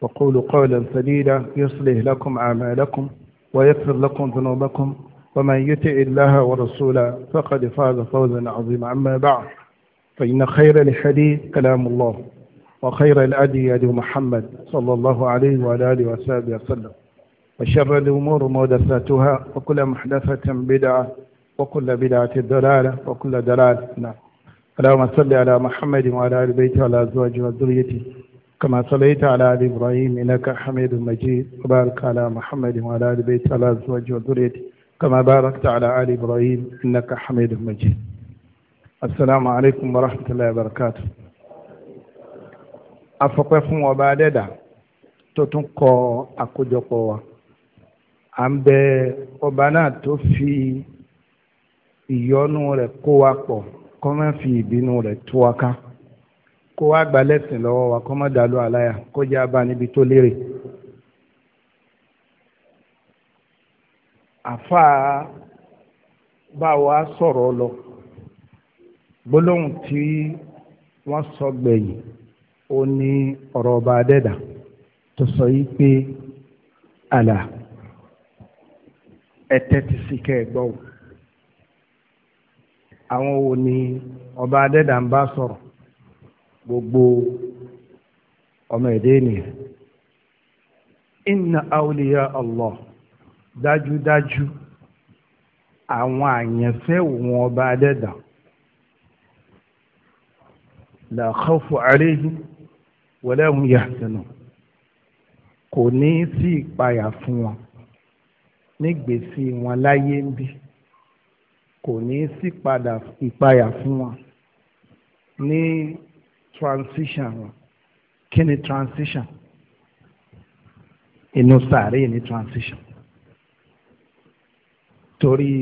وقولوا قولا سديدا يصلح لكم أعمالكم ويغفر لكم ذنوبكم ومن يطع الله ورسوله فقد فاز فوزا عظيما أما بعد فإن خير الحديث كلام الله وخير الأدي هدي محمد صلى الله عليه وعلى آله وصحبه وسلم وشر الأمور محدثاتها وكل محدثة بدعة وكل بدعة ضلالة وكل ضلالة نعم اللهم صل على محمد وعلى آل بيته وعلى أزواجه وذريته كما صليت على آل إبراهيم إنك حميد مجيد وبارك على محمد وعلى آل بيت على أزواج وذريته كما باركت على آل إبراهيم إنك حميد مجيد السلام عليكم ورحمة الله وبركاته afọpẹ́ fún ọba adẹ́dà tó tún kọ àkójọpọ̀ wa à ń bẹ ọba náà tó fi ìyọ́nú rẹ̀ kó kó wá gba lẹ́sìn lọ́wọ́ wa kó má dàlú àláyà kó jẹ́ abá níbi tó lérè. àfáà bá wa sọ̀rọ̀ lọ gbólóhùn tí wọ́n sọ gbẹ̀yìn ó ní ọ̀rọ̀ ọba adẹ́dà tó sọ yìí pé àlà ẹ tẹ́tí sí kẹ́ ẹ gbọ́ o àwọn wo ni ọba adẹ́dà ń bá sọ̀rọ̀ gbogbo ọmọ èdè ènìyàn inna awliya allah dájúdájú àwọn àyànfẹ́ wọn ọba adẹ́dà la khawfu alayhim wala hum yahzanun kò ní sí ìpayà fún wọn nígbèsí wọn láyé ń bí kò ní sí ìpadà ìpayà fún wọn ní transition wọn transition inú sàárè ni transition torí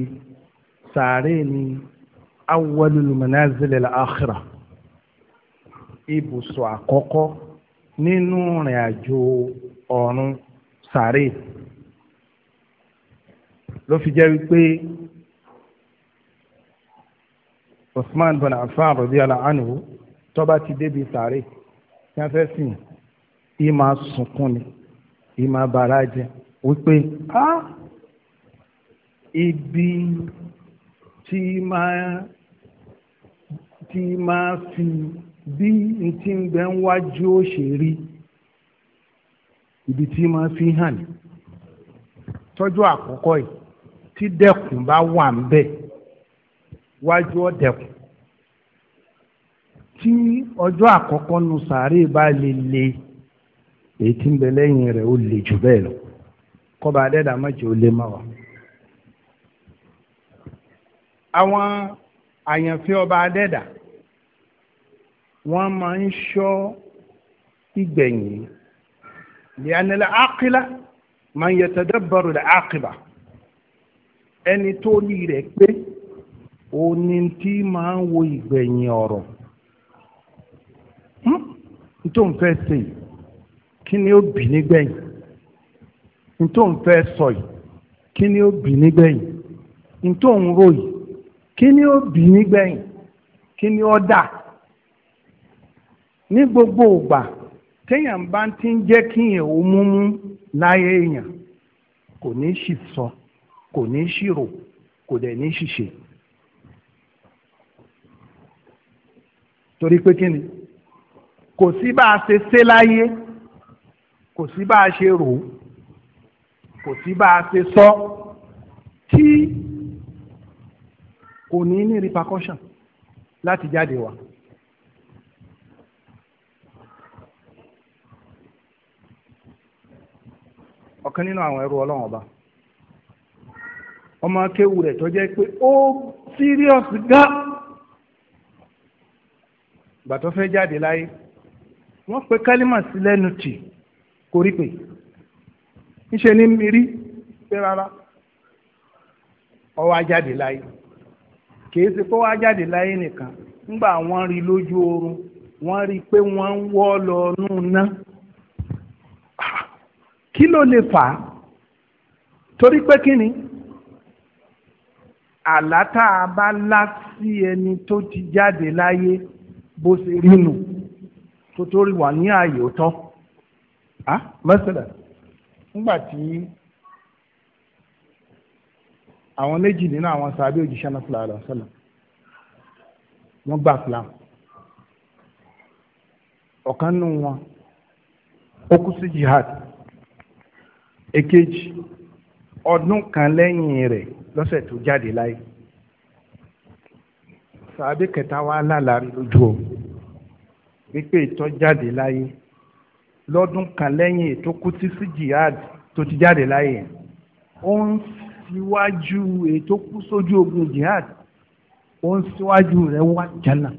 sàárè ni awwalul manazil al-akhirah ibùsọ̀ àkọ́kọ́ nínú rìn àjò ọ̀run sàárè ló fi jẹ́ wípé Usman bin Affan radiyallahu anhu tọ́ba ti débi sàárè tí wọ́n fẹ́ sìn í máa sunkún ni í máa bara jẹ wípé á ibi tí máa tí máa fi bí n ti ń bẹ ń wájú ó ṣe rí ibi tí máa fi hàn ní tọ́jú àkọ́kọ́ yìí tí dẹ́kun bá wà ń bẹ̀ wájú ó tí ọjọ́ àkọ́kọ́ nu sàárè bá lè le èyí tí ń bẹ lẹ́yìn rẹ̀ ó le jù bẹ́ẹ̀ lọ kọ́ba adẹ́dàá mọ̀jẹ̀ ó lé mọ́ wa. àwọn àyànfẹ́ ọba adẹ́dàá wọ́n máa ń ṣọ́ ìgbẹ̀yìn lẹ́yìnlẹ́ àkìlá máa ń yẹtẹ̀dẹ́ bọ̀rọ̀ lẹ́ àkìlá ẹni tó ní rẹ̀ pé òní tí máa ń wo ìgbẹ̀yìn ọ̀rọ̀. nítorí hmm? òun fẹ́ ṣe yìí kí ni ó bì nígbẹ̀yìn nítorí fẹ́ sọ yìí kí ni ó bì nígbẹ̀yìn nítorí òun yìí kí ni ó bì nígbẹ̀yìn kí ni ó dà gbogbo ìgbà téèyàn bá ti ń jẹ́ kí èèyàn ó múmú láyé èèyàn kò ní sì sọ kò ní sì rò kò dẹ̀ ní sì kò sí bá a ṣe ṣe láyé kò sí bá a ṣe rò ó kò sí bá a ṣe sọ tí kò ní ní repercussion láti jáde wá. ọ̀kan nínú àwọn ẹrú ọlọ́run ọba ọmọ akéwù rẹ̀ tó jẹ́ pé ó serious gan gbàtọ́ fẹ́ jáde láyé wọ́n pe kálímà sí lẹ́nu tì kò rí pé ńṣe ní mírí pé rárá ọwọ́ ajáde láyé kìí ṣe pé ọwọ́ ajáde láyé nìkan ńgbà wọ́n rí lójú oorun wọ́n rí pé wọ́n ń wọ́ lọ nù ná kí ló lè fà á torí pé kí ni àlá tá a bá lá sí ẹni tó ti jáde láyé bó ṣe rí nù tó tó rí wà ní ààyè ọ̀tọ̀ á ah, mẹ́sàlẹ̀ nígbà tí àwọn méjì nínú àwọn sàbí òjíṣẹ́ náà fúlà rẹ̀ sọ́là wọ́n gbà fúlàm ọ̀kan nù wọn ó kú sí jihad èkejì ọdún kan lẹ́yìn rẹ̀ lọ́sẹ̀ tó jáde láyé sàbí kẹta wà lálàá lójú o wípé ìtọ́ jáde láyé lọ́dún kan lẹ́yìn ètò kútí sí jihad tó ti jáde láyé ó ń síwájú ètò kú sójú ogun jihad ó ń síwájú rẹ̀ wá jánà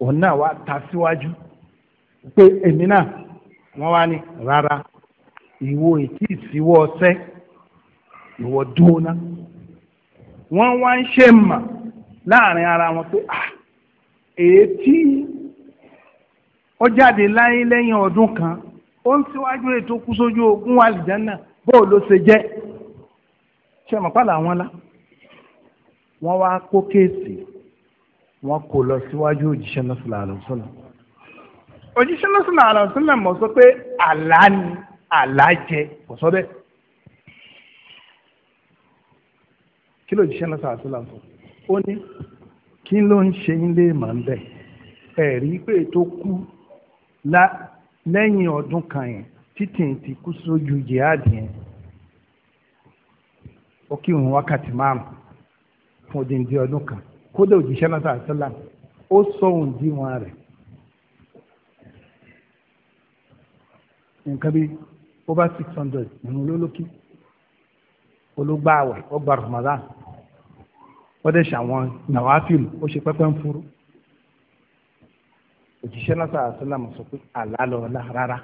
òun náà wá ta síwájú pé èmi náà wọ́n wá ní rárá ìwo ètí ìsíwọ́ ọsẹ́ ìwọ dúró ná wọ́n wá ń ṣe mà láàrin ara wọn pé ah èétí ó jáde láyé lẹ́yìn ọdún kan ó ń síwájú ètò kú sójú ogún àlìjánà bóò ló ṣe jẹ́ ṣe mọ̀pálá wọn la wọ́n wá kó kéèsì wọ́n kò lọ síwájú òjíṣẹ́ náà sọ̀rọ̀ àlọ́sọ̀nà òjíṣẹ́ náà sọ̀rọ̀ àlọ́sọ̀nà mọ̀ sọ pé àlá ni àlá jẹ kò sọ bẹ́ẹ̀ kí ló òjíṣẹ́ náà sọ̀rọ̀ àlọ́sọ̀nà ó ní kí ló ń ṣe ilé mọ̀ ń bẹ̀ ẹ̀rí pé tó kú lẹ́yìn ọdún kan yẹn títì ti kú sójú jihad yẹn ó kí òun wákàtí márùn fún odindi ọdún kan kódà òjíṣẹ́ náà sàlám ó sọ òun dí wọn rẹ̀ nǹkan bíi over six hundred nínú olólókì olùgbàwẹ̀ ọgbà Ramadan ó dẹ̀ ṣàwọn nàwáfíìl ó ṣe pẹ́pẹ́ ń furu òjíṣẹ́ náà sàrà sílẹ̀ mọ̀ sọ pé àlá lọ ọ̀la rárá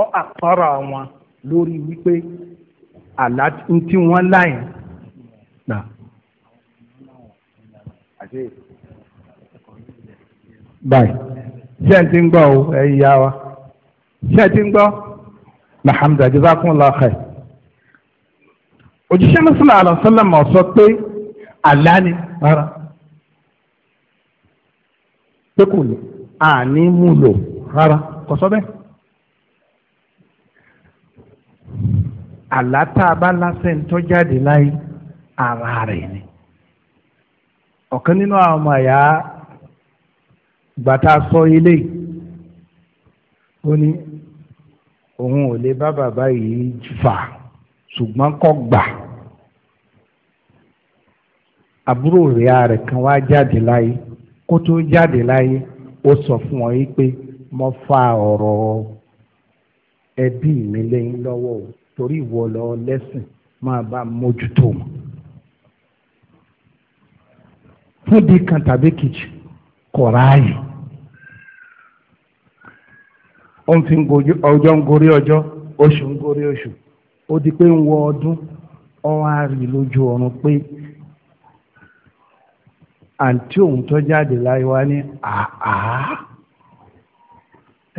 ọ àpárọ̀ wọn lórí wípé àlá tí wọ́n láyìn nà. báyìí ṣé ẹ ti ń gbọ́ o ẹ yá wa ṣé ẹ ti ń gbọ́ alhamdulilayi jazakumullahu khair òjíṣẹ́ mùsùlùmí àlọ́sọ́lọ́mọ̀ sọ pé àlá ni rárá pé kò ní àní mú lò rárá kò sọ bẹ́ẹ̀. àlá tá a bá lásẹ̀ ń tọ́ jáde láyé ara rẹ̀ ni ọ̀kan nínú àwọn ọmọ àyà gbàtà sọ ilé ó ní òun ò lè bá bàbá yìí fà ṣùgbọ́n kọ́ gbà. àbúrò rẹ̀ rẹ̀ kan wá jáde láyé kó tó jáde láyé ó sọ fún wọn yìí pé mo fa ọ̀rọ̀ ẹbí mi lẹ́yìn lọ́wọ́ o torí ìwọ lọ lẹ́sìn máa bá mójútó wọn. fúdi kan tàbí kejì kò ráàyè ó ń fi ọjọ́ ń gorí ọjọ́ oṣù ń gorí oṣù ó di pé ń wọ ọdún ọ wá lójú ọ̀run pé àǹtí òun tó jáde láyé wá ní àá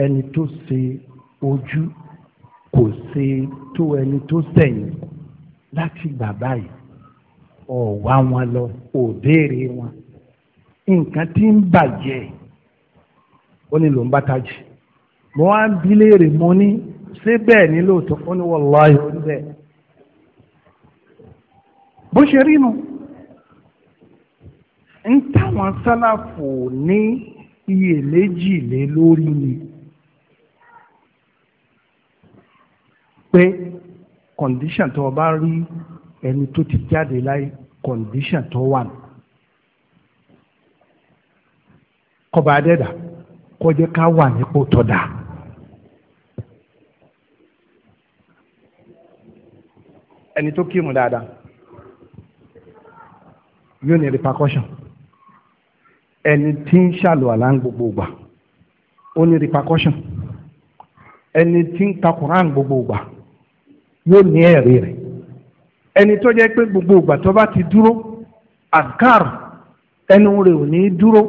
ẹni tó ṣe ojú kò ṣe tó ẹni tó sẹ̀yìn láti gbà báyìí ọ̀wá wọn lọ òbéèrè wọn nǹkan tí ń bàjẹ́ ó ní ló ń bá tají mo wá ń bi mo ní ṣé bẹ́ẹ̀ ni lóòótọ́ ó ní wọ́n lọ́ọ́ ó ní bẹ́ẹ̀ bó ṣe rí nu. No? ń táwọn sálàfò ní iyèméjì lé lórí ni pé kọ̀ǹdíṣàn tó o bá rí ẹni tó ti jáde láyé kọ̀ǹdíṣàn tó wà ní kọba adẹ́dà kọjá ká wà nípò tó dáa. ẹni tó kírun dáadáa yóò ní repercussion. ẹni tí ń ṣàlùwàlá gbogbo gbà ó ní repercussion ẹni tí ń gbogbo gbà yóò ní ẹ̀rí rẹ̀ ẹni tó jẹ́ pé gbogbo ìgbà tó bá ti dúró àkàr ẹnu rẹ̀ ò ní dúró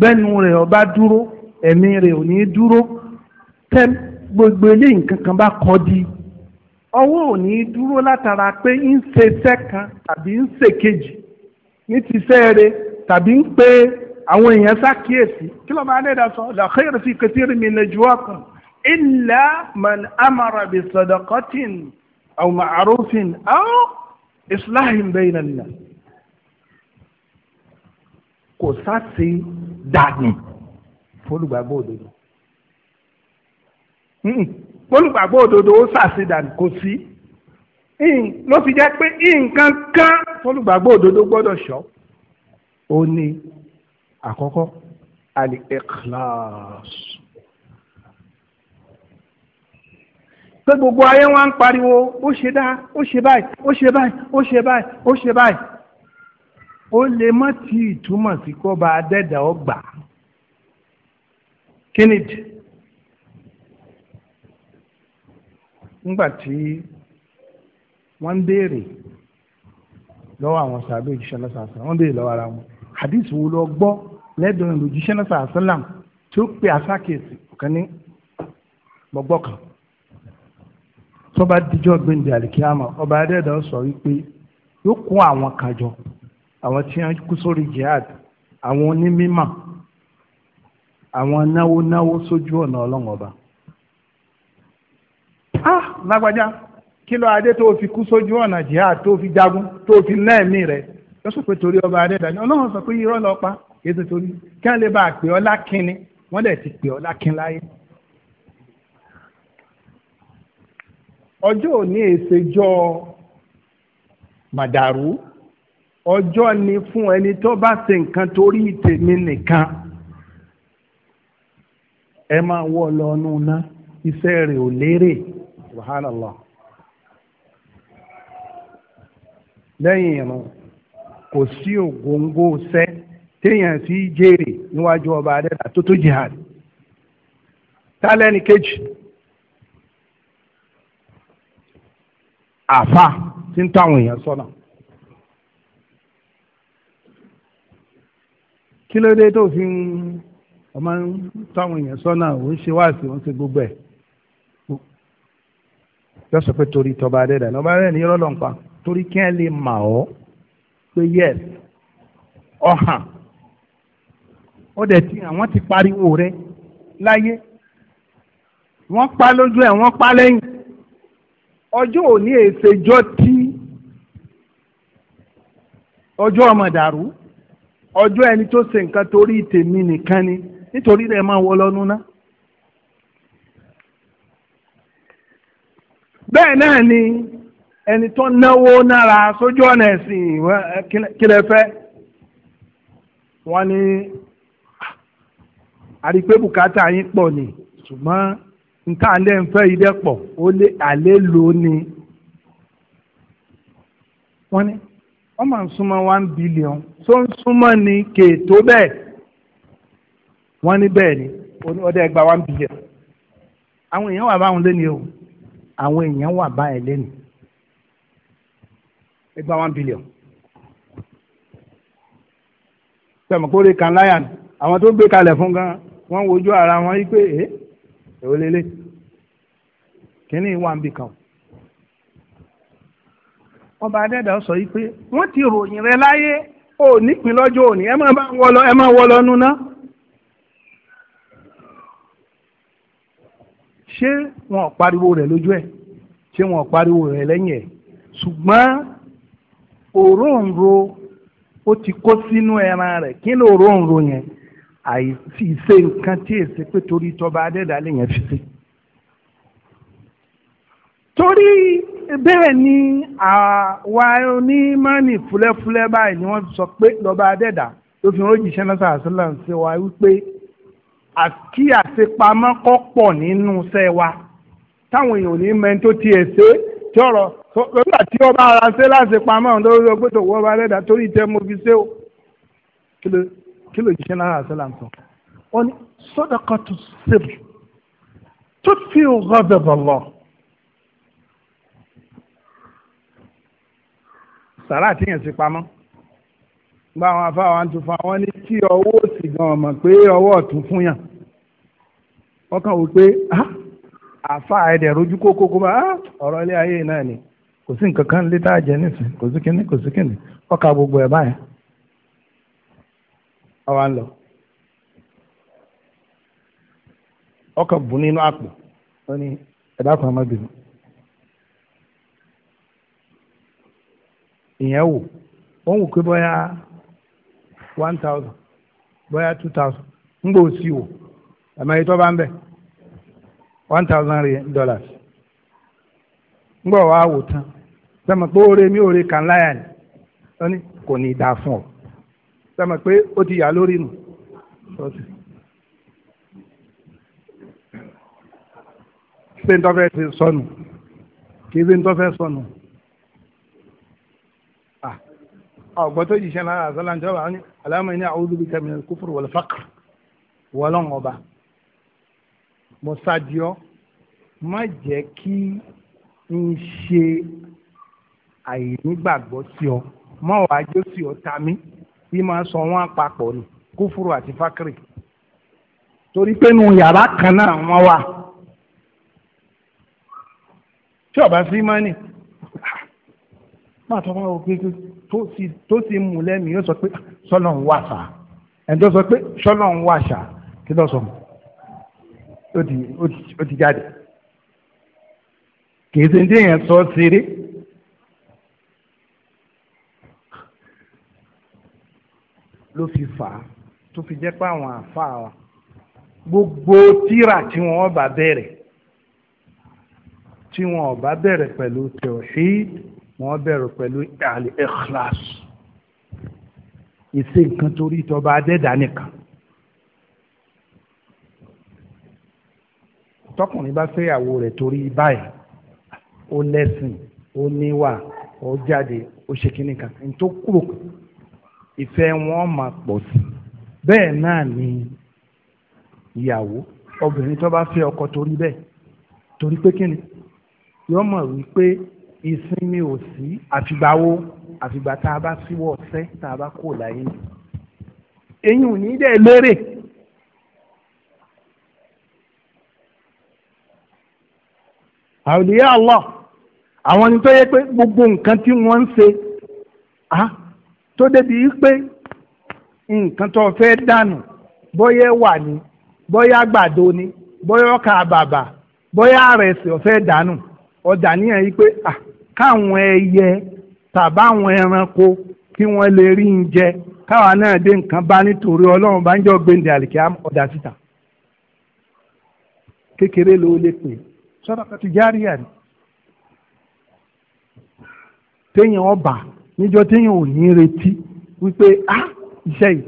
bẹ́nu rẹ̀ ò bá dúró ẹ̀mí rẹ̀ ò ní dúró tẹ́ gbogbo eléyìí bá kọ́ di ọwọ́ ò ní dúró látara pé àwọn èèyàn ṣàkíyèsí kí ló máa dẹ́dà sọ la khayra fi kathirin min najwakum illa man amara bi sadaqatin aw ma'rufin aw islahin bayna an-nas kò sáàsì dànù fólùgbàgbọ́ òdodo fólùgbàgbọ́ òdodo ó sáàsì dànù kò sí ló fi jẹ́ pé nǹkan kan fólùgbàgbọ́ òdodo gbọ́dọ̀ ṣọ́ ó ní àkọ́kọ́ al-ikhlas pé gbogbo ayé wa ń pariwo ó ṣe dá ó ṣe báyìí ó ṣe báyìí ó ṣe báyìí ó ṣe báyìí ó lè má ti ìtumọ̀ sí kó bá dẹ́dà ó gbà kí nìdí tí wọ́n ń béèrè lọ́wọ́ àwọn sàbẹ̀ òjíṣẹ́ lọ́sàásà wọ́n ń béèrè lọ́wọ́ ara wọn hadith wo lọ gbọ́ lẹ́dùn olùjíṣẹ́ náà sàásálàm tí ó pe àsákèsì ọ̀kan ní gbọ́gbọ́ kan tó bá dijọ́ gbẹ̀ǹdẹ̀ ọba adẹ́dà sọ wípé yóò kún àwọn kàjọ àwọn tí wọ́n kú sórí jihad àwọn onímímọ̀ àwọn náwó náwó sójú ọ̀nà ọlọ́run ah, lágbájá kí ló adé tó fi kú sójú fi jagun tó fi lẹ́ẹ̀mí rẹ̀ ọba adẹ́dà ọlọ́run sọ pé irọ́ lọ́ọ́ pa kìí ṣe torí kí wọ́n lè bá a pè ọ́ lákínni wọ́n lè ti pè ọ́ lákín láyé. ọjọ́ òní èsèjọ́ màdàrú ọjọ́ ni fún ẹni tó bá ṣe nǹkan torí tèmi nìkan ẹ máa wọ́ lọ ọ́nú ná iṣẹ́ rẹ̀ ò lérè subhanallah. lẹ́yìn irun kò sí ògóńgó sẹ́ẹ́ téèyàn sì jèrè níwájú ọba adẹ́ta tó tó jihad tálẹ́ni kejì àfa tí ń tọ́ àwọn èèyàn sọ́nà. kí ló dé tó fi ń ọmọ ń tọ́ àwọn èèyàn sọ́nà òun ṣe wáàsí òun ṣe gbogbo ẹ̀ yóò pé torí tọba adẹ́dà lọ́ba adẹ́dà ní irọ́ lọ́npa torí kí ẹ lè mà ọ́ pé yẹ́s ọ̀hàn ó dẹ̀ ti àwọn ti pariwo rẹ láyé wọ́n pa lójú ẹ̀ wọ́n pa lẹ́yìn ọjọ́ òní èsèjọ́ tí ọjọ́ ọmọ dàrú ọjọ́ ẹni tó ṣe nǹkan torí tèmi nìkan ni nítorí rẹ̀ máa wọ lọ́nu àrí pé bùkátà yín pọ̀ ni ṣùgbọ́n nta alẹ́ ń fẹ́ ilé pọ̀ ó lé àlé lò ní. wọ́n ní wọ́n máa ń súnmọ́ one billion tó ń súnmọ́ ni kèètó bẹ́ẹ̀ wọ́n ní bẹ́ẹ̀ ni ọdẹ ẹgbàá one billion àwọn èèyàn wà báwọn lé ní o àwọn èèyàn wà báyẹn lé ní ẹgbàá one billion sọ̀mọ́kórè kan láyà àwọn tó gbé kalẹ̀ fún gan-an wọ́n wojú ara wọn yí pé ẹ èwo lélẹ̀ kínní wà ń bì kan ọba adẹ́dà sọ yí pé wọ́n ti ròyìn rẹ láyé ò nípìn lọ́jọ́ òní ẹ máa bá ń wọlọ ẹ máa wọlọ nu ná. ṣé wọn ò pariwo rẹ lójú ẹ ṣé wọn ò pariwo rẹ lẹ́yìn ẹ ṣùgbọ́n òróǹro ó ti kó sínú ẹran rẹ kí ló òróǹro yẹn àìsí ṣe nǹkan tí èsì pé torí tọba adẹ́dà lèyàn fi ṣe. torí bẹ́ẹ̀ ni àwa ní mọ́nì fúlẹ́fúlẹ́ báyìí ni wọ́n sọ pé lọ́ba adẹ́dà ló fi rójìṣẹ́ náà sàásìlà ń ṣe wa wípé kí àṣepamọ́ kọ́ pọ̀ nínú iṣẹ́ wa táwọn èèyàn ò ní mẹ́ni tó tiẹ̀ ṣe tí ọ̀rọ̀ nígbà tí ọba ara láṣepamọ́ ọ̀hún tó sọ pé adẹ́dà torí tẹ́ mo fi ṣe o kí ló jíṣẹ́ náà àṣẹ láǹtọ̀ wọ́n ní sadaqatu sirr tutfi ghadab Allah. sàrà àtìyàn sí pamọ́ gba àwọn afáwọn àtúnfà wọn ní tí ọwọ́ òsì gan ọmọ pé ọwọ́ ọ̀tún fún yàn wọ́n kàn wò pé ah, àfa ẹ̀dẹ̀ rojú kókó kó bá ah, ọ̀rọ̀ ilé ayé náà ni kò sí nǹkan kan létà jẹ nísìnyí kò sí kínní kò sí kínní ọkà gbogbo ẹ̀ báyìí àwa ń lọ ọkàn bù nínú àpò ó ní ìyẹn wò wò pé one thousand bóyá two thousand wò one thousand dollars ń wàá wò tán sọ ma mi láyà ni kò ní dáa fún ọ sẹ́mọ̀ pé ó ti yà lórí nù. ṣé n tọ́fẹ́ ti sọnù kì í ṣe n tọ́fẹ́ sọnù. ọ̀gbọ́n ah, tó yìí ṣe náà àzọ́lá ń jọba aláàmì ní a'udhu bika minal kufri wal faqr wọ́lọ́n ọba mo ṣáàdìọ́ má jẹ́ kí n ṣe àìnígbàgbọ́ sí ọ má wàá jó sí ọ ta mí bí máa sọ wọn papọ̀ ni kúfúrú àti fákìrì torí pé nu yàrá kan náà wọ́n wà tí ọba sí mọ́nì máa tọ́ wọn pé tó sì mú lẹ́mìí yóò sọ pé sọ́nà ń wà sá ẹ̀ńtọ́ sọ pé sọ́nà ń wà sá kí ló sọ ó ti jáde kì í ṣe ní èèyàn sọ ṣeré. ló fi fà á tó fi jẹ́ pé àwọn àfáà wa gbogbo tíra tí wọ́n bá bẹ̀rẹ̀ tí wọ́n bá bẹ̀rẹ̀ pẹ̀lú tawhid wọ́n bẹ̀rẹ̀ pẹ̀lú al-ikhlas ìṣe nǹkan torí tọba adẹ́dá nìkan. tọkùnrin bá fẹ́yàwó rẹ̀ torí báyìí ó lẹ́sìn ó níwà ó jáde ó ṣe kíní kan ní tó kúrò ìfẹ́ wọn máa pọ̀ sí bẹ́ẹ̀ náà ni ìyàwó obìnrin tó bá fẹ́ ọkọ torí bẹ́ẹ̀ torí pé kí ni yọ mọ̀ wípé ìsinmi ò sí àfìgbà wo àfìgbà tá a bá síwọ́ ọ̀sẹ́ tá a bá kò láyé ni eyín ò ní dẹ̀ lérè. àwòlíyá Allah àwọn ẹni tó yẹ pé gbogbo nǹkan tí wọ́n ń ṣe ah, tó débi pé nǹkan tó fẹ́ dànù bóyá wà ní bóyá ni bóyá ọkà bàbà bóyá àrẹsì ọ̀fẹ́ dànù ọ̀dà níyàn yìí káwọn ẹyẹ tàbá àwọn ẹranko kí wọ́n lè rí ń jẹ káwa náà dé nǹkan bá nítorí ọlọ́run bá ń jọ gbẹ̀ǹdẹ̀ àlìkí ọ̀dà síta kékeré ló lè pè sọ́dọ̀ ti téèyàn ọba níjọ́ téèyàn ò ní retí wípé ah iṣẹ́ yìí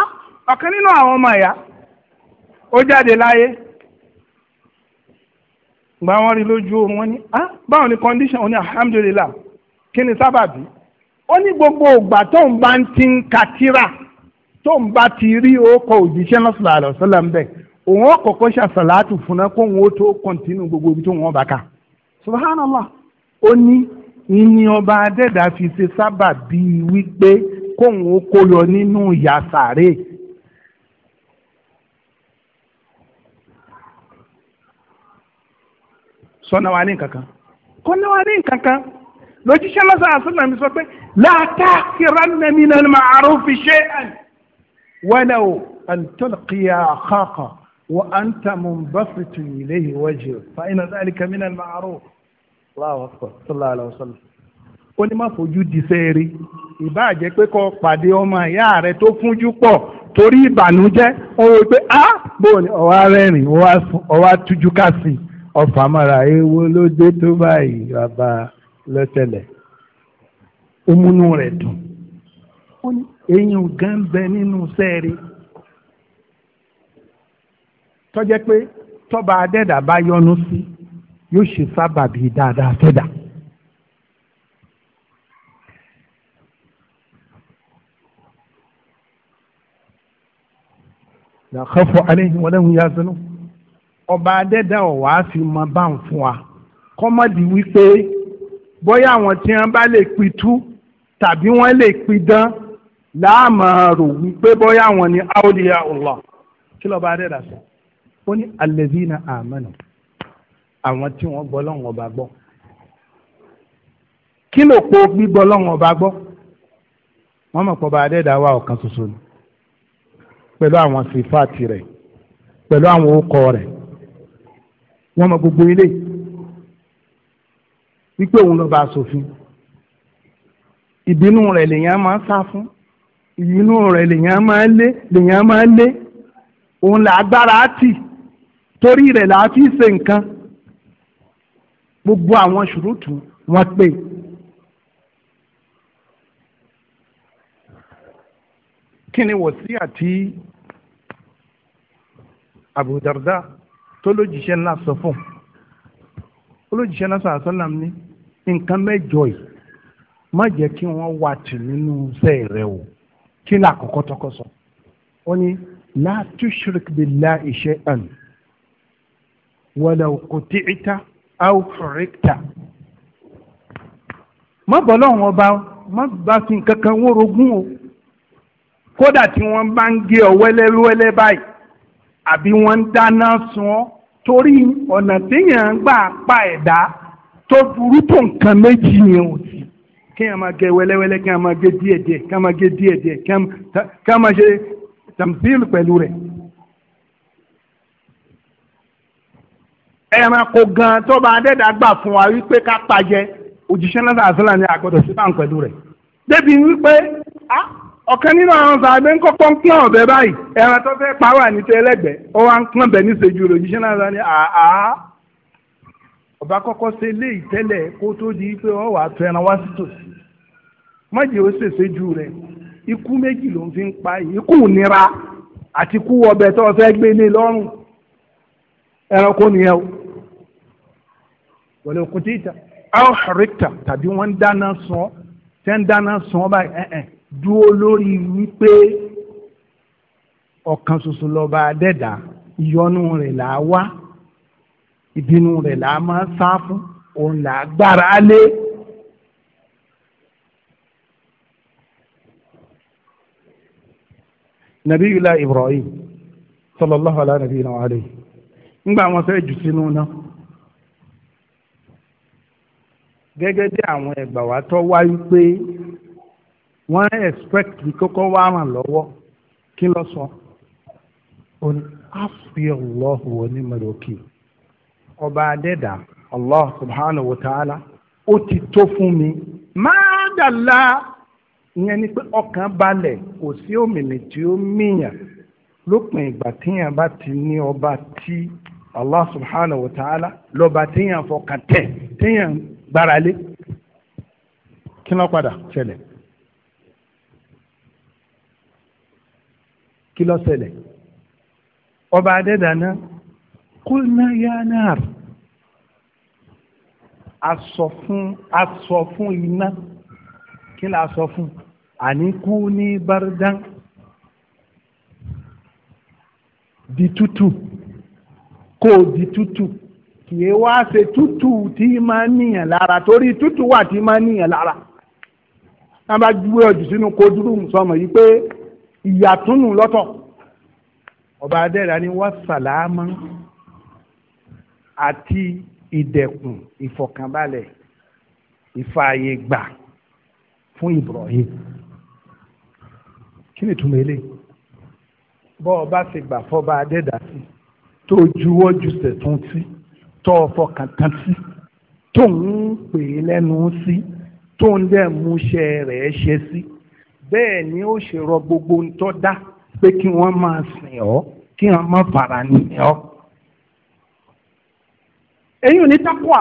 ah ọ̀kan nínú àwọn ọmọ ẹ̀yà ó jáde láyé gba wọn rí lójú oorun wọn ni ah báwo ni condition òní alhamdulillah kí ni sábàbí ó ní gbogbo ògbà tóun bá ń ti ń katira tóun bá ti rí ọkọ̀ òjíṣẹ́ lọ́sọ̀lá àlọ́sọ́lá ń bẹ̀ òun ọkọ̀ kọ́ṣà sàlátù fúnná kóun ó tó kọ́ntínú gbogbo ibi tóun ọba ká subhanallah ó ní ìní ọba adẹ́dà fi ṣe sábà bíi wípé kóun ó kó lọ nínú ìyà sàárè. sọ́nà wa ní kankan kọ́nà wa ní kankan lójúṣẹ́ lọ́sàn àṣìlẹ̀ mi sọ pé láàtà kíra nàmi nà màrún fi ṣe àn wẹ́lẹ̀ o àǹtọ́lùkìyà àkàkà wọ́n àǹtàmùbáfitù ìlẹ́yìn wájú fàyínà sáà ní kàmínà màrún láwọn sọ sọlá àlọsọlá ó ní má fojú di sẹ́ẹ̀rí ìbáà jẹ́ pé kó pàdé ọmọ ìyá rẹ tó fúnjú pọ̀ torí ìbànújẹ́ ó rò pé á bò ní ọwá rẹ́rìn ọwá tújú ká sí ọfà mọ́ra ewo ló dé tó báyìí bàbá lọ́tẹ̀lẹ̀ ó múnú dùn eyín gan bẹ nínú sẹ́ẹ̀rí tọ́jẹ́ pé tọ́ba adẹ́dà bá yọnu sí. Si yóò ṣe sábàbí dáadáa fẹ́dà. làkàfọ́ alẹ́ wọn lẹ́hìn yá sínú ọba adẹ́dá ọ̀wá fi mọ báwọn fún wa kọ́mọ́dì wípé bóyá àwọn tí wọ́n bá lè pitú tàbí wọ́n lè pidán láàmà rò wípé bóyá àwọn ni awliya Allah kí lọ́ba adẹ́dá sọ ó ní allazina amanu àwọn tí wọ́n gbọ́ lọ́wọ́n ọba gbọ́ kí ló po gbígbọ́ lọ́wọ́n ọba gbọ́ wọ́n mọ̀ pé ọba adẹ́dàá wà ọ̀kan ṣoṣo ni pẹ̀lú àwọn sífàtì rẹ̀ pẹ̀lú àwọn orúkọ rẹ̀ wọ́n mọ̀ gbogbo ilé wípé òun lọ́ba aṣòfin ìbínú rẹ̀ lèèyàn máa ń sá fún ìbínú rẹ̀ lèèyàn máa ń lé lèèyàn máa ń lé òun là agbára tì torí rẹ̀ là fi ṣe nǹkan gbogbo àwọn ṣùrùtù wọn pé. kí ni wòsíà tí Abu Darda tó lójijì ńlá sọ fún olójijì ńlá sọ àṣọlám ní nǹkan mẹ́jọ yìí má jẹ́ kí wọ́n wà tì nínú iṣẹ́ rẹ o kí ni àkọ́kọ́ tọkọ sọ ó ní la tushrik billahi shay'an walaw quti'ta áwùfọ̀rẹ́kítà má bọ́ lọ́wọ́n ọba má bá fi nǹkan kan wọ́n rogún o kódà tí wọ́n bá ń gé ọ wẹ́lẹ́wẹ́lẹ́ báyìí àbí wọ́n ń dáná sun ọ́ torí ọ̀nà téèyàn ń gbà pa ẹ̀dá tó burú tó nǹkan méjì yẹn ò sí kéèyàn máa gé wẹ́lẹ́wẹ́lẹ́ kéèyàn máa gé díẹ̀díẹ̀ kéèyàn máa gé díẹ̀díẹ̀ kéèyàn máa ṣe tàmsíìlù pẹ̀lú rẹ̀. ẹranko gan tó bá adẹ́dá gbà fún wa wípé ká pàjẹ́ òjíṣẹ́ náà àzọ́là ni àgbọ̀dọ̀ sí bá ń pẹ̀lú rẹ̀ débi wípé ọ̀kan nínú àwọn sàbẹ̀ ń kọ́kọ́ ń pọ́n ọ̀bẹ báyìí ẹran tó fẹ́ pa wà ní tẹ́lẹ̀gbẹ́ ó wá ń pọ́n bẹ̀ ní ìṣèjú rẹ̀ òjíṣẹ́ náà ni àá ọba kọ́kọ́ ṣe lé ìtẹ́lẹ̀ kó tó di pé wọ́n wà á tẹ ẹran wá sí tòsí nira àti ikú ọbẹ̀ tó fẹ́ gbé ní ẹranko nìyẹn o wọlé òkúté ìta àwọn rìkítà tàbí wọ́n ń dáná sun ọ́ tẹ́ ń dáná sun ọ́ báyìí ẹ̀ẹ́n dúró lórí wípé ọ̀kan ṣoṣo lọ́ba adẹ́dà ìyọnu rẹ̀ là á wá ìbínú rẹ̀ là á máa sá fún òun là á gbára lé. nabiyula ibrahim sallallahu alaihi wa sallam ngba wọn fẹ́ jù sínú gẹ́gẹ́ bí àwọn ẹgbà wa tó wá wọn wọ́n expect kí wá ràn lọ́wọ́ kí lọ sọ òní àfi ọba adẹ́dà Allah subhanahu wa ta'ala ó ti tó fún mi máa dàlá ìyẹn ni pé ọkàn balẹ̀ kò sí òmìnir tí ó mìyàn lópin ìgbà téèyàn bá ti ní ọba gbára lé kí ló padà ṣẹlẹ̀ kí ló ṣẹlẹ̀ ọba adẹ́dáná kúlná yánáàr asọ fún asọ fún iná kí ló asọ fún àníkú ní bárdán di tútù kó di tútù kì í wá ṣe tútù tí máa ń níyàn lára torí tútù wà tí máa ń níyàn lára wọn bá júwe ọjù sínú kodúrú sọmọ yìí pé ìyàtúnù lọ́tọ̀ ọba adẹ́rẹ́ ni wọ́n sàlámà àti ìdẹ̀kùn ìfọ̀kànbalẹ̀ ìfààyè gbà fún Ibrahim kí ni túmọ̀ eléyìí bọ́ ọ ṣe gbà fọba adẹ́dàsí tó juwọ́ ju sẹ̀tún sí. Si tó o fọkàn tán sí tó ń pè é lẹ́nu sí tó ń dẹ̀ múṣẹ́ rẹ̀ ṣe sí bẹ́ẹ̀ ni ó ṣe rọ gbogbo ń tọ́ dá pé kí wọ́n máa sìn ọ́ kí wọ́n má fara ní ọ́. èyí ò ní tápọ̀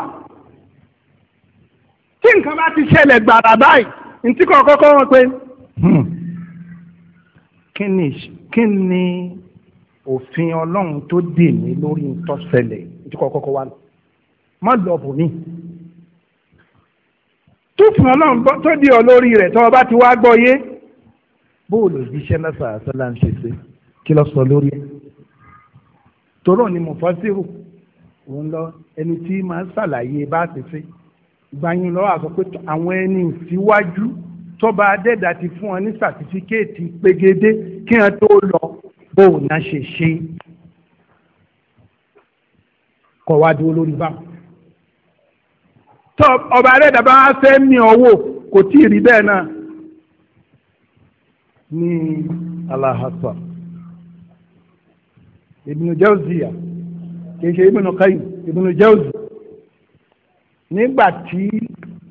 tí nǹkan bá ti ṣẹlẹ̀ gbàrà báyìí ntí kò kọ́kọ́ wọn pé hmm, kí ni òfin ọlọ́run tó dè mí lórí ń tọ́ ṣẹlẹ̀ ìdíkọ̀ kọ́kọ́ wa lọ má lọ bò ní. túfù ọlọ́run tó di ọ lórí rẹ̀ tó o bá ti wá gbọ́ yé bóòlù òjíṣẹ́ lọ́sà àṣọlá ń ṣe ṣe kí lọ sọ lórí ẹ̀. torọ́ ni mo fọ́ sírù òun lọ ẹni tí máa ń ṣàlàyé bá ti ṣe gbanyin lọ́wọ́ àsọ pé àwọn ẹni síwájú tọ́ba adẹ́dà ti fún wọn ní sàtífíkẹ́ẹ̀tì pegedé kí wọ́n tó lọ bóun náà ṣe ṣe kọ̀ wá dúró lórí báwọn. tọ́ ọba adẹ́dàbá wá fẹ́ mi ọwọ́ kò tí ì rí bẹ́ẹ̀ náà ní alahasa Ibn Jawziya kìí ṣe Ibn Qayyim Ibn Jawzi nígbà tí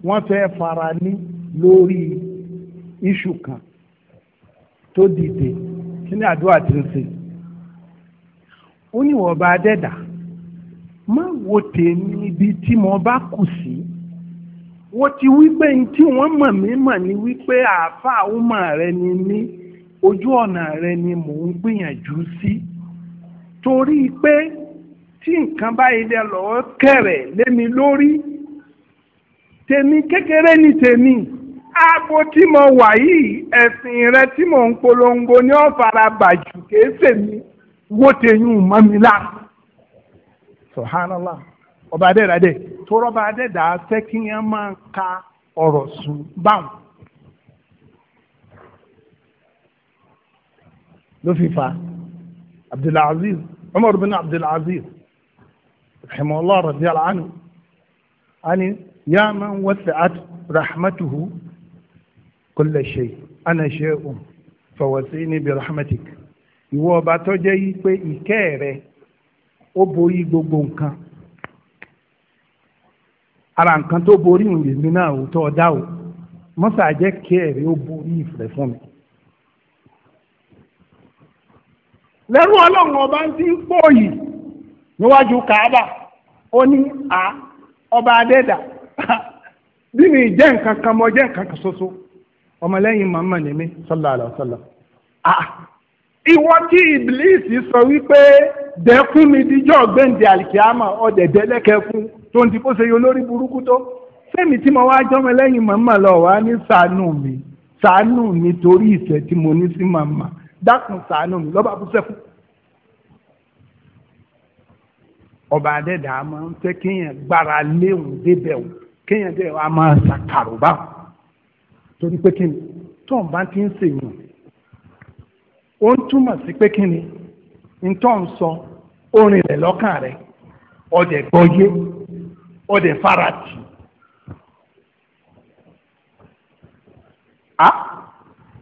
wọ́n fẹ́ fara ní lórí iṣu kan tó dìde kí ni àdúrà ti ń ó ní wọ́n bá má wo tèmi ibi tí mo bá kù sí wọ́n ti wí pé ní tí wọ́n mọ̀ mí mọ̀ ni wípé àáfàá ọmọ rẹ ni mí ojú ọ̀nà rẹ ni mò ń gbìyànjú sí torí pé tí nǹkan báyìí lẹ lọ́ọ́ kẹ̀rẹ̀ lémi lórí tèmi kékeré ni tèmi aago tí mo wà yìí ẹ̀sìn rẹ tí mò ń polongo ní ọ̀fara bàjù kèé sèmi wó tèyún mọ́ mi lára subhanallah ọba adẹ́dàdẹ́ tó rọ́ba adẹ́dà fẹ́ kí yẹn máa ka ọ̀rọ̀ sùn báwọn. ló fi fa abdulaziz umar bin abdulaziz rahimahullah radiyallahu anhu ani ya man wasi'at rahmatuhu kulla shay ana shay'un fawasini bi rahmatik ìwọ ọba tó jẹ́ pé ìkẹ́ rẹ̀. ó borí gbogbo nǹkan ara nǹkan tó borí ìrìn mi náà ò tọ́ o mọ́sà jẹ́ kí ẹ̀rí ó borí ìfẹ́ fún mi. lẹ́rú ọlọ́run ọba ti ń pòyì níwájú Káàbà ó ní a ọba adẹ́dà bí mi jẹ́ nǹkan kan mọ́ jẹ́ nǹkan kan ọmọlẹ́yìn màmá ìwọ tí ìbílíìsì sọ wípé dẹ́kun mi díjọ́ gbẹ̀ǹdẹ̀ àlìkíámà ọ̀dẹ̀ dẹ́lẹ́kẹ́ fún tó ń di bó ṣe yọ lórí burúkú tó sẹ́mi tí mo wá jọ́mọ lẹ́yìn màmá lọ wá ní sàánù mi sàánù mi torí ìfẹ́ tí mo ní sí màmá dákun sàánù mi lọ́ba bú sẹ́kù. ọba adẹ́dàá máa ń fẹ́ kéèyàn gbára léwu débẹ̀ o kéèyàn dẹ̀ wá máa ṣàkàrò báwọn torí pé kí ni tóun bá ti ń ṣèyàn ó ń túmọ̀ sí pé kí ni ntọ́ ń sọ orin rẹ̀ lọ́kàn rẹ̀ ọdẹ gbọ́yé ọdẹ farati.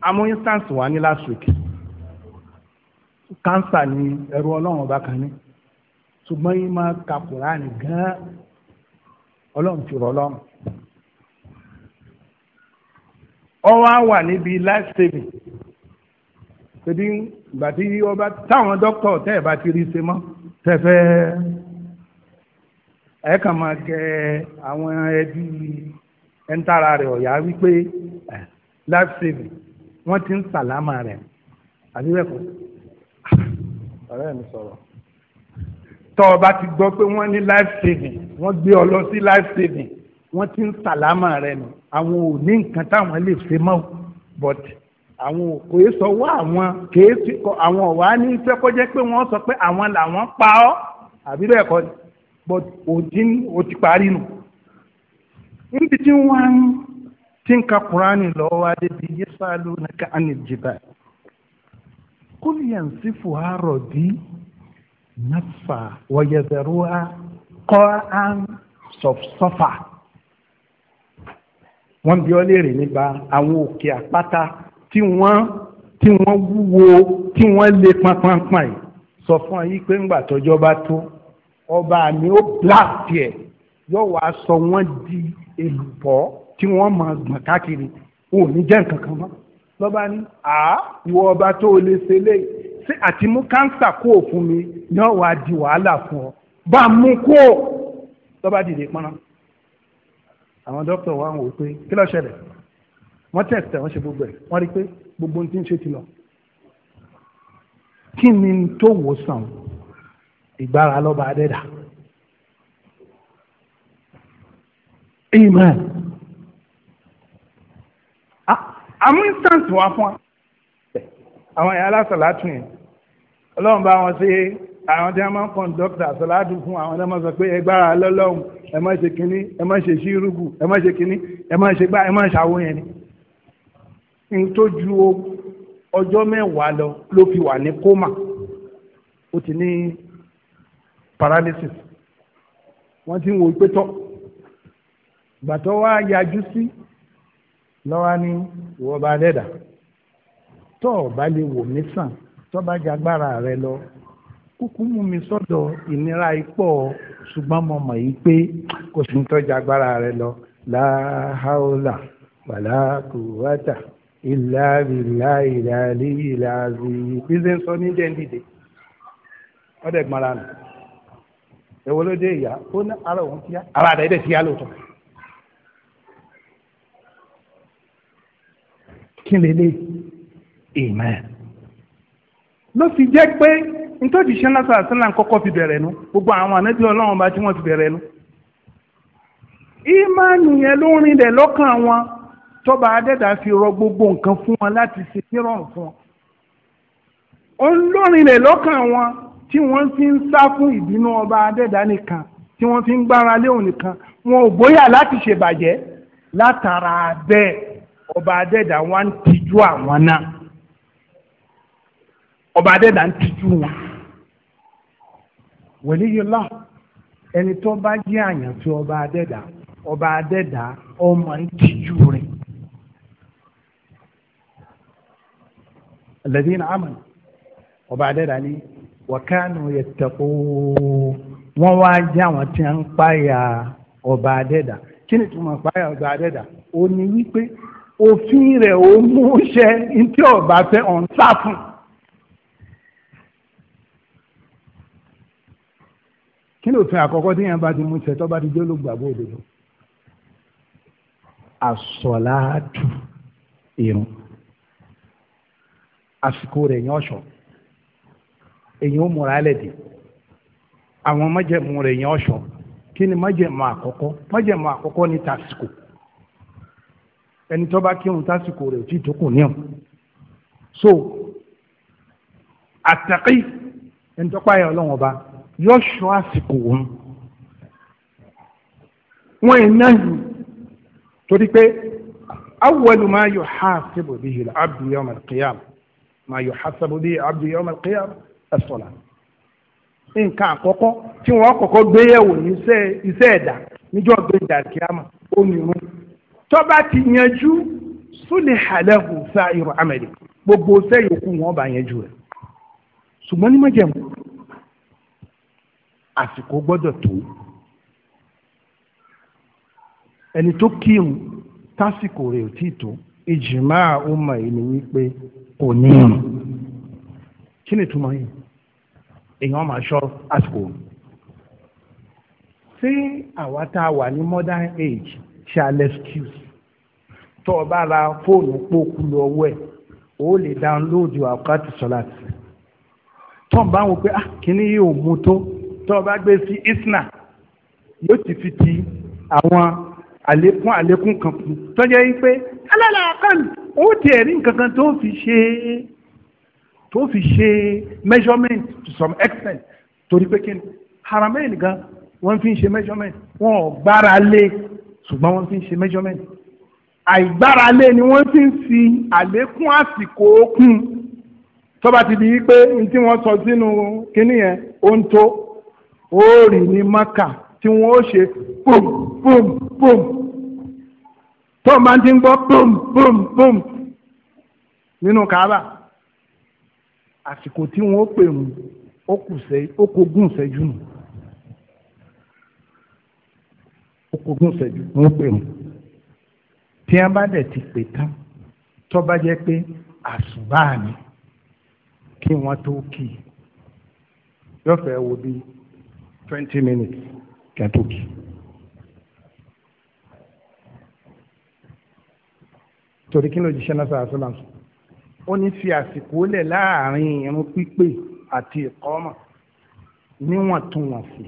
àmú instance wà ní last week cancer ni ẹrú ọlọ́run ọba kan ní ṣùgbọ́n yín máa ka Kùránì gan-an ọlọ́run ti rọ̀ ọlọ́run ọ wá wà níbi life saving torí ìgbà tí ọba táwọn dókítà tẹ́ ẹ̀ bá ti rí ṣe mọ́ tẹ́fẹ́ ẹ kàn máa gẹ àwọn ẹbí ẹ̀ńtara rẹ̀ ọ̀yá wípé eh, life saving wọ́n ti ń sàlámà rẹ̀ àbí bẹ́ẹ̀ kọ́ ọ̀rẹ́ mi sọ̀rọ̀ tọ́ ọ ti gbọ́ pé wọ́n ní life saving wọ́n gbé ọ lọ sí life saving wọ́n ti ń sàlámà rẹ̀ nù àwọn ò ní nǹkan táwọn lè ṣe mọ́ but àwọn kò é sọwọ́ àwọn kò é sí àwọn ọ̀wá ní iṣẹ́ kó pé wọ́n sọ pé àwọn làwọn pa ọ́ àbí bẹ́ẹ̀ kọ́ but òdin ó ti parí nù. níbi tí wọ́n ń tí ń ka kuraani lọ́wọ́ wa débi yẹ́sàlú nàka ànìjìbá kúlì yẹn sì fò á rọ̀ bí nàfà wọ̀yẹ̀dẹ̀rù á kọ́ á sọ̀fà. wọ́n bí ọ léèrè nípa àwọn òkè àpáta tí wọ́n tí wọ́n wúwo tí wọ́n lé pánpánpán yìí sọ fún yín pé ńgbà tọ́jọ́ bá tó ọba mi ó blast yẹ yóò wá sọ wọ́n di èlùbọ́ tí wọ́n máa gbọ̀n káàkiri ò ní jẹ́ nǹkan kan mọ́ lọ́ba ní à wọ ọba tó o lè ṣe lé àti mú káńsà kó o mi yóò wá di wàhálà fún ọ bá a mú kó o lọ́ba dìde pọ́nrán àwọn dókítà wa ń wò ó pé kí ló ṣẹlẹ̀ wọ́n tẹ̀sítẹ̀ wọ́n ṣe gbogbo ẹ̀ wọ́n rí pé gbogbo ohun tí ń ṣe ti lọ. kí ni tó wò sàn ìgbára lọ́ba adẹ́dà amen àmú instance wà fún wa àwọn ẹ̀yà alásàlátù yẹn ọlọ́run bá wọn ṣe àwọn tí wọ́n máa ń kọ́ńdọ́kítà àsàlátù fún àwọn tí wọ́n máa sọ pé ẹgbára lọ́lọ́run ẹ má ṣe kínní ẹ má ṣe ṣírùkù ẹ má ṣe kínní ẹ má ṣe gbá ẹ má ṣàwó yẹn ni ní tó ju ọjọ́ mẹ́wàá lọ ló fi wà ní kómà ó ti ní paralysis wọ́n ti ń wo pé tọ́ gbàtọ́ wá yajú sí lọ́wọ́ ní wọ́n bá dẹ́dà tọ́ ọ bá lè wò mí sàn tọ́ bá jagbára rẹ lọ kúkú mú mi sọ́dọ̀ ìnira ipò ṣùgbọ́n mo mọ̀ yìí pé kò sí ní tọ́jà agbára rẹ lọ láháólà wàlá ìlà ìlà ìlà àlè ìlà àzì ìpínlẹ̀ sọ ní dẹ́ndìdè ọ̀dẹ̀ gbọ́nra nù ẹ̀wọ́ ló dé ìyá ó ní ara òun ti yá ara rẹ̀ dẹ̀ ti yá lóòótọ́ kí lè lè ìmọ̀ ẹ̀ ló fi jẹ́ pé nítorí sẹ́nà sàásìlà kọ́kọ́ fi bẹ̀rẹ̀ nu gbogbo àwọn ànábì ọlọ́run bá tí wọ́n fi bẹ̀rẹ̀ nu ìmọ̀ nìyẹn ló ń rin lẹ̀ lọ́kàn wọn tọ́ba adẹ́dà fi rọ gbogbo nǹkan fún wọn láti ṣe nírọ̀rùn fún wọn. olórinlẹ̀ lọ́kàn wọn tí wọ́n fi ń sá fún ìbínú ọba adẹ́dà nìkan tí wọ́n fi ń gbára léhùn nìkan wọn ò gbóyà láti ṣèbàjẹ́ látara bẹ́ẹ̀ ọba adẹ́dà wọn ń tijú àwọn náà ọba adẹ́dà ń tijú wọn. wòlíyìlá ẹni tó bá jẹ́ àyànfẹ́ ọba adẹ́dà ọba adẹ́dà ọmọ ń tijú rẹ̀. alladhina amanu ọba adẹ́dà ni wakanu yattaqu wọ́n wá jẹ́ àwọn tí wọ́n ń páyà ọba adẹ́dà kí ni túmọ̀ páyà ọba adẹ́dà ó ní wípé òfin rẹ̀ ó mú ṣẹ ntí ọba fẹ́ ọ̀n sá fún. kí ni òfin àkọ́kọ́ tí yẹn bá ti mú ṣẹ tó bá ti jẹ́ olùgbàgbọ́ òdodo àsọ̀láàdù irun àsìkò rẹ̀ yẹn ọ̀ṣọ́ èyàn ó múra lẹ́dí àwọn májẹ̀mú rẹ̀ yẹn ọ̀ṣọ́ kí ni májẹ̀mú àkọ́kọ́ májẹ̀mú àkọ́kọ́ ní ẹni tó bá kírun rẹ̀ so àtàkì ẹni tó páyà ọlọ́run ọba yóò ṣọ́ àsìkò òun wọn náà torí pé bihi ma yuhasabu bi abdu yawm al-qiyam as-sala nǹkan àkọ́kọ́ tí wọ́n kọ́kọ́ gbé yẹ̀wò ní iṣẹ́ ẹ̀dá níjọ́ gbẹ̀dà kíámà ó ní irun tó bá ti yanjú súnlẹ̀ àlẹ́hù sa irun amẹ̀lẹ̀ gbogbo iṣẹ́ yòókù wọn bá yanjú rẹ̀ ṣùgbọ́n ní májẹ̀mú àsìkò gbọ́dọ̀ tó ẹni tó kírun tásìkò rẹ̀ ò tí tó ìjìmá ọmọ yìí wípé kò ní ìrùn kí ni túmọ̀ yìí èèyàn máa ṣọ́ àsìkò ṣé àwa tá a wà ní modern age ṣáà excuse tó o bá ra fóònù pókú lọ́wọ́ ẹ̀ o lè download àkàtì sọ́láàtì tó o bá wọn pé ah kíní yìí ò mú tó tó o bá gbé sí isna yóò ti fi ti àwọn àlékún àlékún kan kù tó jẹ́ pé alẹ́lẹ́ àkànnì ó tiẹ̀ ní nǹkan kan tó fi ṣe tó fi ṣe measurement to some extent torí pé kí ni haramẹ́yìn nìkan wọ́n fi ń ṣe measurement wọ́n ò gbára lé ṣùgbọ́n wọ́n fi ń ṣe measurement àìgbára lé ni wọ́n fi ń fi àlékún àsìkò okun tọ́ba ti di pé n tí wọ́n sọ sínú kínní yẹn ó ń tó ó rì ní maka tí wọ́n ó ṣe pòm pòm pòm tó o máa ti ń gbọ́ bùm bùm bùm nínú kaaba àsìkò tí wọ́n pè mú ó kù sẹ́ ó kó gùn sẹ́jú nù ó kó gùn sẹ́jú wọ́n pè mú tí wọ́n bá dẹ̀ ti pè tán tó bá jẹ́ pé àsùbá ni kí wọ́n tó kì í yọ̀fẹ́ wo bí twenty minutes kẹ́tó kì í. torí kí ló jíṣẹ́ náà sàrà sọ́lá sọ ó ní fi àsìkò lẹ̀ láàrin irun pípé àti ìkọ́mọ̀ níwọ̀ntúnwọ̀nsì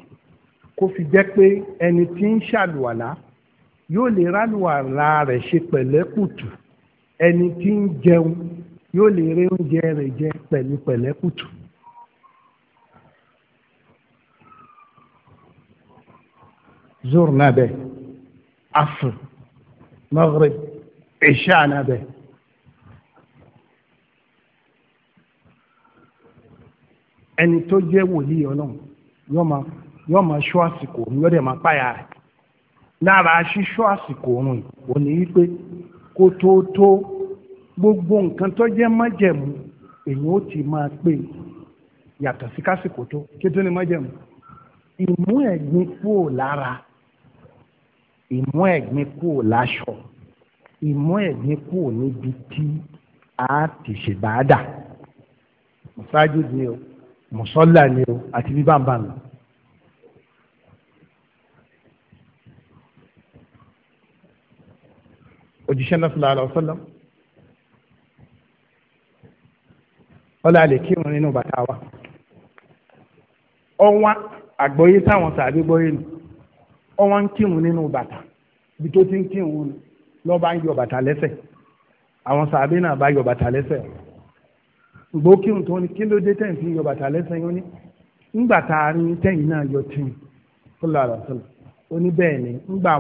kó fi jẹ́ pé ẹni tí ń ṣàlùwàlá yóò lè rálùwàlá rẹ̀ ṣe pẹ̀lẹ́kùtù ẹni tí ń jẹun yóò lè rí oúnjẹ rẹ̀ jẹ pẹ̀lú pẹ̀lẹ́kùtù. zur náà bẹ́ẹ̀ afr maghrib ìṣá náà bẹ̀. ẹni tó jẹ́ wòlíì ọlọ́run yóò máa yóò máa ṣọ́ àsìkò òun yóò dẹ̀ máa páyà rẹ̀ lára ṣíṣọ́ àsìkò òun yìí ò ní í pé kó tó tó gbogbo nǹkan tó jẹ́ májẹ̀mú èyàn ó ti máa pè yàtọ̀ sí kásìkò tó kété ni májẹ̀mú ìmú ẹ̀gbin kúò lára ìmú ẹ̀gbin kúò láṣọ ìmú ẹ̀mí kúrò níbi tí a ti ṣèbáàdà mùsáájú ni o mùsọ́là ni o àti bíbáǹbà mi. òjíṣẹ́ náà sallallahu alaihi wasallam ọlá lè kírun nínú bàtà wa ọwọ́n àgbọ̀yé táwọn sàbí gbọ́yé ni ọwọ́n ń kírun nínú bàtà ibi tó ti ń kírun ni lọ bá ń yọ bàtà lẹsẹ àwọn sàbí náà bá yọ bàtà lẹ́sẹ̀ ṣùgbọ́n kírun tó ní kí ló dé tẹ̀yìn fi yọ bàtà lẹsẹ yín ní ńgbà tá a rí tẹ̀yìn náà yọ tì í kólà àlọ́sọ̀lá ní bẹ́ẹ̀ ni ńgbà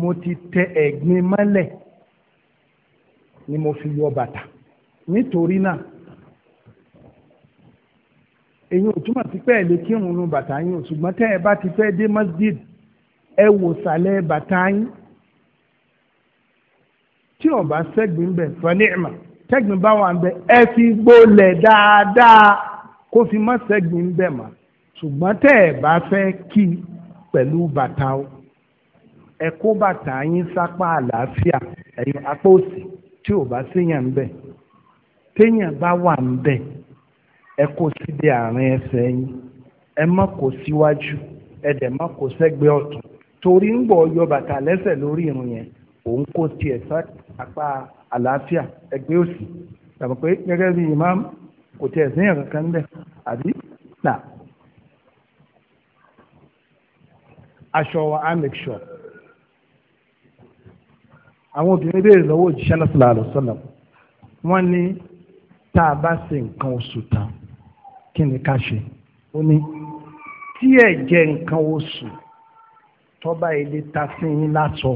mọ ti tẹ ẹ̀gbin mọ́lẹ̀ ni mo fi yọ bàtà nítorí náà èyí ò túmọ̀ sí kírun nu bàtà yín ti fẹ́ dé masjid ẹ wò sàlẹ̀ bàtà yín tí ọba sẹ́gbìn bẹ̀ fọ́nìmà sẹ́gbìn bá wà ń bẹ ẹ fi gbólẹ̀ dáadáa kó fi má sẹ́gbìn bẹ̀ mà ṣùgbọ́n tẹ́ ẹ bá fẹ́ kí pẹ̀lú bàtà o ẹ kó bàtà yín sápá àlàáfíà ẹ̀yìn apá òsì tí ọba séyàn ń téèyàn bá wà ń ẹ kó síbi àárín ẹsẹ̀ yín ẹ má kó síwájú ẹ dẹ̀ má kó sẹ́gbẹ́ ọ̀tún torí ń gbọ́ yọ bàtà lẹ́sẹ̀ lórí irun yẹn òun kò tiẹ̀ sá apá àlàáfíà ẹgbẹ́ òsì tàbí pé gẹ́gẹ́ bí imam kò tiẹ̀ sí ìyàn kankan bẹ́ẹ̀ àbí nà aṣọ wa á make sure àwọn obìnrin béèrè lọ́wọ́ òjíṣẹ́ lọ́sọ̀lá àlọ́sọ̀lá wọ́n ní tá a bá ṣe nǹkan oṣù tán kí ni ká ṣe ó ní tí ẹ̀jẹ̀ nǹkan oṣù tọ́ba ilé ta sí yín láṣọ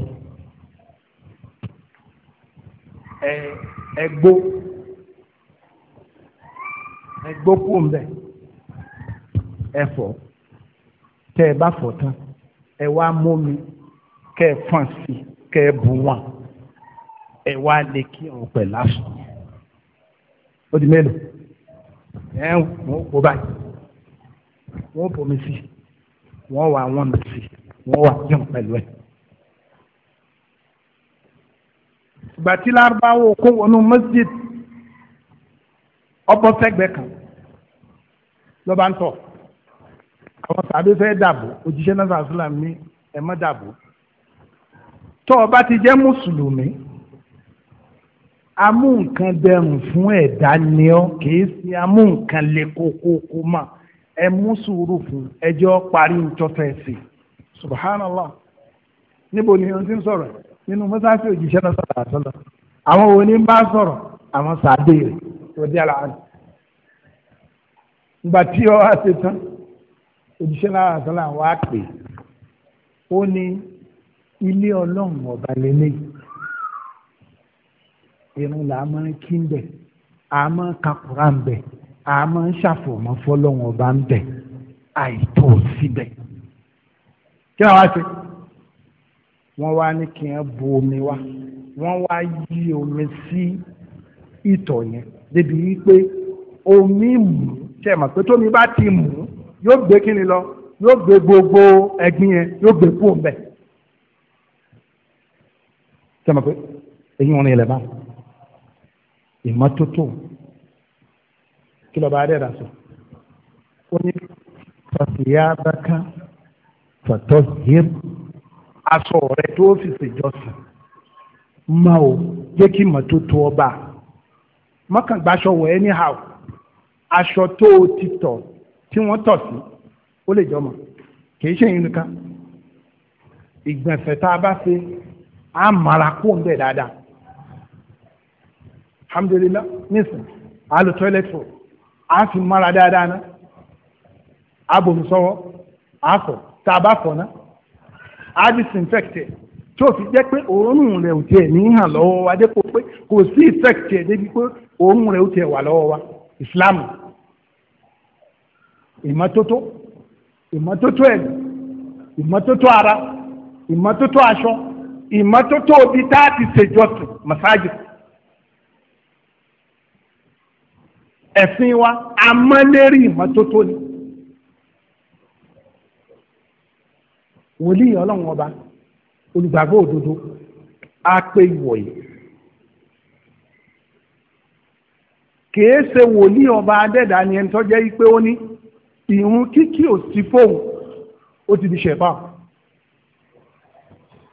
ẹgbó ẹgbó kú mbẹ ẹfọ tẹ ẹ bá fọ tán ẹ wá mú mi kẹ ẹ fọn sí kẹ ẹ bù wọn ẹ wá lè kí ọ̀hún pẹ̀ láṣọ ó di mélòó ẹ ń kó báyìí wọ́n bomi sí wọ́n wà wọ́n mi sí wọ́n wà kí n pẹ̀lú ẹ̀. ìgbà tí lárúbáwò kó wọnú masjid ọbọ sẹ́gbẹ̀ẹ́ kan lọba ń tọ̀ àwọn tàbí fẹ́ dàbò òjíṣẹ́ náà sàásùlà mi ẹ má dàbò tó o bá ti jẹ́ mùsùlùmí amú dẹrùn fún ẹ̀dá ni ọ́ kìí ṣe amú nǹkan le kókókó mà ẹ mú sùúrù fún ẹjọ́ parí ń tọ́fẹ́ sí i subhanallah níbo ni wọ́n ti ń sọ̀rọ̀ nínú mọ́sáàsì òjíṣẹ́ náà sọ̀rọ̀ àtọ́lọ́ àwọn òní ń bá sọ̀rọ̀ àwọn sàdé rẹ̀ rọ̀dí àlàáfíà ìgbà tí ọ á ṣe tán òjíṣẹ́ náà àtọ́lọ́ àwọn á pè ó ní ilé ọlọ́run ọ̀bà lélẹ̀ irun là á máa kí ń bẹ̀ à á máa kakura ń bẹ̀ à á máa ṣàfọ̀mọ́ fọlọ́run ọba ń bẹ̀ àìtó síbẹ̀. Si kí wọ́n wá ṣe wọ́n wá ní kí wọ́n bu omi wá wọ́n wá yí omi sí ìtọ̀ yẹn débi wípé omi mú ṣe mọ̀ pé tómi bá ti mú yóò gbé kíni lọ yóò gbé gbogbo ẹ̀gbin yẹn yóò gbé kú òun bẹ̀ ṣe mọ̀ pé èyí wọn ni ilẹ̀ bá ìmọ́tótó kí lọ́ba adé rà sọ ó ní fàfihàn bá ká fàtọ́ hìr aṣọ rẹ tó fi ṣèjọsìn má o jẹ́ kí mọ́tótó ọba mọ́kàngbáṣọ wọ̀ anyhow aṣọ tó o ti tọ̀ tí wọ́n tọ̀ sí ó lè jọmọ̀ kì í ṣe yín nìkan ìgbọ̀nsẹ̀ tá a bá ṣe á mara kó ń bẹ̀ dáadáa alhamdulilah nísìn a toilet roll a fi mara dáadáa ná a a fọ̀ tá a bá fọ̀nà á tí fi jẹ́ pé òórùn rẹ̀ ò tiẹ̀ ní hàn lọ́wọ́ wa dépò pé kò sí effect débi pé òórùn rẹ̀ ò tiẹ̀ wà lọ́wọ́ wa Islam ìmọ́tótó ara ìmọ́tótó aṣọ ìmọ́tótó obi tá a ti ṣèjọsìn masajid ẹ̀sìn wa amálérí ìmọ́tótó ni. wòlíì ọlọ́run ọba olùgbàgbọ́ òdodo á pé ìwọ̀yí kìí ṣe wòlíì ọba adẹ́dà ni ẹni tó jẹ́ pé ó ní ìrun kíkí ò sí fóun ó ti di ṣẹ̀fà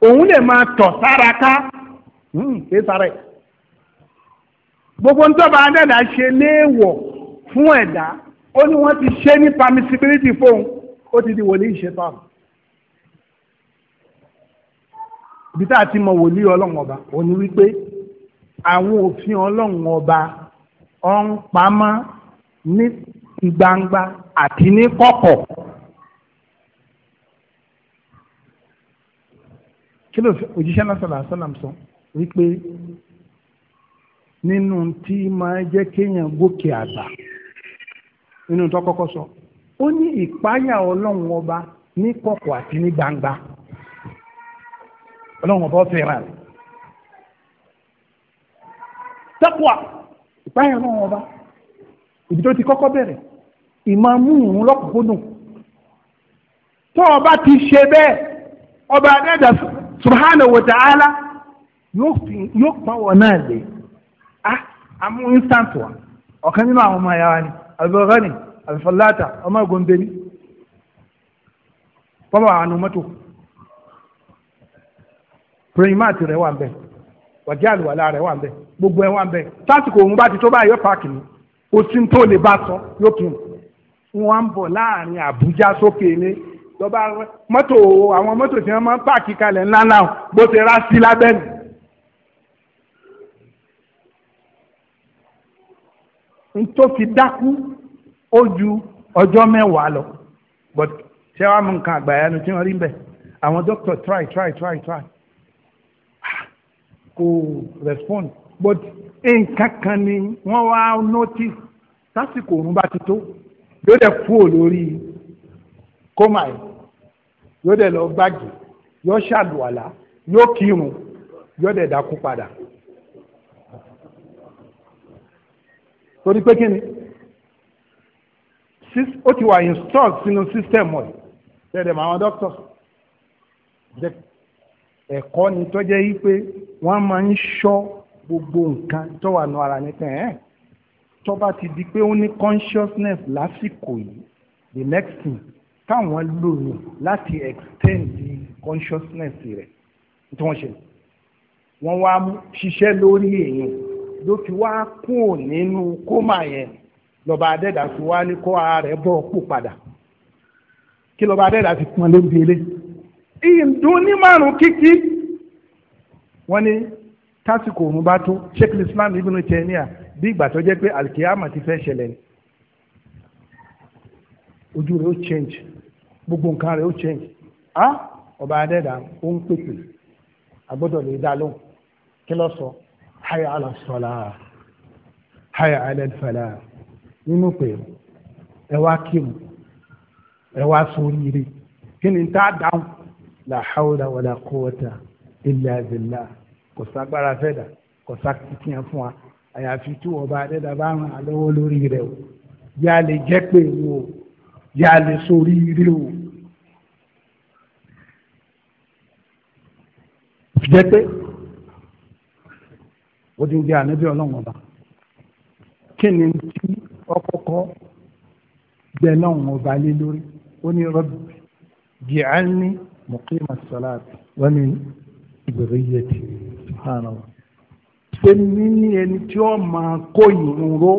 òun lè máa tọ̀ sára ká kìí sára ẹ̀ gbogbo ntọ́ba adẹ́dà ṣe léèwọ̀ fún ẹ̀dá ó ní wọ́n ti ṣe ní permissibility fóun ó ti di wòlíì ṣẹ̀fà. ibi tá a ti mọ wòlíì ọlọ́run ọba òní wípé àwọn òfin ọlọ́run ọba ọ̀ ń pamọ́ ní gbangba àti ní kọ̀kọ̀. kí ló fi òjíṣẹ́ náà sọ̀rọ̀ àṣọ́nà sọ wípé nínú tí máa jẹ́ kéèyàn gòkè àgbà nínú tó kọ́kọ́ sọ ó ní ìpáyà ọlọ́run ọba ní kọ̀kọ̀ àti ní gbangba ọlọ́run ọba fẹ́ràn rẹ̀ tẹ́kùà ìpáyà náà ọba ibi tó ti kọ́kọ́ bẹ̀rẹ̀ ìmàmù ìrún lọ́kùnkúndùn tó ọba ti ṣe bẹ́ẹ̀ ọba adẹ́dà subhanahu wa ta'ala yóò pa wọn náà lé ah àmú instant wa ọ̀kan nínú àwọn ọmọ ẹ̀yà wa ni àbẹ̀fọ́lá ni àbẹ̀fọ́lá ta ọmọ ẹ̀gọ́n bẹ́ẹ̀ ni bọ́bá àwọn ọmọ tó primat rẹ̀ wà ń bẹ̀ wàjẹ́ àlùwàlà rẹ̀ wà ń bẹ̀ gbogbo ẹ̀ wà ń bẹ̀ tásìkò òun bá ti tó báyìí yóò páàkì ni o sì ń tó lè bá sọ yóò kí n wọn ń bọ̀ láàrin Àbújá sókè ilé lọ́ba mọ́tò àwọn mọ́tò tí wọ́n máa ń páàkì kalẹ̀ ńláńlá bó ti rá sí lábẹ́ nì. ntó fi dákú ó ju ọjọ́ mẹ́wàá lọ but ṣé wàá mú nǹkan àgbàyanu tí wọ́n rí ń àwọn doctor try try try try kò respond but nǹkan kan ni wọ́n wá notice tásìkò òun bá ti tó yóò dẹ̀ kúrò lórí kọ́mà ẹ̀ yóò dẹ̀ lọ gbági yóò ṣàlùwàlà yóò kírun yóò dẹ̀ dákú padà. torí pé kí ni ó ti wà installed sínú system ọ̀ ṣẹ̀dẹ̀ mọ́ àwọn doctors ẹ̀kọ́ ni tó jẹ́ yí pé wọ́n máa ń ṣọ́ gbogbo nǹkan tó wà nù ara nìkan ẹ̀ tó bá ti di pé ó ní consciousness lásìkò yìí the next thing káwọn lò ní láti extend the consciousness rẹ̀ tí wọ́n ṣe wọ́n wá ṣiṣẹ́ lórí èèyàn ló fi wá kúrò nínú kómà yẹn lọ́ba adẹ́dà fi wá ní kó ara rẹ̀ bọ́ pò padà kí lọ́ba adẹ́dà fi pọn lóbi eléyìí ìdún ní márùn kíkí wọ́n ní tásìkò òun bá tó sheikh islam ibn taymiya bí ìgbà tó jẹ́ pé alikiyama ti fẹ́ ṣẹlẹ̀ ni ojú rẹ̀ ó change gbogbo nǹkan rẹ̀ ó change á ọba adẹ́dà ó ń pèpè agbọ́dọ̀ lè dá lóhùn kí ló sọ hayya ala sọlá hayya ala fala nínú pé ẹ wá kírun ẹ wá sóríire kí ni tá a dáhùn la hawla wala quwwata illa billah kò sagbára fẹ́dà kò sakitiyan fún wa àyàfi tí wọ́n bá dẹ́dà bá ràn án lọ́wọ́ lórí rẹ̀ o yà á lè jẹ́ pé wo yà sórí rí o. jẹ́ pé ó ti ń jẹ́ ànábì ọlọ́run ọba kí ni tí ọkọ̀kọ́ bẹ́ẹ̀ náà lé lórí ó ní rabbi ja'alni muqim as-salat wa min dhurriyyati subhanallah. ṣé níní ẹni tí ó máa kó ìrun ró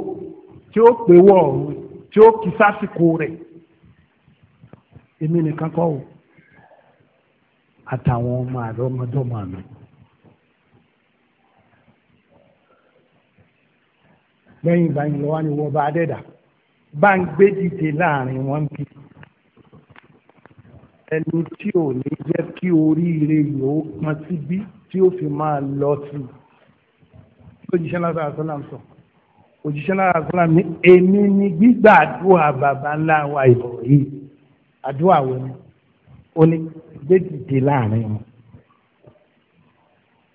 tí ó pè wọ ọ̀run tí ó kì sásìkò rẹ̀ èmi nìkan kọ́ o àtàwọn ọmọ àdọ́mọdọ́mọ mi. lẹ́yìn ìgbà yìí lọ́wọ́ ni wọ́n bá dẹ́dà bá ń gbé dìde láàrin wọn bíi ẹni tí ò ní jẹ́ kí oríire yòó pọn síbí tí ó fi máa lọ sí i òjíṣẹ́ náà sọ̀rọ̀ sọ́lá sọ òjíṣẹ́ náà sọ́lá ní èmi ni gbígbà àdúrà bàbá ńlá wa ìbọ̀ yìí àdúrà wọn ni ó ní gbé dìde láàrin wọn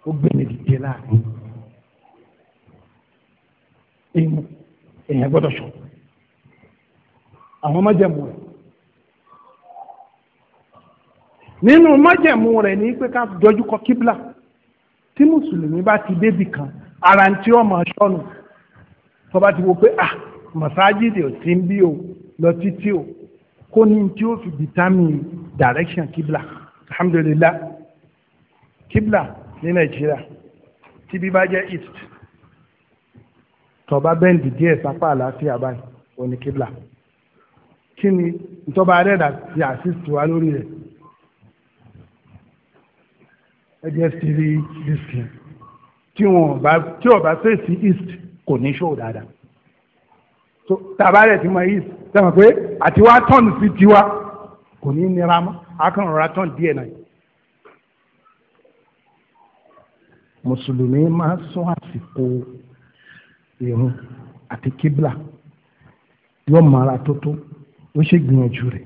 ó gbé dìde láàrin èèyàn gbọ́dọ̀ sọ àwọn májẹ̀mú rẹ̀. nínú májẹ̀mú rẹ̀ ní pé ká dojú kọ kíbla tí mùsùlùmí bá ti débì kan ara ń tí ó máa sọnù tó bá ti wo pé ah masajidi, ò ti ń bí o lọ títí o kó ní tí ó fi determine direction kíbla alhamdulilah kíbla ní nàìjíríà tí bí bá jẹ́ east tó bá bẹ́ǹdì díẹ̀ sápá àlàáfíà báyìí òní kíbla kí ni ìtọ́ba adẹ́dà ti àṣìṣe wa lórí rẹ̀ ẹjẹ tv diskin tí wọn bá tí ọba fèsì east kò ní ṣòwò dáadáa so tàbárẹ̀ tí mo east sẹ́wọ̀n pé àti wá tọ́ọ̀nù sí tiwa kò ní nira mọ́ akọ̀rọ̀ra tọ́ọ̀nù díẹ̀ náà. mùsùlùmí máa sún àsìkò ìrun àti kíbla yóò mara tó tó ó ṣe gbìyànjú rẹ̀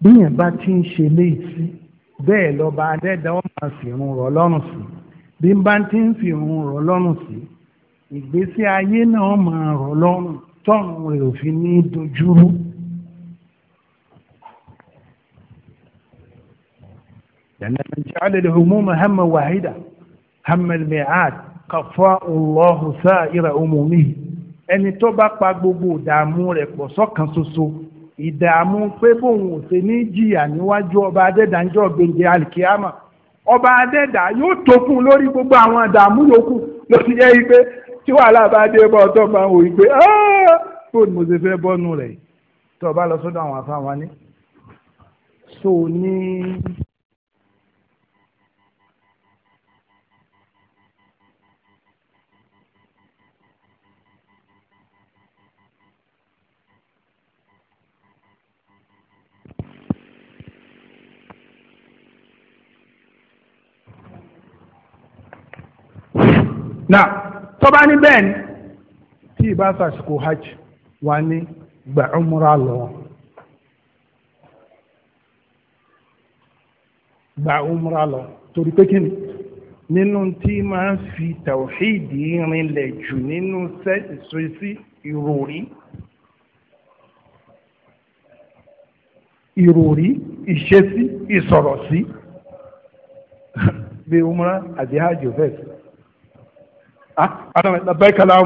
bí yẹn bá ti ń ṣe léyìí sí bẹ́ẹ̀ lọ́ba adẹ́dá wọn máa fi irun rọ̀ lọ́rùn sí bí n bá ti ń fi irun rọ̀ lọ́rùn sí ìgbésí ayé náà máa rọ̀ lọ́rùn tọ́run rẹ̀ ò fi ní dojúrú. لأن من جعل الهموم هم واحدة هم الميعاد كفاء الله سائر أمومه ẹni تبقى bá دامور gbogbo ìdààmú ìdààmú pé bóun ò ṣe ní jìyà níwájú ọba adẹ́dàájọ́ gbèǹde alikiyama ọba adẹ́dà yóò tó kún lórí gbogbo àwọn ìdààmú yòókù ló ti yẹ ipe tí wàhálà bá dé bá ọtọ́ bá wò ah! ipe fóònù mo ṣe fẹ́ bọ́nu rẹ̀ tó o bá lọ sọ́dọ̀ àwọn afáwọn ni so ní náà tọ́ba ní bẹ́ẹ̀ ni tí ì bá sàṣìkò hajj wà ní gbà umra lọ gbà umra lọ torí pé kí ni nínú tí máa ń fi tàwíìdì rinlẹ̀ jù nínú sẹ́ẹ̀sì ìròrí ìròrí ìṣesí ìsọ̀rọ̀ bí umra àti hajj fẹ́ẹ́ sí. الله أكبر الله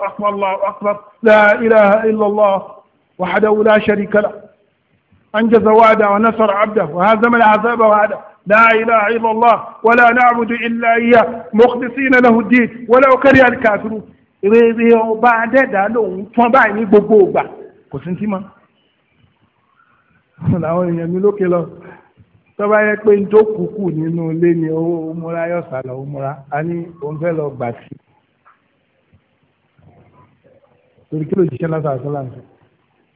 أكبر الله أكبر لا إله إلا الله وحده لا شريك له أنجز وعده ونصر عبده وهزم العذاب وعده لا إله إلا الله ولا نعبد إلا إياه مخلصين له الدين ولو كره الكافرون rere ọba adẹ́dàá lòun fọ́n báyìí ní gbogbo ògbà kò sí ti mọ́. làwọn èèyàn mi lókè lọ tọ́ba yẹ pé ń tó kúkú nínú ilé ni owó múra yóò sá lọ múra a ní òun fẹ́ lọ gbà sí. torí kí ló jíṣẹ́ lásán àti láǹtì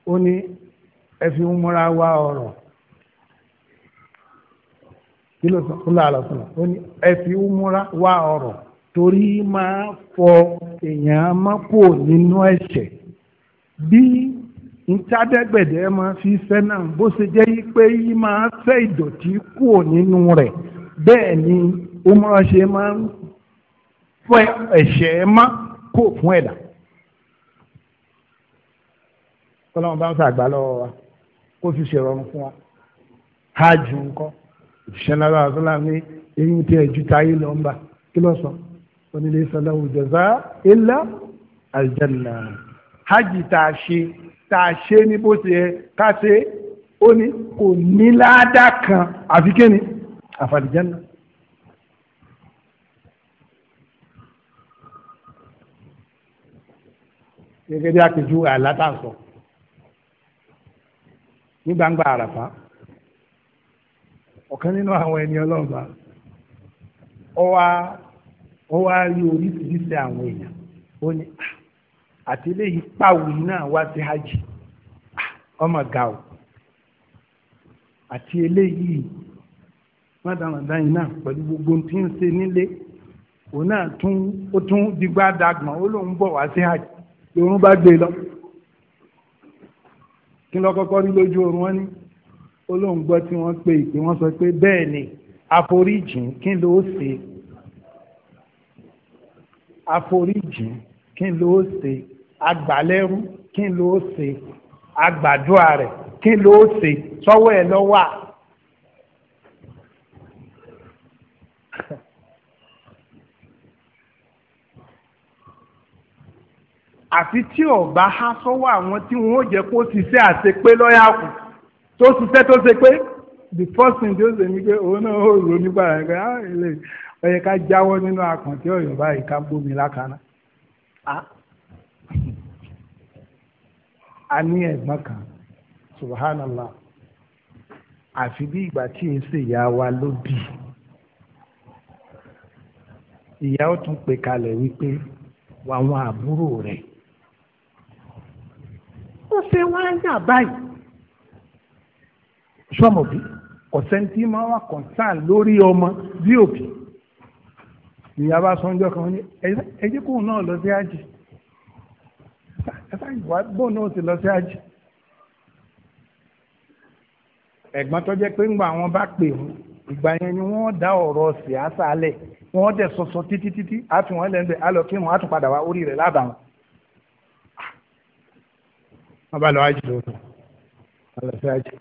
ó ní ẹ fi múra wá ọ̀rọ̀ kí ló sọ ó lọ àlọ́ sọ̀rọ̀ ó ní ẹ fi múra wá ọ̀rọ̀ torí máa fọ èèyàn mọ́pò nínú ẹ̀ṣẹ̀ bí ntádẹ́gbẹ̀dẹ́ máa fi fẹ́ náà bó ṣe jẹ́ pé yí máa fẹ́ ìdọ̀tí kúrò nínú rẹ̀ bẹ́ẹ̀ ni umrah ṣe máa ń fọ ẹ̀ṣẹ̀ mọ́ kó fún ẹ̀dá. kọ́lọ́mù bá ń sàgbà lọ́wọ́ wa kó fi ṣèrọ̀rùn fún wa hajj nǹkan òṣìṣẹ́ lára àfọlámi eyín tí ẹ̀jú táyé lọ́nba kí ló sọ onílé sọláwù jẹ̀zá ilá àlùjànnà hajj tá a ṣe tá a ṣe ní bó ṣe yẹ ká ṣe ó ní kò ní ládàá kan àfi kéne àfàlìjànnà. gẹ́gẹ́ bí àpèjú àlátàsọ ní gbangba àràfá ọ̀kan nínú àwọn ẹni ọlọ́ọ̀bá ọwá ó wá rí oríṣiríṣi àwọn èèyàn ó ní ah, àti eléyìí pàwùí náà wá sí hajj ah, ọmọ ga o àti eléyìí mọ́tàmọ́tà yìí náà pẹ̀lú gbogbo tí ń ṣe nílé òun náà tún ó tún digbá dagbọ̀n ó lóun bọ̀ wá sí hajj lòun bá gbé lọ kí ló kọ́kọ́ rí lójú oorun wọn ni ó lóun gbọ́ tí wọ́n pe ìpè wọ́n sọ pé bẹ́ẹ̀ ni àforíjìn kí ló ṣe àforíjì kí ló ṣe agbálẹ́rú kí ló ṣe agbàdúrà rẹ̀ kí ló ṣe sọ́wọ́ ẹ̀ lọ́wọ́ à. àfi tí ọba há sọ́wọ́ àwọn tí wọ́n jẹ́ kó ṣiṣẹ́ àṣepé lọ́yà kù tó ṣiṣẹ́ tó ṣe pé the first thing tó ṣe ni pé òun náà ó rò nípa rẹ̀ pé ah ẹ̀ lè ó yẹ ká jáwọ́ nínú àkàntì ọ̀yọ́ báyìí ká gbómi lákàná. a ní ẹ̀gbọ́n kan subhanallah àfi bí ìgbà tí ń ṣe ìyá wa ló bì ìyá ó tún pè kalẹ̀ wípé àwọn àbúrò rẹ̀ ó ṣe wá yà báyìí sọmọ bí máa wà concern lórí ọmọ bí òbí nìyá bá sọ ọjọ́ kan ní ẹjẹ́ kóun náà lọ sí àjì ẹ̀fà ìwà bóun náà ti lọ sí àjì ẹ̀gbọ́n tó jẹ́ pé ńgbà wọn bá pè wọn ìgbà yẹn ni wọ́n dá ọ̀rọ̀ sí àṣàlẹ̀ wọ́n dẹ̀ sọ̀sọ̀ títí títí àtúnwọ̀n lẹ́nu àlọ́ kí wọ́n àtúnpadà wá orí rẹ̀ lábàá wọn. wọ́n bá lọ àjì lóòótọ́ wọ́n lọ sí àjì.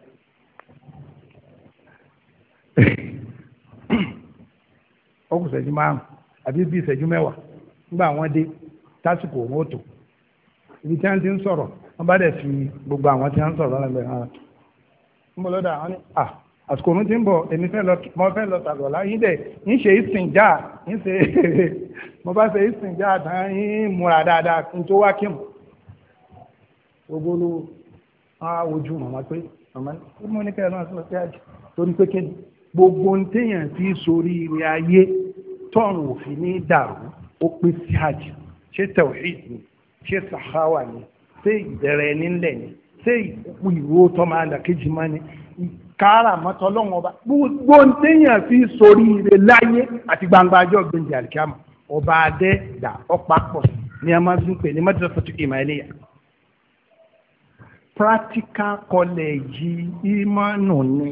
ó kù sẹ́jú márùn-ún àbí bíi ìṣẹ́jú mẹ́wàá nígbà wọ́n dé tásìkò wọn ò tó ibi tí wọ́n ti ń sọ̀rọ̀ wọ́n bá dẹ̀ fi gbogbo àwọn tí wọ́n ń sọ̀rọ̀ lọ́lẹ́gbẹ̀ẹ́ hàn ń bọ̀ lọ́dọ̀ àwọn ni à àsìkò òun ti ń bọ̀ èmi fẹ́ lọ mo fẹ́ lọ sàlọ̀ láyé dẹ̀ ń ṣe ìsìn ń ṣe mo bá ṣe ìsìn tán ń múra dáadáa kí n tó wá kí mu gbogbo ló á wojú màmá pé màmá ó mú ní kẹrin náà sọ pé àjẹ pé kéde gbogbo ń téèyàn ti sórí ilé ayé tọ́run òfin ní dàrú ó pín sí hajj ṣé tawhid ni ṣé sahawa ni ṣé ìbẹ̀rẹ̀ nílẹ̀ ni ṣé ìkú ìwé tọ́ máa dà kejì máa ni kára mọ́tọ́ ọba gbogbo fi ire láyé àti gbangba ajọ́ gbẹ̀ǹdì àlìkámà ọba adé dà ọ̀pá pọ̀ ní máa practical college ni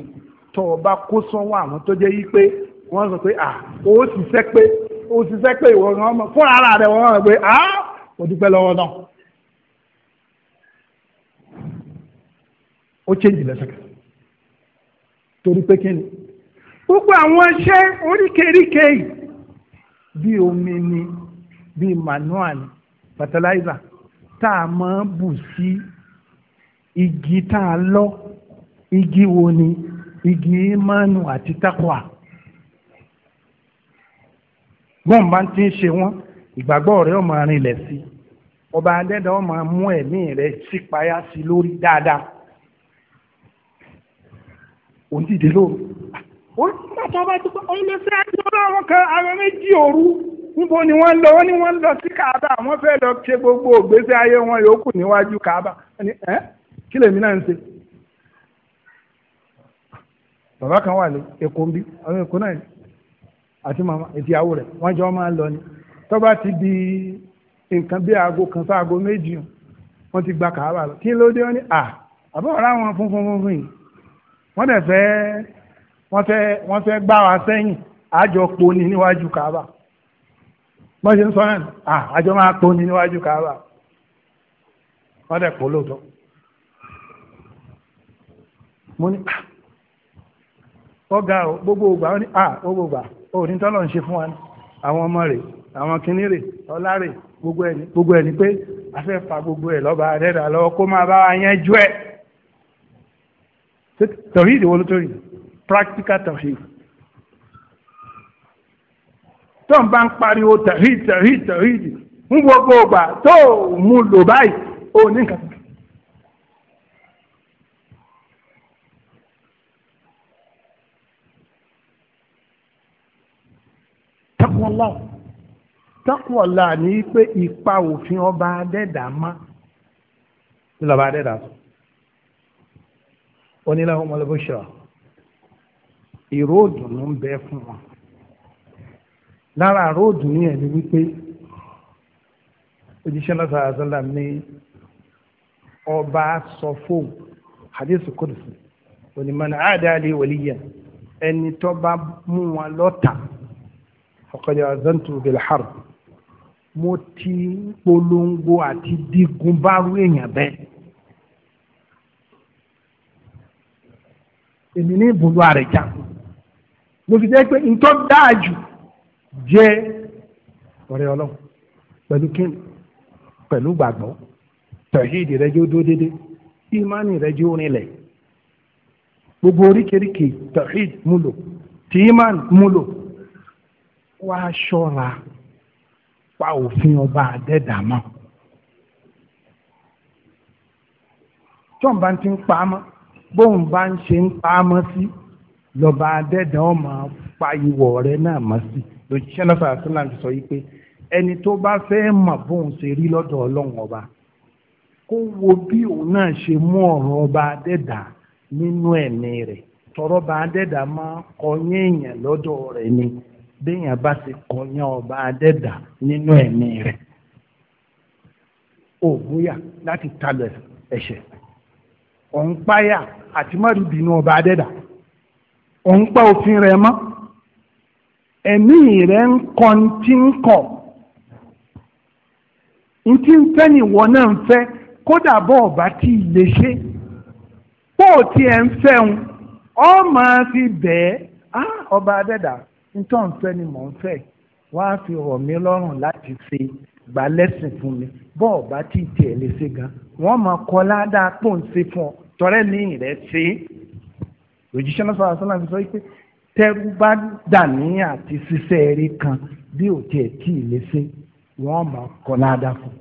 tọ́ ọba kó sọ́wọ́ àwọn tó jẹ́ yí pé wọ́n sọ pé à ó ṣiṣẹ́ pé ó ṣiṣẹ́ pé ìwọ náà mọ̀ fún ara rẹ̀ wọ́n mọ̀ pé ó dúpẹ́ lọ́wọ́ náà ó change lẹ́sẹ̀kẹ́ torí pé kí ni gbogbo àwọn iṣẹ́ oríkèéríkèé yìí bíi omi ni bíi manua ni fertilizer tá a máa bù sí igi tá a lọ igi wo ni igi imanu àti takwa bọ́n bá ti ń ṣe wọ́n ìgbàgbọ́ rẹ̀ ọmọ rin lẹ̀ sí ọba adẹ́dà ọmọ mú ẹ̀mí rẹ̀ sípayá sí lórí dáadáa òun dìde lóru ó bàtà ọba ti pẹ́ ọ̀hún lè fẹ́ ẹjọ́ àwọn kan àwọn méjì òru níbo ni wọ́n lọ wọ́n ní wọ́n lọ sí kaaba àwọn fẹ́ lọ ṣe gbogbo ògbésí ayé wọn yòókù níwájú kaaba ẹ kí lèmi náà ń ṣe bàbá kan wà ní èkó ń bí àwọn èkó náà àti màmá ìtìyàwó rẹ̀ wọ́n jọ máa ń lọ ni tó bá ti di nǹkan bí aago kan sí aago méjì wọ́n ti gba kàábà lọ kí ló dé wọ́n ní à àbọ̀ ọ̀rá wọn funfun funfun yìí wọ́n dẹ̀ fẹ́ wọ́n fẹ́ wọ́n fẹ́ gbá wa sẹ́yìn àjọ poni níwájú kàábà wọ́n ṣe ń sọ náà à àjọ máa poni níwájú kàábà wọ́n dẹ̀ pọ̀ lóòótọ́ mo ní à ọ̀gá gbogbo ògbà wọ́n ní à gbogbo ògbà òní tọ́lọ̀ ń ṣe fún wa àwọn ọmọ rẹ̀ àwọn kìnní rẹ̀ ọlá rẹ̀ gbogbo ẹni gbogbo ẹni pé a fẹ́ fa gbogbo ẹ̀ lọ́ba àdẹ́dà lọ́wọ́ kó máa bá wa yẹn jú ẹ̀ tawhid wo ló torí practical tawhid tó ń bá ń pariwo tawhid tawhid tawhid ń gbogbo ògbà tó mú lò báyìí ó ní takùnlá takùnlá ní pé ipa òfin ọba adẹ́dà má lọ́ba adẹ́dà sọ onílàwọ̀ mọ́lẹ́bùṣọ́ ìró òdùnnú ń bẹ fún wọn lára àró òdùnnú yẹn ni wípé òjíṣẹ́ náà sọ̀rọ̀ àṣọlá ní ọba sọ fóun hadith kudusi onímọ̀ náà àdáyé wòlíyà ẹni tó bá mú wọn lọ́tà faqad azantu bil harb mo ti polongo àti digun bárú èèyàn bẹ́ẹ̀. èmi ní ìbùdó àrẹ̀já mo fi jẹ́ pé nǹkan dáa jù jẹ́ ọ̀rẹ́ ọlọ́run pẹ̀lú kí pẹ̀lú gbàgbọ́ tọ̀hídì rẹ jẹ́ ó dúró déédéé ìmánì rẹ jẹ́ rinlẹ̀ gbogbo oríkèéríkèé tọ̀hídì múlò tí ìmánì múlò wá ṣọ́ra pa òfin ọba àdẹ́dàmọ́. tọ́ǹba ti ń pa á mọ́ bóun bá ń ṣe ń pa á mọ́ sí lọ́ba àdẹ́dà ọmọ pa ìwọ̀ rẹ náà mọ́ sí lójúṣẹ́ náà fàásù náà ti sọ yìí pé ẹni tó bá fẹ́ mọ̀ bóun ṣe rí lọ́dọ̀ ọlọ́run ọba kó wo bí òun náà ṣe mú ọ̀rọ̀ ọba àdẹ́dà nínú ẹ̀mí rẹ̀ tọ̀rọ̀ ọba àdẹ́dà máa kọ yín èèyàn lọ́dọ̀ ni béèyàn bá ti kọyán ọba adẹ́dà nínú ẹ̀mí rẹ̀ òbúyà láti talẹ̀ ẹ̀ṣẹ̀ òǹpáyà àti márùbínú ọba adẹ́dà òǹpá òfin rẹ̀ mọ́ ẹ̀mí rẹ̀ ń kọ́ ti ń kọ̀ n ti ń fẹ́ ni ìwọ náà ń fẹ́ kódà bọ́ ọba tí ì lè ṣe bó o ń fẹ́ òun ọ máa fi bẹ́ẹ̀ ọba adẹ́dà nítorí ń ni mò ń fẹ́ wàá fi rọ̀ mí lọ́rùn láti ṣe gbà lẹ́sìn fún mi bọ́ọ̀ bá ti tiẹ̀ lè ṣe gan wọ́n máa kọ́ ládàá pò ń ṣe fún ọ tọ́rẹ́ ní ìrẹ́ ṣe é òjíṣẹ́ náà sọ̀rọ̀ sọ́nà fi sọ pé tẹ́rù bá dà ní àti ṣiṣẹ́ rí kan bí ò tiẹ̀ tí ì lè ṣe wọ́n máa kọ́ ládàá fún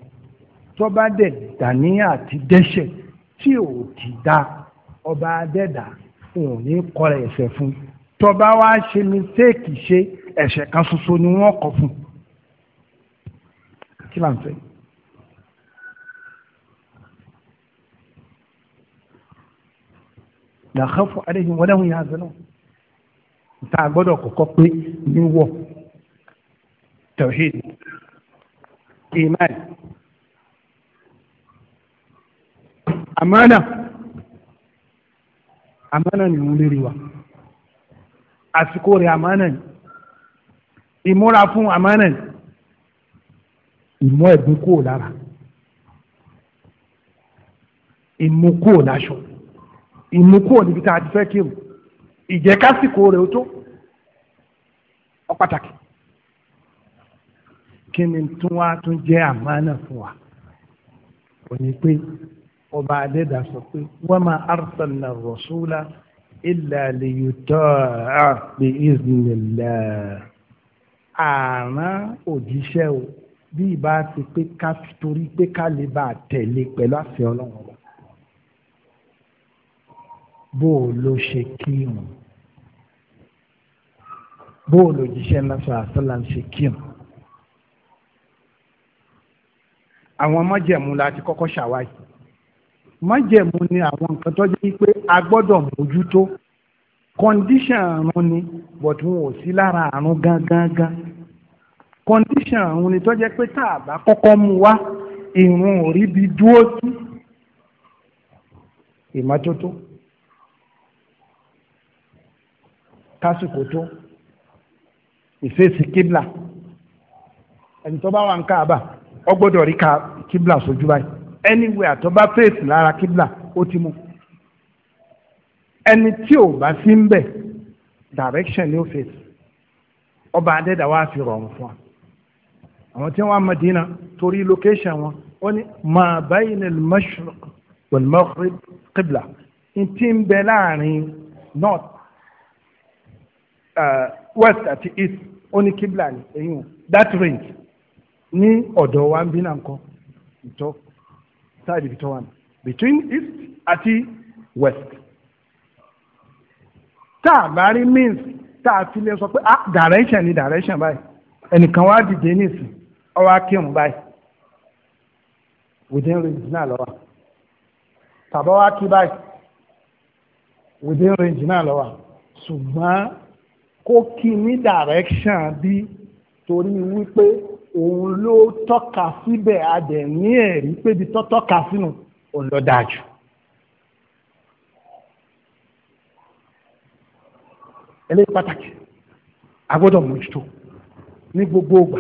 tó bá dẹ̀ dà ní àti dẹ́ṣẹ̀ tí ò ti dá ọba adẹ́dà òun ní kọ́ ẹ̀ṣẹ̀ fún un tó bá wá ṣe mistake ṣe ẹ̀ṣẹ̀ kan ṣoṣo ni wọ́n kọ fún kí là ń fẹ́. dàkàfọ adéhùn wọléhùn yà zẹlẹ tá a gbọ́dọ̀ kọ́kọ́ pé níwọ tawhid iman amana amana ni wọn lérí wa àsìkò rẹ̀ àmánà ni ìmúra fún àmánà ni ìmú ẹ̀gbin kúrò lára ìmú kúrò láṣọ ìmú kúrò níbi tá a ti fẹ́ kírun ìjẹ́kásìkò rẹ̀ ó tó ọ pàtàkì kí ni tún wá tún jẹ́ àmánà fún wa òní pé ọba adẹ́dà sọ pé wọ́n máa arsalna rasula illa liyuta'a bi iznillah àrán òjíṣẹ́ o bí ìbá ti pé ká torí pé ká lè bá a tẹ̀lé pẹ̀lú àṣẹ ọlọ́run ọba bó o ló ṣe kírun bó o ló jíṣẹ́ lọ́sọ̀ àṣọlá ṣe kírun. àwọn májẹ̀mú la ti kọ́kọ́ ṣàwáyé májẹ̀mú ni àwọn nǹkan tó jẹ́ pé a gbọ́dọ̀ mójútó condition àrùn ni but wọn ò sí lára àrùn gangan condition àrùn ni tó jẹ́ pé tá a bá kọ́kọ́ mu wá ìrùn ò rí bi dúró sí ìmọ́tótó kásìkò tó ìfèsì kíbla ẹni tó bá wà ń káàbà ọ gbọ́dọ̀ rí kíbla sójú báyìí anywhere tó bá fèsì lára kíbla ó ti mú ẹni tí ò bá sí ń bẹ̀ direction ni ó fèsì ọba adẹ́dà wa fi rọrùn fún wa àwọn tí wọ́n á Madina torí location wọn ó ní ma bayna al-mashriq wal-maghrib kíbla ti ń bẹ láàrin north uh, west àti east ó ní kíbla ni èyí wọn that range ní ọ̀dọ̀ wa ń bí náà ìtọ́ Side of tó wà between east àti west Ta a means ta a fi lè sọ pé ah direction ni direction báyìí ẹnìkan wá dìde nísìn ọwọ́ akéwọ̀n báyìí within range náà lọ́wọ́ tàbá wá kí báyìí within range náà lọ́wọ́ ṣùgbọ́n kó kí ní direction bí torí wípé òun ló tọ́ka síbẹ̀ adẹ̀ ní ẹ̀rí pébi tó tọ́ka sínú òun ló dáa jù. eléyìí pàtàkì a gbọ́dọ̀ mójútó ní gbogbo ògbà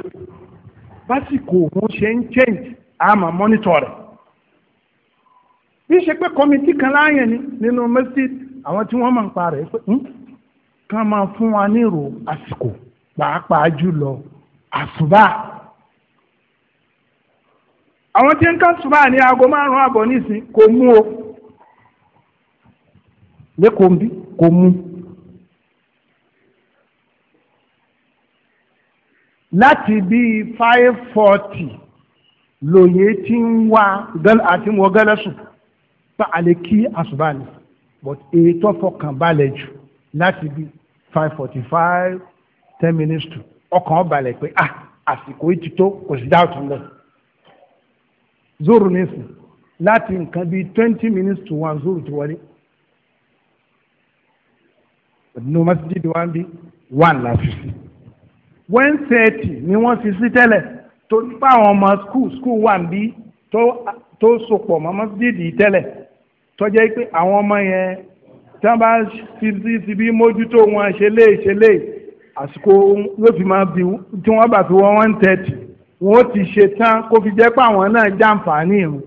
básìkò òun ṣe ń change a máa mọ́nítọ̀ rẹ̀ bí ṣe pé kọ́mítì kan láàyè ni nínú mẹ́sítì àwọn tí wọ́n máa ń pa rẹ̀ pé hmm, kán máa fún wa nírò àsìkò pàápàá jùlọ àsùbá àwọn tí ń ká ṣùgbọ́n àní aago márùn-ún àbọ̀ nísìn kò mú o lẹ́kọ̀ọ́ bí kò mú. láti bíi five forty lòye tí ń wá àti ń wọ gẹ́lẹ́sùn bá a lè kí àṣùbà ni but èyí fọkàn balẹ̀ jù láti bíi five forty five ten minutes to ọkàn balẹ̀ pé ah àsìkò yìí ti tó kò sí dáàtú lẹ́yìn zoro nísìn láti nǹkan bíi twenty minutes to one zoro ti wọlé nínú masjid wa bí one la fi sí one thirty ni wọ́n fi sí tẹ́lẹ̀ tó nípa àwọn ọmọ school school one bí tó tó sopọ̀ mọ́ masjid yìí tẹ́lẹ̀ tọ́jẹ́ pé àwọn ọmọ yẹn tí wọ́n bá fi sí ti bí mójútó wọn ṣe léè ṣe léè àsìkò yóò fi máa bí tí wọ́n bá fi wọ́n one thirty. wọ́n ti ṣe tán kó fi jẹ́ pé àwọn náà jàǹfààní ìrùn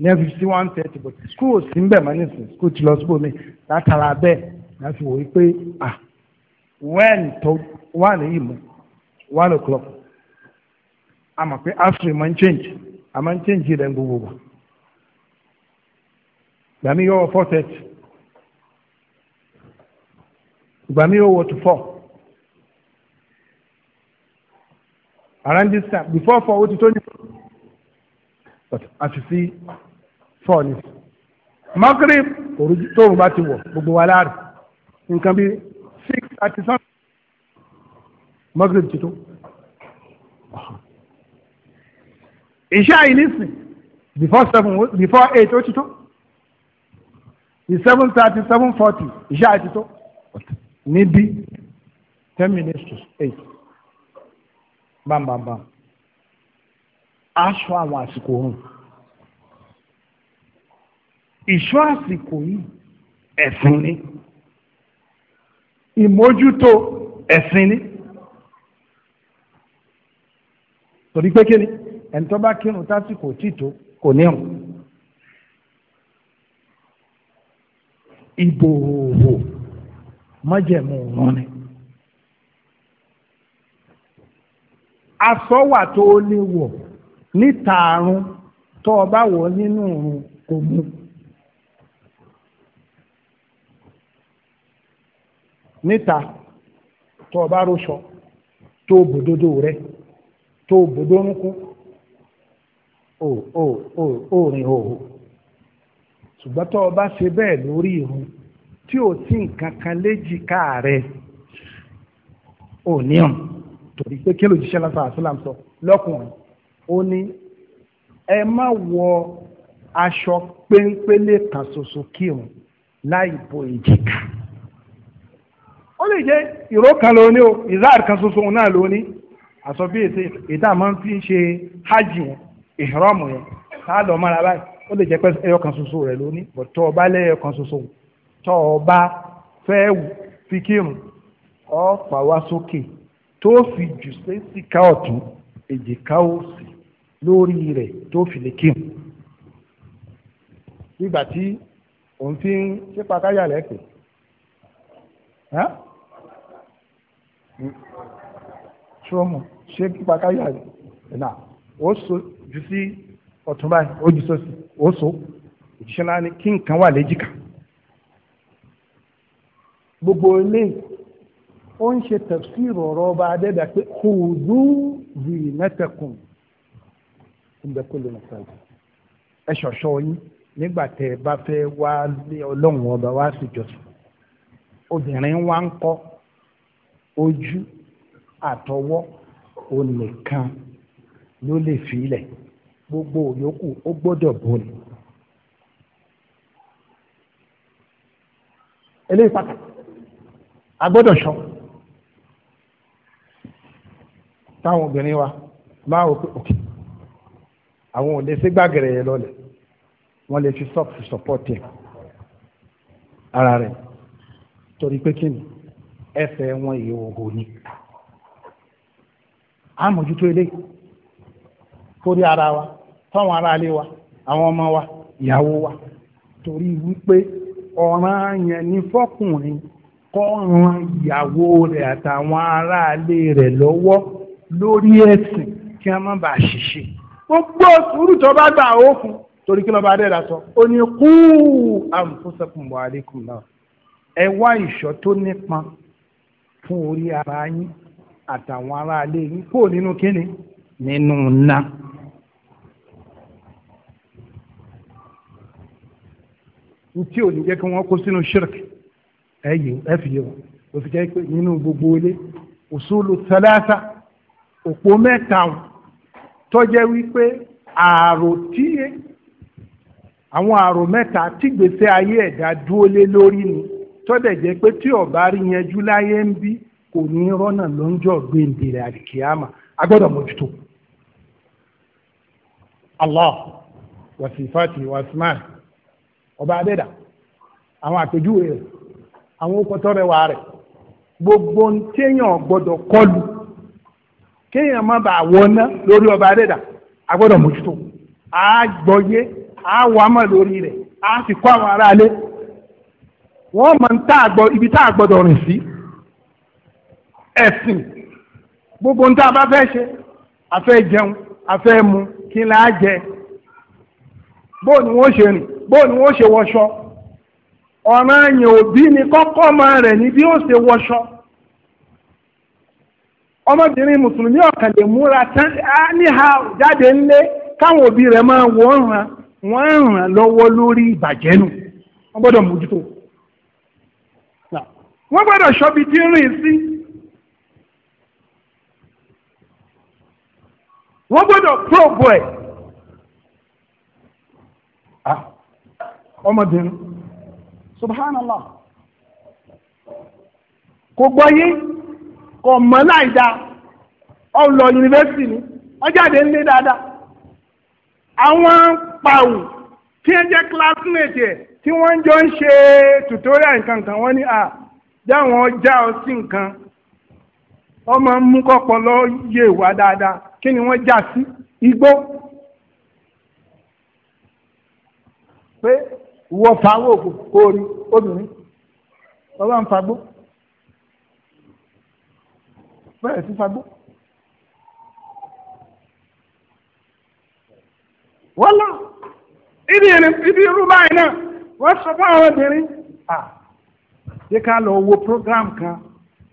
ní ẹ̀ fifty one thirty but school ò sí ń bẹ̀ mọ́ nísìnyí school ti lọ síbò mi látara bẹ́ẹ̀ láti wò wípé ah when tó wà níyì mọ́ one o'clock a mọ̀ pé after máa ń change a change ń change rẹ̀ gbogbo wa gbàmí yóò wọ four thirty gbàmí yóò wọ to four. around this time before four ó ti tó But as you see, four ní. magrib tóorùn bá ti wọ̀ gbogbo wa láàrú nǹkan bíi six thirty seven magrib ti tó. ìṣá ìnísìn before seven before eight ó ti tó seven thirty seven forty ìṣá ti tó ten minutes to eight bámbámbá aṣọ àwọn àsìkò òrùn ìṣọ́ àsìkò yìí ẹ̀sìn ni ìmójútó ẹ̀sìn ni torí pé kí ni ẹni tó bá kírun tásìkò títò kò ní hàn ìbòòwò májẹ̀mú òun ni. aṣọ wà tó o lè wọ̀ níta àrùn tó o bá wọ̀ nínú òrùn kò mú. níta tó o rọṣọ tó o rẹ tó o bòdo o o o o rìn òhò ṣùgbọ́n tó o bá ṣe bẹ́ẹ̀ lórí irun tí o ti nǹkan kan léjìká rẹ torí pé kí ló jíṣẹ́ lásán àṣìlám sọ lọ́kùnrin ó ní ẹ má wọ aṣọ péńpélé kan ṣoṣo kírun láì bo èjìká ó lè jẹ́ ìró kan ló ní o ìzáàr kan ṣoṣo náà ló ní àṣọ bí ètè ìdá máa ń fi ṣe hajj yẹn ìhìrọ́mù yẹn tá a lọ mọ́ra báyìí ó lè jẹ́ pé ẹyọ kan ṣoṣo rẹ̀ ló ní bọ̀ tọ́ ọba lẹ́yọ kan ṣoṣo tọ́ ọba fẹ́ fi kírun ọ̀ pàwá sókè tó fi jù sẹ́sìká ọ̀tún èjìká òsì lórí rẹ̀ tó fi lè kí mu nígbà tí òun fi ń ṣe pàkáyà lẹ́pẹ̀ ṣọ́mù ṣé pàkáyà náà ó so jù sí ọ̀tún báyìí ó jù sósì ó so òjíṣẹ́ náà ni kí nǹkan wà léjìká gbogbo eléyìí ó ń ṣe tafsir ọ̀rọ̀ ọba adẹ́dà pé khudhu zinatakum inda kulli masajid ẹ ṣọ̀ṣọ́ yín nígbà tẹ́ ẹ bá fẹ́ wá lé ọlọ́run ọba wá sí ìjọsìn obìnrin wa ń kọ́ ojú àtọwọ́ onìkan ló lè filẹ̀ gbogbo òyòkù ó gbọ́dọ̀ bọ́ọ̀lù. eléyìí pàtàkì a gbọ́dọ̀ ṣọ́ táwọn obìnrin wa máa wò pé òkè àwọn ò lè ṣe gbàgẹ̀rẹ̀ yẹn lọ́lẹ̀ wọ́n lè fi sọ́ọ̀pù sọ́pọ́ọ̀tì ẹ̀ ara rẹ̀ torí pé kí ni ẹsẹ̀ wọn ìhòòhò ni àmójútó ilé kórí ara wa táwọn ará wa àwọn ọmọ wa ìyàwó wa torí wípé ọ̀ràn yẹn ní fọ́kùnrin kọ́ ran ìyàwó rẹ̀ àtàwọn ará rẹ̀ lọ́wọ́. lórí ẹ̀sìn kí a má bàa ṣìṣe gbogbo sùúrù tó bá gbà ó torí kí lọ́ba adẹ́rẹ́ sọ ó ní kú àǹfọ̀sẹ̀kùn wa alaykum náà ẹ ìṣọ́ tó nípa fún orí ara yín àtàwọn aráalé yín kó nínú kíni nínú ná. ntí ò ní jẹ́ kí wọ́n kó sínú ṣírk ẹ yìí fi yẹ wọ́n jẹ́ pé nínú gbogbo ilé òpó mẹ́ta tó jẹ́ wípé ààrò tí àwọn ààrò mẹ́ta tí gbèsè ayé ẹ̀dá dúró lé lórí ni tó dẹ̀ jẹ́ pé tí ọ̀bá rí yanjú láyé ń bí kò ní rọ́nà lọ́njọ́ gbèǹdèrè àdìkíyàmà a gbọ́dọ̀ mójútó. Allah wasifati wasman ọba àwọn àpèjúwe rẹ̀ àwọn rẹwà rẹ̀ gbogbo ń téèyàn gbọ́dọ̀ kéèyàn má bàa wọná lórí ọba adẹ́dà a gbọ́dọ̀ mójútó a gbọ́yé a wà mọ̀ lórí rẹ̀ a sì kọ́ àwọn aráalé wọ́n mọ̀ ń tá àgbọ̀ ibi tá àgbọ̀dọ̀ rìn sí ẹ̀sìn gbogbo ń a bá fẹ́ ṣe a fẹ́ jẹun a fẹ́ mu kí n là á jẹ bóò ni wọ́n ṣe rìn bóò ni wọ́n ṣe wọṣọ ọ̀ràn yẹn òbí ni kọ́kọ́ máa rẹ̀ ní bí ó ṣe wọṣọ ọmọbìnrin mùsùlùmí ọ̀kan lè múra tán á jáde ńlé káwọn òbí rẹ̀ máa wọ ràn wọ́n ràn lọ́wọ́ lórí ìbàjẹ́ nù wọ́n gbọ́dọ̀ mójútó wọ́n gbọ́dọ̀ ṣọ́bi tí ń rìn sí wọ́n gbọ́dọ̀ probo ẹ̀ ọmọbìnrin subhanallah kò gbọ́ yé. kò mọ̀ láì dáa ọ lọ yunifásitì ni ọ jáde ń lé dáadáa àwọn pàwù tí ẹ jẹ́ classmate ẹ̀ tí wọ́n jọ ń ṣe tutorial nǹkan kan wọ́n ní à jáwọn já ọ sí nǹkan ọmọ mú kọ́pọ̀lọ́ yé wá dáadáa kí ni wọ́n já sí igbó pé wọ́n fa owó òkú kó o rí obìnrin ń fagbó bẹ̀rẹ̀ sí fagbó. wọ́lá ibi irú báyìí náà wọ́n sọ fún àwọn obìnrin à yẹ ká lọ wo program kan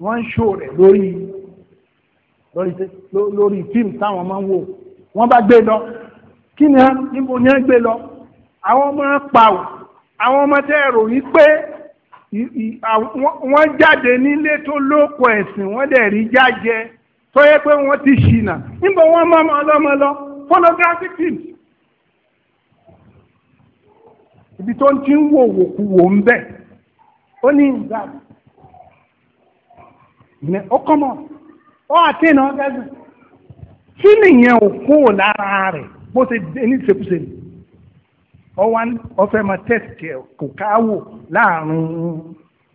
wọ́n ń ṣó rẹ̀ lórí lórí lórí fíìmù táwọn máa ń wò wọ́n bá gbé lọ kí ni níbo ni wọ́n gbé lọ àwọn ọmọ pa ò àwọn ọmọ tẹ́ ẹ̀rọ yìí pé. wọ́n jáde nílé tó lóko ẹ̀sìn wọ́n dẹ̀ rí jájẹ tó yẹ pé wọ́n ti ṣìnà níbo wọ́n mọ ọmọ ọlọ́mọ lọ ibi tó ń ti ń wò wò ń bẹ̀ ó ní ìgbà ó ó àti ọwọ́n ọfẹ́ máa tẹ̀sítì ẹ̀ kò káwò láàrin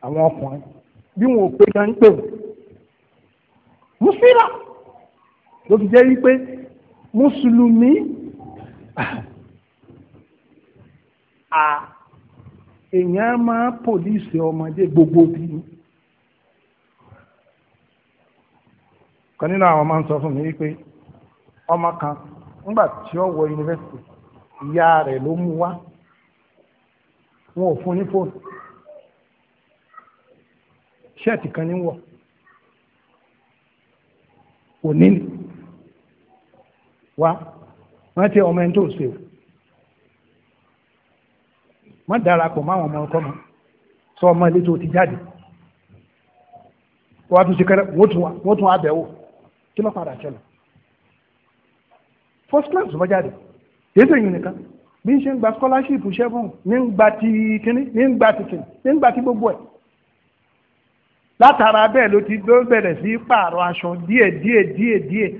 àwọn ọkùnrin bí wọn ò pé náà ń pè wọ́n. mùsùlùmí ló fi jẹ́ wípé mùsùlùmí à èèyàn máa pòlíìsì ọmọdé gbogbo bíi. kan nínú àwọn máa ń sọ fún mi wípé ọmọ kan nígbà tí ó wọ yunifásitì ìyá rẹ̀ ló mú wá wọn ò fún ní fóònù ṣẹ́ẹ̀tì kan ní wọ̀ òní wá wọ́n ti ọmọ ẹni tó ṣe o wọ́n darapọ̀ máwọn ọmọ ọkọ mọ́ sọ ọmọ ilé tó ti jáde wọ́n á tún ṣe kẹ́rẹ́ wọ́n tún abẹ́wò kí ló padà ṣẹlẹ̀ first class ló jáde kéésì yìí nìkan bí n ṣe ń gba scholarship seven ní ń gba ti kínní ní ń gba ti kínní ní ń gba ti gbogbo ẹ̀ látara bẹ́ẹ̀ ló ti ló bẹ̀rẹ̀ sí pààrọ̀ aṣọ díẹ̀ díẹ̀ díẹ̀ díẹ̀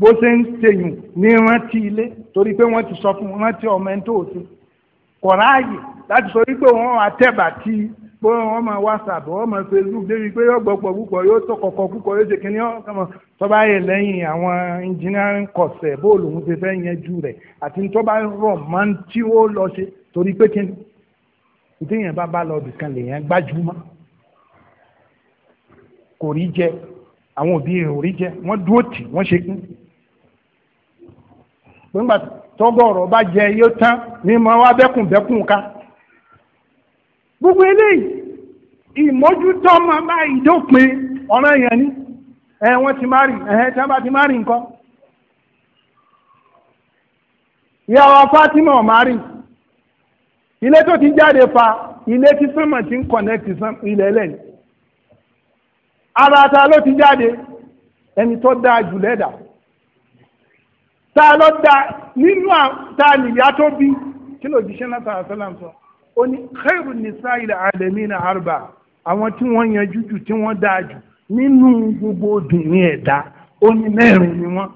bó ṣe ń ṣèyùn ní rántí ilé torí pé wọ́n ti sọ fún wọn rántí ọmọ ẹni tó o ti kọ̀ráàyè láti sọ wípé wọ́n àtẹ̀bà ti pé wọ́n máa whatsapp wọ́n máa facebook débi pé yóò gbọ́pọ̀ púpọ̀ yóò tó kọ̀kọ̀ púpọ̀ yóò ṣe kínní ọ̀sán tọ́ba yẹ lẹ́yìn àwọn engineering course ẹ̀ bóòlù ń ṣe fẹ́ yanjú rẹ̀ àti tọ́ba rọ̀ máa ń tí ó lọ ṣe torí pé kí ìdíyẹn bá bá lọ bìkan lèèyàn gbájúmọ́ kò rí jẹ àwọn òbí rẹ̀ ò rí jẹ wọ́n dúró tì wọ́n ṣe kún gbọ́ngbà tọ́gọ̀ ọ̀rọ̀ bá jẹ yóò tán ní mo wá bẹ́kùn bẹ́kùn ká gbogbo eléyìí ìmójútó máa bá ìdópin ọ̀ràn yẹn ni ẹ wọ́n ti má rí ẹ̀hẹ́ tí wọ́n bá ti má rí nǹkan. ìyàwó Fatima ọ̀ má rí ilé tó ti jáde fa ilé tí sọ́mọ̀ ti ń kọ̀nẹ́tì ilẹ̀ lẹ́yìn ara ta ló ti jáde ẹni tó dáa jù lẹ́dà ta ló dáa nínú ta nìyá tó bí kí ló jíṣẹ́ náà sọ ó ní khairu nisa ilẹ̀ alamina arba àwọn tí wọ́n yanjú jù tí wọ́n dáa jù nínú gbogbo obìnrin ẹ̀dá ó ní mẹ́rin ni wọ́n.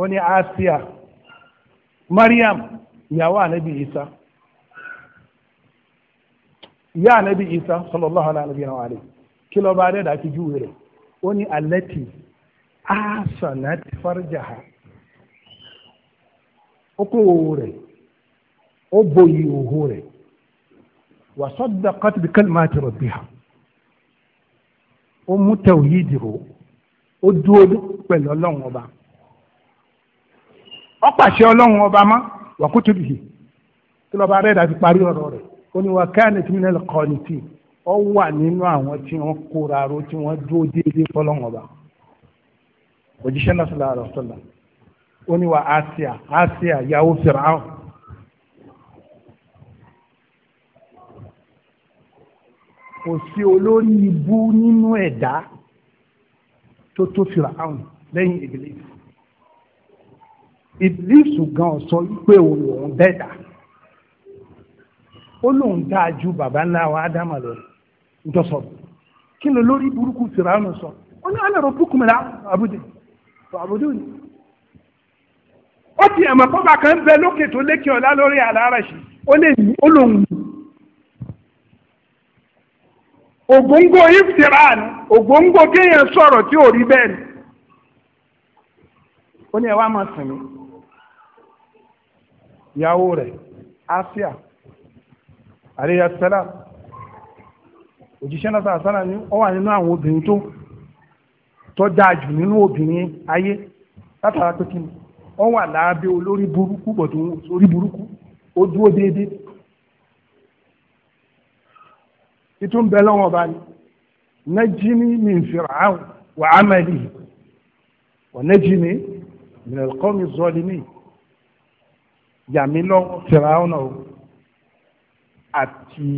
ó ní asia mariam ìyàwó ànábì isa ìyá ànábì isa sallallahu alaihi wa sallam kí ló bá dé fi júwe rẹ̀ ó ní alẹ́tì asanat farjaha ó kó òwò rẹ̀ ó bòyí òwò rẹ̀ wà sọ́dọ̀ kọ́tìbí kẹ́lìmá ti rọ̀ bí ha ó mú tẹ̀wò yìí dìrò ó dúró pẹ̀lú ọlọ́run ọba ó pàṣẹ ọlọ́run ọba mọ́ wà kó tóbi yìí kí lọ́ba rẹ̀ dàbí parí ọ̀rọ̀ rẹ̀ ó ní wà káyọ̀nì tí mílíọ̀nù kọ́ni tì ó wà nínú àwọn tí wọ́n kóra ro tí wọ́n dúró déédéé fọlọ́run ọba òjíṣẹ́ náà sọ̀rọ̀ àrọ̀ sọ̀rọ̀ oníwà asia asia yàwó fìràwọ. kò sí olórí ibú nínú ẹ̀dá tó tó fìràwọ lẹ́yìn ìbílẹ̀ ìbílísù gan sọ pé òun òun bẹ́ẹ̀ dà ó lóun dáa ju bàbá ńlá wa ádámà lọ ntọ́sọ̀ kí ni olórí burúkú fìràwọ sọ ó ní alẹ́ rọ búkú mi rà àbúdé àbúdé òní. ó ti ẹ̀mọ̀ pọ́pà kan ń bẹ lókè tó lékè ọ̀la lórí àlárẹ̀ṣì ó lè ní ó lòun iftiran kéèyàn sọ̀rọ̀ ni ó ní ẹ wá máa Asia àríyàsẹ́lá òjíṣẹ́ náà sàásánà ni ọ wà nínú àwọn obìnrin tó tó dáa jù nínú obìnrin wọ́n wà lábẹ́ olórí burúkú bọ̀ tó ń sórí burúkú ó dúró déédéé ìtún bẹ lọ́wọ́ bá ní najini min fir'aun wa amalihi wa najini min alqawmi zalimin yàmi lọ́wọ́ fir'aun náà àti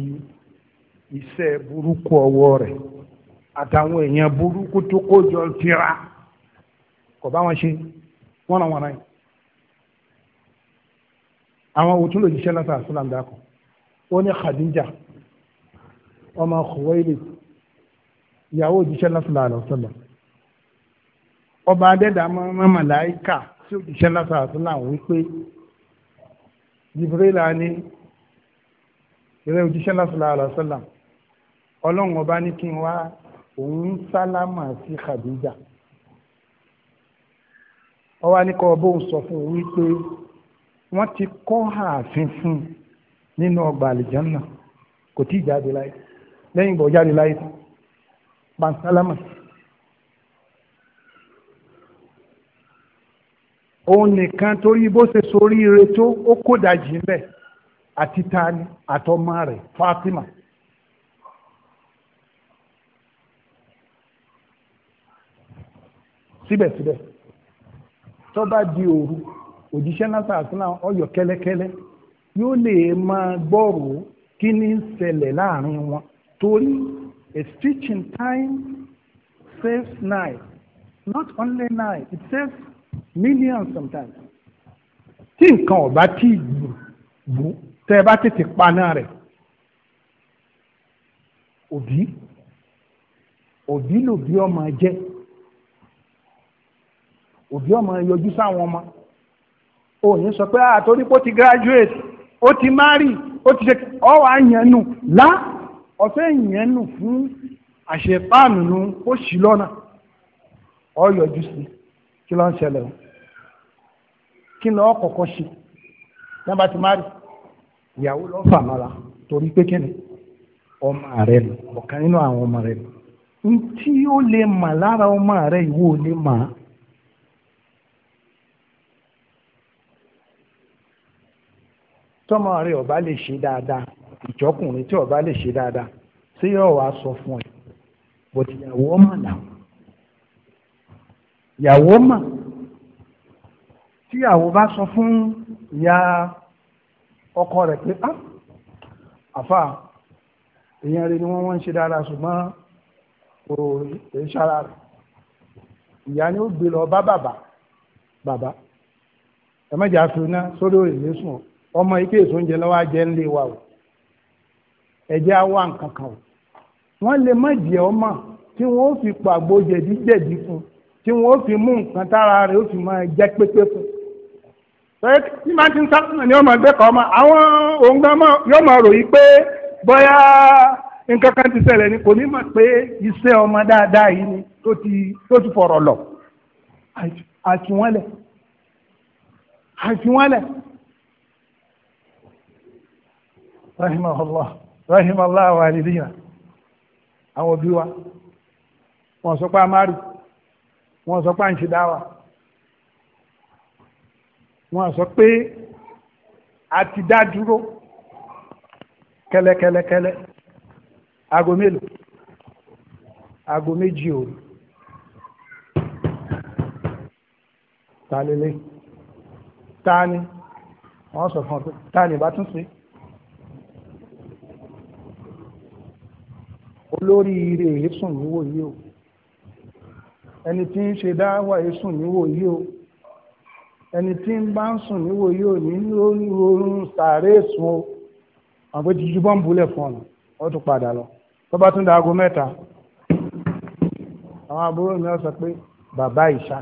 iṣẹ́ burúkú ọwọ́ rẹ̀ àtàwọn èèyàn burúkú tó kó jọ fira kò bá wọn ṣe wọ́n náà wọ́n náà yìí àwọn òtún lòdì iṣẹ́ lásán àṣìlám dákọ̀ ó ní Khadija ọmọ Khuwailid ìyàwó òjíṣẹ́ lásán àlọ́sọ̀lọ̀ ọba adẹ́dàmọ́ màláìka tí òjíṣẹ́ lásán àṣìlám wípé Jibrila ní ìrẹ́ òjíṣẹ́ lásán àlọ́sọ̀lọ̀ ọlọ́run ọba ní kí n wá òun sálámà sí Khadija ọwọ́ ní kọ́ ọ bóun sọ fún un wípé wọ́n ti kọ́ ààfin fún un nínú ọgbà àlìjánná kò tí ì jáde láyé lẹ́yìn ìgbà jáde láyé pansalama òun nìkan torí bó ṣe soríire tó ó kó dajì ń bẹ àti tani àtọmọ rẹ̀ Fatima. síbẹ̀síbẹ̀ tó bá di òru òjíṣẹ́ náà sàásìlà ọ̀yọ̀ kẹ́lẹ́kẹ́lẹ́ yóò lè máa gbọ́rò kí ní ṣẹlẹ̀ láàrin wọn torí a stitching time saves life not only life it saves millions sometimes tí nǹkan ọ̀bá tí bù tẹ́ ẹ bá tètè paná rẹ̀ òbí òbí lòbí ọmọ jẹ́ òbí ọmọ yọjú sáwọn ọmọ ò ní sọ pé àtòrí ah, pé ti graduate ó ti marry ó ti ṣe ọ wà yẹnu lá ọ̀fẹ́ yẹnu fún àṣepáànù nu ó sì lọ́nà ọ yọjú sí kí ló ń ṣẹlẹ̀ o kí ló kọ́kọ́ ṣe nígbà tí marry ìyàwó ló fà mára torí pé kíni ọmọ rẹ lọ ọ̀kan nínú àwọn ọmọ rẹ lọ ntí ó lè mà lára ọmọ rẹ ìwọ ò lè mà á tọ́mọ rẹ ọba lè ṣe dáadáa ìjọkùnrin tí ọba lè ṣe dáadáa ṣé yóò wá sọ fún ẹ bọ̀dì ìyàwó mà náà ìyàwó mà tíyàwó bá sọ fún ìyá ọkọ rẹ pé ah àfa èèyàn rẹ ni wọ́n wọ́n ń ṣe dáadáa ṣùgbọ́n kò èé ṣara rẹ ìyá ni ó gbé lọ bá bàbá bàbá ẹ má jà fi iná sórí òrìlé sùn ọmọ ike èso oúnjẹ lọ́wọ́ ajẹ́ ń lé wa o ẹ̀jẹ̀ á wà nǹkan kan o wọ́n lè má jẹ́ ọmọ tí wọ́n ó fi pàgbó jẹ̀díjẹ̀dí fún tí wọ́n ó fi mú nǹkan tára rẹ̀ ó fi máa jẹ́ pépé fún pé tí máa ti ń sábà ní ọmọ ẹgbẹ́ kan ọmọ àwọn òǹgbà yóò máa ròyìn pé bóyá nǹkan kan ti ṣẹlẹ̀ ni kò ní mọ̀ pé iṣẹ́ ọmọ dáadáa yìí ni tó ti tó fọ̀rọ̀ lọ àfiwọ́nlẹ̀ àfiwọ́nlẹ̀ rahimahullah rahimahullah walidina àwọn òbí wa wọ́n sọ pé a máa rí wọ́n sọ pé à ń ṣe dáwà wọ́n sọ pé a ti dá dúró kẹlẹkẹlẹkẹlẹ aago mélòó aago méjì òru ta lélẹ ta ni wọ́n sọ fún ọ pé ta ni bá tún olórí ire èésùn níwò yìí o ẹni tí ń ṣe dáwà èésùn níwò yìí o ẹni tí ń bá ń sùn níwò yìí o nínú oorun sàárè sùn o àbó jíjú bọ́ ń bulẹ̀ fún ọ̀nà wọ́n tún padà lọ tó tún da aago mẹ́ta àwọn àbúrò mi sọ pé bàbá ìṣá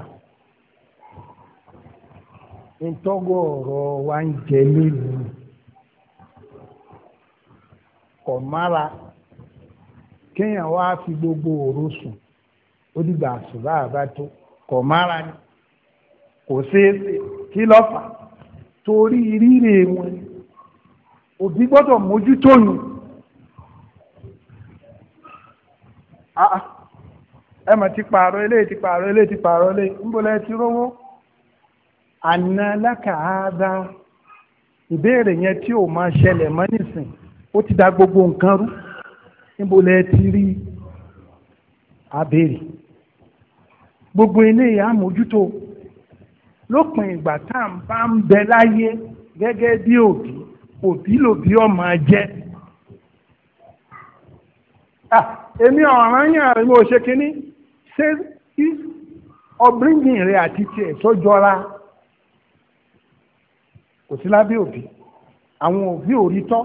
ìtọ́gọ̀ ọ̀rọ̀ wa ń jẹ nílùú kọ̀ mára kéèyàn wá fi gbogbo òru sùn ó dìgbà àsùbá àbá tó kò mára ni kò ṣeé ṣe kí ló fà torí rírè wọn òbí gbọ́dọ̀ mójútó yùn ẹ mọ̀ ti ti ti ti rówó àná lákàádá ìbéèrè yẹn tí ò máa ti da gbogbo nǹkan níbo lẹ ti rí abèrè gbogbo eléyìí àmójútó lópin ìgbà tá à ń bá ń bẹ láyé gẹ́gẹ́ bí òbí òbí lòbí ọmọ jẹ́ èmi ọ̀ràn yàn mi ò ṣé ọ̀bíríngìn rẹ̀ àti tiẹ̀ sọ́jọ́ra kò sí lábẹ́ òbí àwọn òbí ò rí tọ́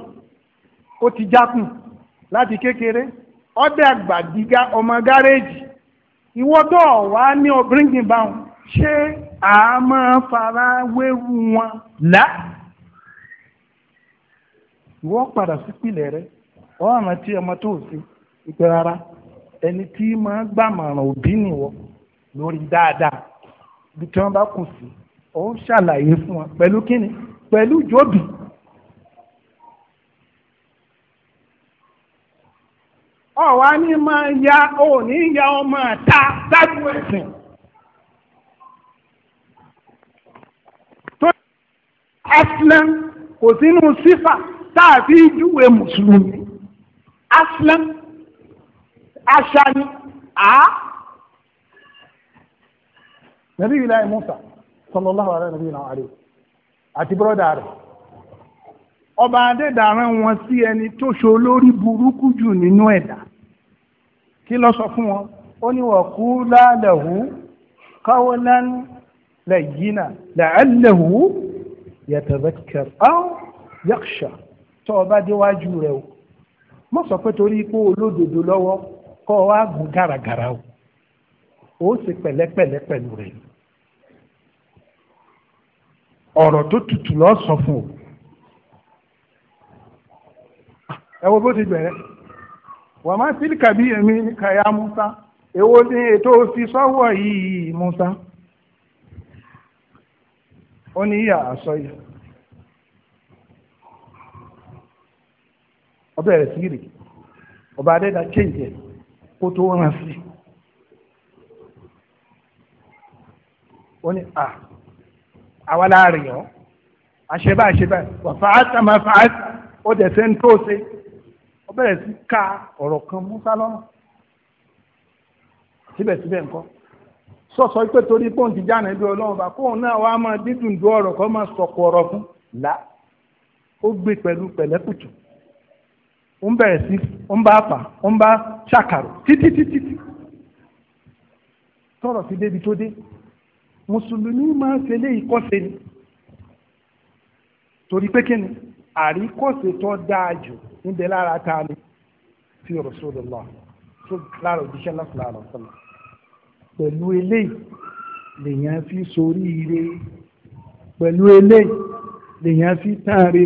ó ti jákùn láti kékeré ọdẹ àgbà gíga ọmọ gáréèjì ìwọ́dọ̀ wá ní ọ̀bíríngì báwọn ṣé a máa fara wéwu wọn là ìwọ padà sípìlẹ̀ rẹ ọ̀ràn tí ọmọ tó ṣe ìpè rárá ẹni tí máa gbàmọ̀ràn òbí nìwọ lórí dáadáa bí tí wọ́n bá kù sí ó ṣàlàyé fún wọn pẹ̀lú kíni pẹ̀lú jòbì. ọ̀wá ní máa ya òní ya ọmọ ta dájú ẹ̀sìn. aslam kò sínú sífà tá a fi júwe mùsùlùmí aslam aṣa a. nàbí ilá ẹ̀ Musa sallallahu alaihi wa alihi àti bọ́dà rẹ̀ ọba adédàrán wọn sí ẹni tó ṣe olórí burúkú jù nínú ẹ̀dá kí ló sọ fún wọn ó ní wọ́n kú láàlẹ̀hù qawlan layyina la'allahu yatadhakkar aw yakhsha tó o bá déwájú rẹ̀ o mọ̀ sọ pé torí pé olódodo lọ́wọ́ kọ́ ọ wá gùn gàràgàrà o ó sì pẹ̀lẹ́pẹ̀lẹ́ pẹ̀lú rẹ̀ ọ̀rọ̀ tó tutù lọ́ọ́ sọ fún o ẹ wo bó ti bẹ̀rẹ̀ wọ́n máa sí kàbí èmi kàyà musa èwo ni ètò òfin sọ́wọ́ yìí musa ó ní ìyá àsọyà ọbẹ̀ rẹ̀ sí rè ọba adẹ́dà kéǹjẹ kó tó rán sí ó ní à àwa láàrin yọ àṣẹ bá àṣẹ bá wà fàá tàmà fàá ó dẹ̀ sẹ́ńtóṣe ó bẹ̀rẹ̀ sí ka ọ̀rọ̀ kan Musa lọ́rùn síbẹ̀síbẹ̀ nǹkan sọ̀sọ̀ pé torí pé òun ti jáde bí ọlọ́run bá kóun náà wàá máa dídùn du ọ̀rọ̀ kan máa sọ̀kò ọ̀rọ̀ fún là ó gbé pẹ̀lú pẹ̀lẹ́kùtù ó ń bẹ̀rẹ̀ sí ó ń bá fà ó ń bá ṣàkàrò títí títí tọrọ fi débi tó dé mùsùlùmí máa ń ṣe léyìí kọ́ ṣe ni torí pé kí ni àríkòsè tó dáa jù níbẹ̀ lára ta ni fi Rasulullah tó lára òjíṣẹ́ lọ́sọ̀lá lọ́sọ̀lá pẹ̀lú eléyìí lèèyàn fi sórí ire pẹ̀lú eléyìí lèèyàn fi tánre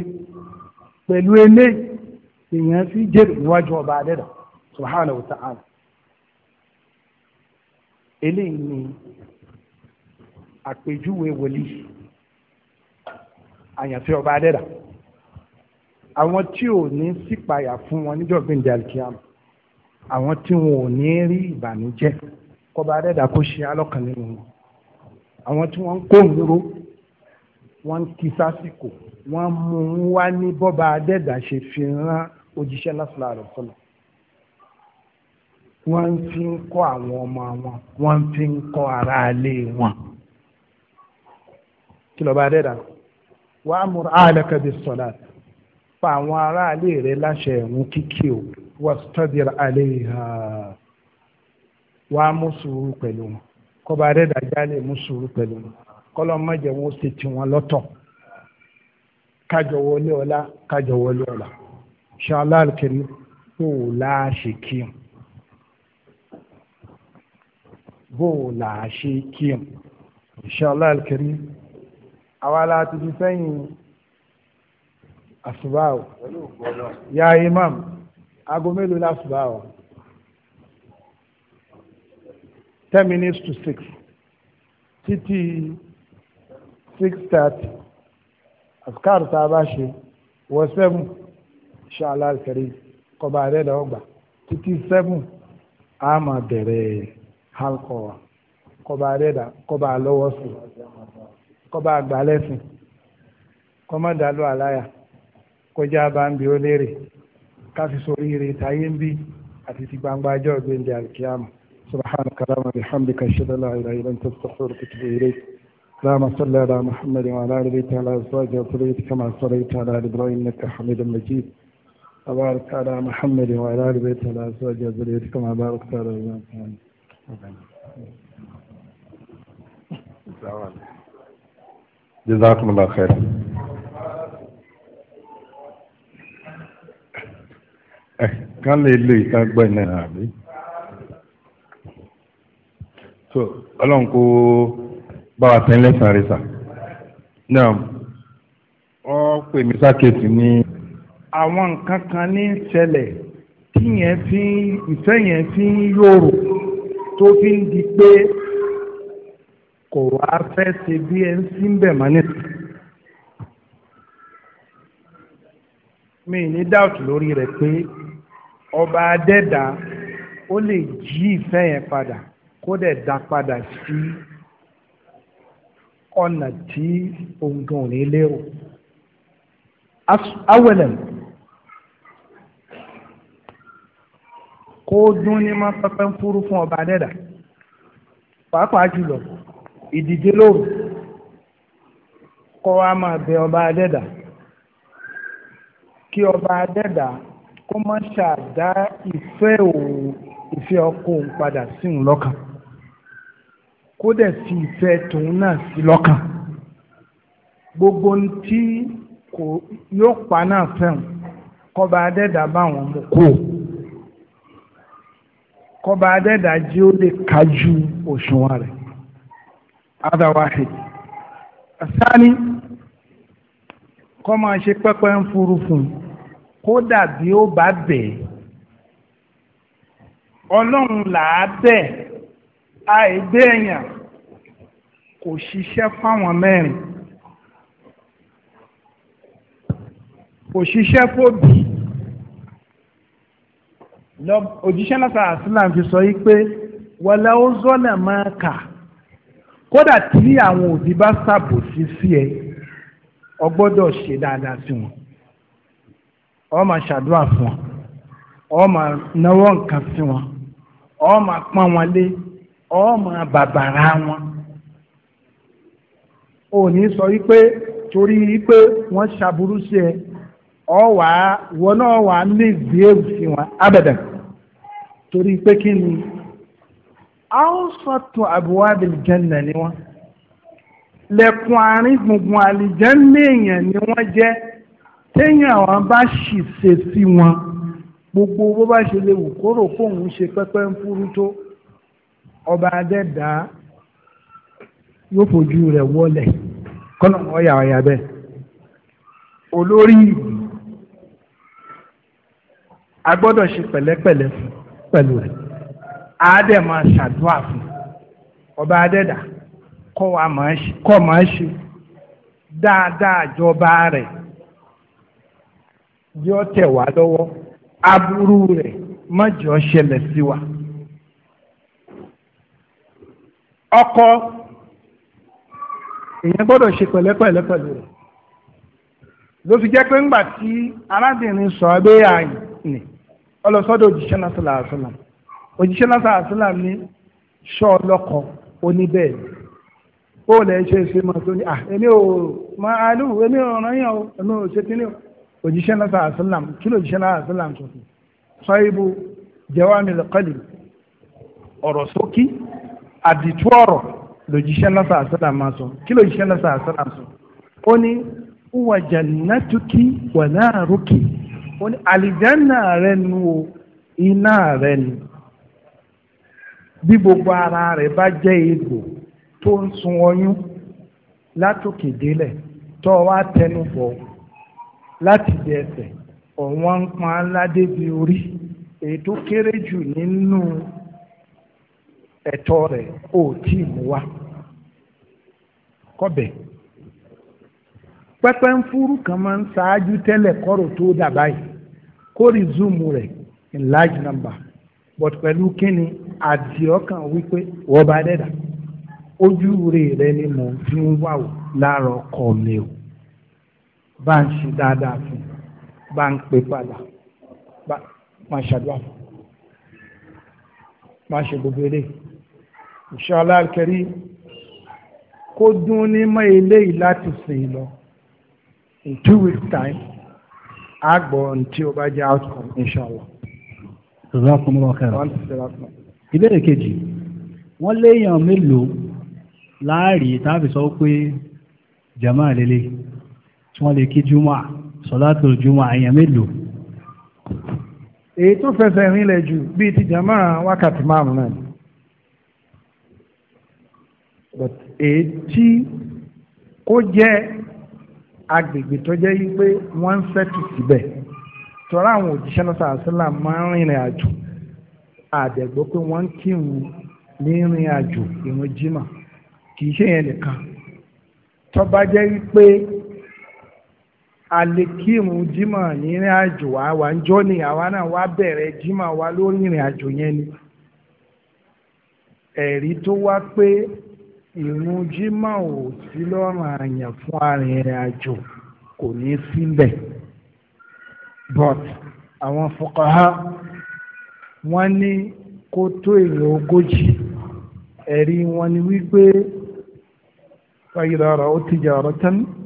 pẹ̀lú eléyìí lèèyàn fi jèrè níwájú ọba adẹ́dà subhanahu wa ta'ala eléyìí ni àpèjúwe wòlíì àyànfẹ́ ọba adẹ́dà àwọn tí ò ní sípayà fún wọn níjọ́ gbẹ̀ǹdẹ̀ alikiyama àwọn tí wọn ò ní rí ìbànújẹ́ kọba adẹ́dà kó ṣe alọ́kàn nínú wọn àwọn tí wọ́n ń kó ìró wọ́n ń kí sásìkò wọ́n mú un wá ní bọ́ba adẹ́dà ṣe fi rán òjíṣẹ́ lásìlá rẹ̀ fọlọ wọ́n ń fi ń kọ́ àwọn ọmọ wọn wọ́n ń fi ń kọ́ ara ilé wọn kí lọ́ba adẹ́dà wàá múra àlẹ́kẹ́ bí sọ̀lá pa àwọn aráalé rẹ láṣẹ ẹ̀rún kíkì o wàstọ́dìrà àléhà wàá mú sùúrù pẹ̀lú wọn kọba adẹ́dàjà lè mú sùúrù pẹ̀lú wọn kọ́lọ́ mọ̀jẹ̀ wọn ó ṣe tiwọn lọ́tọ̀ kájọ wọlé ọ̀la kájọ wọlé ọ̀la ṣàlá àlùkẹ́rì bó o là á ṣe kíyàn bó o là á ṣe kíyàn ṣàlá àlùkẹ́rì àwa la ti fi sẹ́yìn àṣùbà o ya imam aago mélòó la àṣùbà ten minutes to six Titi six thirty àsìkáàrù tá a bá ṣe wọ seven ṣáàlà kẹrì kọba àrẹ lọ gbà títí seven a máa bẹ̀rẹ̀ halkọ wa kọba àrẹ dà kọba àlọ́wọ́ sí kọba àgbà lẹ́sìn kọ́mọ́dàlú àláyà kọjá bá ń bi ó léèrè káfí sórí ire táyé ń bí àti ti gbangba ajọ́ ìgbéǹde alkiyama subhanaka allahumma bihamdika ashhadu an la ilaha illa anta astaghfiruka wa atubu ilayk اللهم صل على محمد وعلى ال بيته وعلى ازواجه وذريته كما صليت على ال ابراهيم انك حميد مجيد وبارك على محمد وعلى ال بيته وعلى ازواجه وذريته كما باركت على ابراهيم جزاكم الله خير ẹ̀ eh, ká lè lè ká gbọ́ iná àbí. so ọlọ́run kó bá wa tẹ́lẹ̀ sáré sà náà wọ́n pè mí sákèsì ní. àwọn nǹkan kan ní ṣẹlẹ̀ tí yẹn fi ìfẹ́ yẹn fi ń yòrò tó fi ń di pé kò wá fẹ́ ṣe bí ẹ ń sí bẹ̀ mọ́ nípa. mi ní dáùtù lórí rẹ̀ pé ọba adẹ́dà ó lè jí ìfẹ́ yẹn padà kó dẹ̀ dá padà sí ọ̀nà tí ohun gan ò ní lérò. awẹ́lẹ̀ kó dún ní máa pẹ́pẹ́ ń fúrú fún ọba adẹ́dà pàápàá jùlọ ìdíje lóru kó wa máa bẹ ọba adẹ́dà kí ọba adẹ́dà kó má ṣàdá ìfẹ́ òun ìfẹ́ ọkọ òun padà sí òun lọ́kàn kó dẹ̀ fi ìfẹ́ tòun náà sí lọ́kàn gbogbo tí kò yóò pa náà fẹ́hùn kọba adẹ́dà bá wọn mú kó kọba adẹ́dà jí ó lè kájú òṣùwọ̀n rẹ̀ adáwáhì asani kọ́ máa ṣe pẹ́pẹ́ ń furu fún un kódà bí ó bá bẹ̀ ọlọ́run là á bẹ̀ àìbẹ́ èèyàn kò ṣiṣẹ́ fáwọn mẹ́rin kò ṣiṣẹ́ fòbí òjíṣẹ́ náà sàásìlà fi sọ yí pé wọlé ó zọ́nà máa kà kódà tí àwọn òbí bá ṣàbòsí sí ẹ ọ ṣe dáadáa sí wọn ọ máa ṣàdúrà fún wọn ọ máa náwó nǹkan sí wọn ọ máa pọ́n wọn lé ọ máa bàbàrà wọn ò ní sọ wípé torí wípé wọ́n ṣàbùrú sí ẹ ọ wà á wọn náà wà á lè gbé ewu sí wọn abẹ́dẹ̀ torí pé kí ni àwọn sọ̀tò àbúwá bìlìjẹ́nà ni wọ́n lẹ́kùn àárín gbùngbùn àlìjẹ́nà èèyàn ni wọ́n jẹ́ téèyàn àwọn bá ṣì ṣe sí wọn gbogbo bó bá ṣe lè wù kóró fóun ṣe pẹ́pẹ́ ń fúrú tó ọba adẹ́dá yóò fojú rẹ̀ wọlé kọ́nà ọ̀yà ọ̀yà bẹ́ẹ̀ olórí ìlú a gbọ́dọ̀ ṣe pẹ̀lẹ́pẹ̀lẹ́ fún pẹ̀lú rẹ̀ a dẹ̀ máa ṣàdúrà fún ọba adẹ́dà kọ́ máa ṣe dáadáa jọba rẹ̀. yóò tẹ̀ wá lọ́wọ́ aburú rẹ̀ má jọ ṣẹlẹ̀ sí wa. ọkọ èèyàn gbọ́dọ̀ ṣe pẹ̀lẹ́pẹ̀lẹ́ pẹ̀lú rẹ̀ ló fi jẹ́ pé ńgbà tí sọ ẹ́ ya ni ọlọ́sọ́dọ̀ òjíṣẹ́ náà sọ̀lá òjíṣẹ́ náà sọ̀lá ní ṣọ́ ọlọ́kọ ó lẹ́ ṣe ṣe máa tó ní à èmi ò máa lù èmi ò o èmi ò o òjíṣẹ́ náà sàlá sàlám kí ló òjíṣẹ́ náà sàlám sọ fún sọ́yìnbó jẹ́wàmí lẹ́kọ́lì ọ̀rọ̀ sókí àdìtú ọ̀rọ̀ lòjíṣẹ́ náà sàlá sàlám máa sọ kí ló òjíṣẹ́ náà sàlá sàlám sọ ó ní wà jannatuki wà náàrúkì ó ní àlìjánà rẹ nu o iná rẹ bí gbogbo ara rẹ bá jẹ́ egbò tó ń sun ọyún látòkè délẹ̀ tó wá tẹnu bọ̀ láti di ẹsẹ̀ ọ̀wọ́n ń pọn aládé bíi orí èyí tó kéré jù nínú ẹ̀tọ́ rẹ̀ ò tí ì mú wa kọ́bẹ̀. pẹ́pẹ́ ń fúrú kan máa ń ṣáájú tẹ́lẹ̀ kọ́rọ̀ tó dà báyìí kó rí zoomu rẹ̀ in large number but pẹ̀lú kíni àdìọ́kàn wípé wọ́n bá dẹ́dà ojú rẹ̀ rẹ ni mò ń fi ń wà láàárọ̀ kọ́ mi o bá ń ṣe dáadáa fún bá ń pè padà bá máa ṣàdúrà fún máa ṣe gbogbo ilé inshallah al-karim kó dún ní mọ́ ilé yìí láti sè lọ in two weeks time á gbọ́ tí o bá jẹ́ outcome inshallah. jazakumullahu ìbéèrè kejì wọ́n léèyàn mélòó láàárín táàbì pé jama lélẹ́yìí tí wọ́n lè kí júmọ́ sọ̀látò júmọ́ àyàn mélòó. èyí tó fẹsẹ̀ rinlẹ̀ jù bíi ti jàmá wákàtí márùn-ún náà ni. èyí tí kó jẹ́ agbègbè tó jẹ́ yí pé wọ́n ń fẹ́tù síbẹ̀ tọ́ra àwọn òjíṣẹ́ náà sàásìlà máa ń rìnrìn àjò àdẹ̀gbọ́ pé wọ́n ń kírun ní rìn àjò ìrun jimá kì í ṣe yẹn nìkan tó jẹ́ wípé alekimu jimá ní ìrìn àjò wa ń jọ́ ni àwa náà wá bẹ̀rẹ̀ jimá wa lórí ìrìn àjò yẹn ni ẹ̀rí tó wá pé ìrun jimá ò sí lọ́rùn àyàn fún arìnrìn àjò kò ní síbẹ̀ but àwọn fuqaha wọ́n ní kó tó èrè ogójì ẹ̀rí wọn ni wípé fayidara ó ti jẹ́ ọ̀rọ̀ tán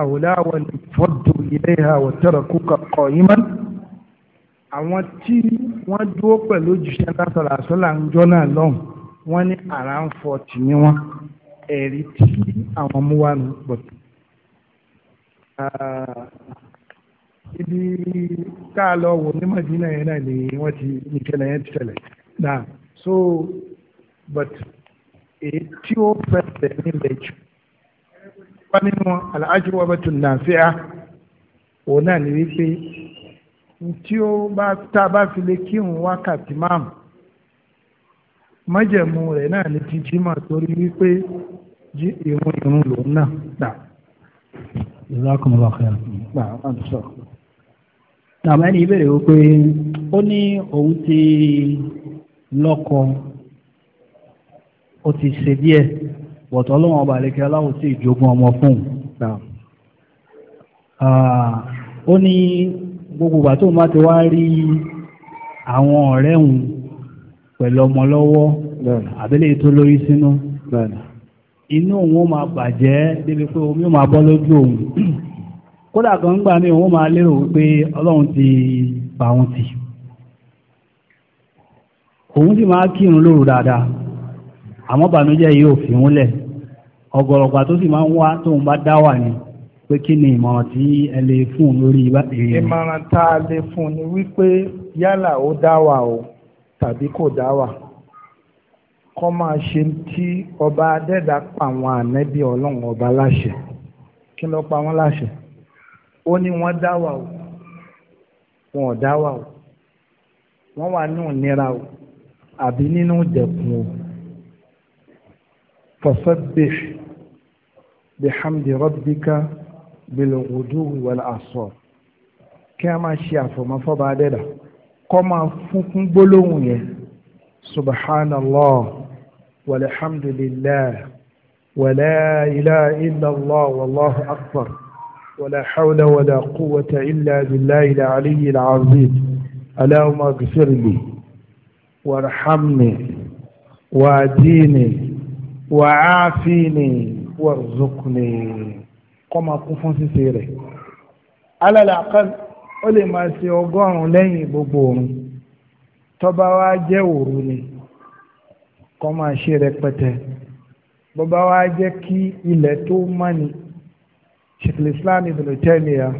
àwòlá wọn fọdù iléha إليها kúkà kọyìmọ àwọn tí wọ́n dúró pẹ̀lú òjíṣẹ́ lásọlá àṣọlá ń jọ náà lọ́hùn wọ́n ní àrà ń fọ tì ní wọn ẹ̀rí tí àwọn mú wá nù pọ̀ ah, ibi tá a lọ wò ní Madina yẹn náà ni wọ́n ti ìṣẹ̀lẹ̀ yẹn ti ṣẹlẹ̀ náà so but èyí tí ó fẹsẹ̀ nílẹ̀ jù wá nínú al-ajwabatu an-nafi'a òun náà ní wípé tí ó bá tá a bá fi lè kírun wákàtí márùn májẹ̀mú rẹ̀ náà ní ti jímọ̀ torí wípé jí ìrun ìrun lòun náà dà. ìlàkùnrin ọ̀kẹ́ gbà á sọ. tàbí ẹni ìbéèrè wípé ó ní òun ti lọ́kọ ó ti ṣe díẹ̀ wọ̀tọ̀ ọlọ́wọ́n ọba àlekẹ́ aláwọ̀ sí ìjogún ọmọ fún ó ní gbogbo ìgbà tó máa ti wá rí àwọn ọ̀rẹ́ òun pẹ̀lú ọmọ lọ́wọ́ àbẹ́lẹ̀ tó lórí sínú inú òun ó máa bàjẹ́ débi pé omi ó máa bọ́ lójú òun kódà kan ń gbà mí òun ó máa lérò pé ọlọ́run ti bá òun tì òun sì máa kírun lóru dáadáa àmọ́ bànújẹ́ yìí ò fi múlẹ̀ ọ̀gọ̀rọ̀gbà tó sì máa ń wá tóun bá dá wà ní pé kí ni ìmọ̀ràn tí ẹ lè fún un lórí ìbá ìmọ̀ràn tá a lè fún un ni wípé yálà ó dá wà o tàbí kò dá wà kọ́ máa ṣe tí ọba adẹ́dà pa àwọn ànẹ́bí ọlọ́run ọba láṣẹ kí ló pa wọ́n láṣẹ ó ní wọ́n dá wà o wọn ò dá wà o wọ́n wà nínú ìnira o àbí nínú ìdẹ̀kùn o. فسبح بحمد ربك بالغدو والعصر كما شاف ما فبعدنا كما فكن بلوني سبحان الله والحمد لله ولا إله إلا الله والله أكبر ولا حول ولا قوة إلا بالله العلي العظيم اللهم اغفر لي وارحمني وأديني wàáfíìnì wàrúzùkùnì kọ́ máa kún fún ṣíṣe rẹ̀ alálẹ́ àkàl ó lè máa ṣe ọgọ́rùn-ún lẹ́yìn gbogbo òun tọ́ba wa jẹ́ òru ni kọ́ máa ṣe rẹpẹtẹ bọ́ba wa jẹ́ kí ilẹ̀ tó mọ́ ni ṣèkìlì Islam Ibn Taymiyyah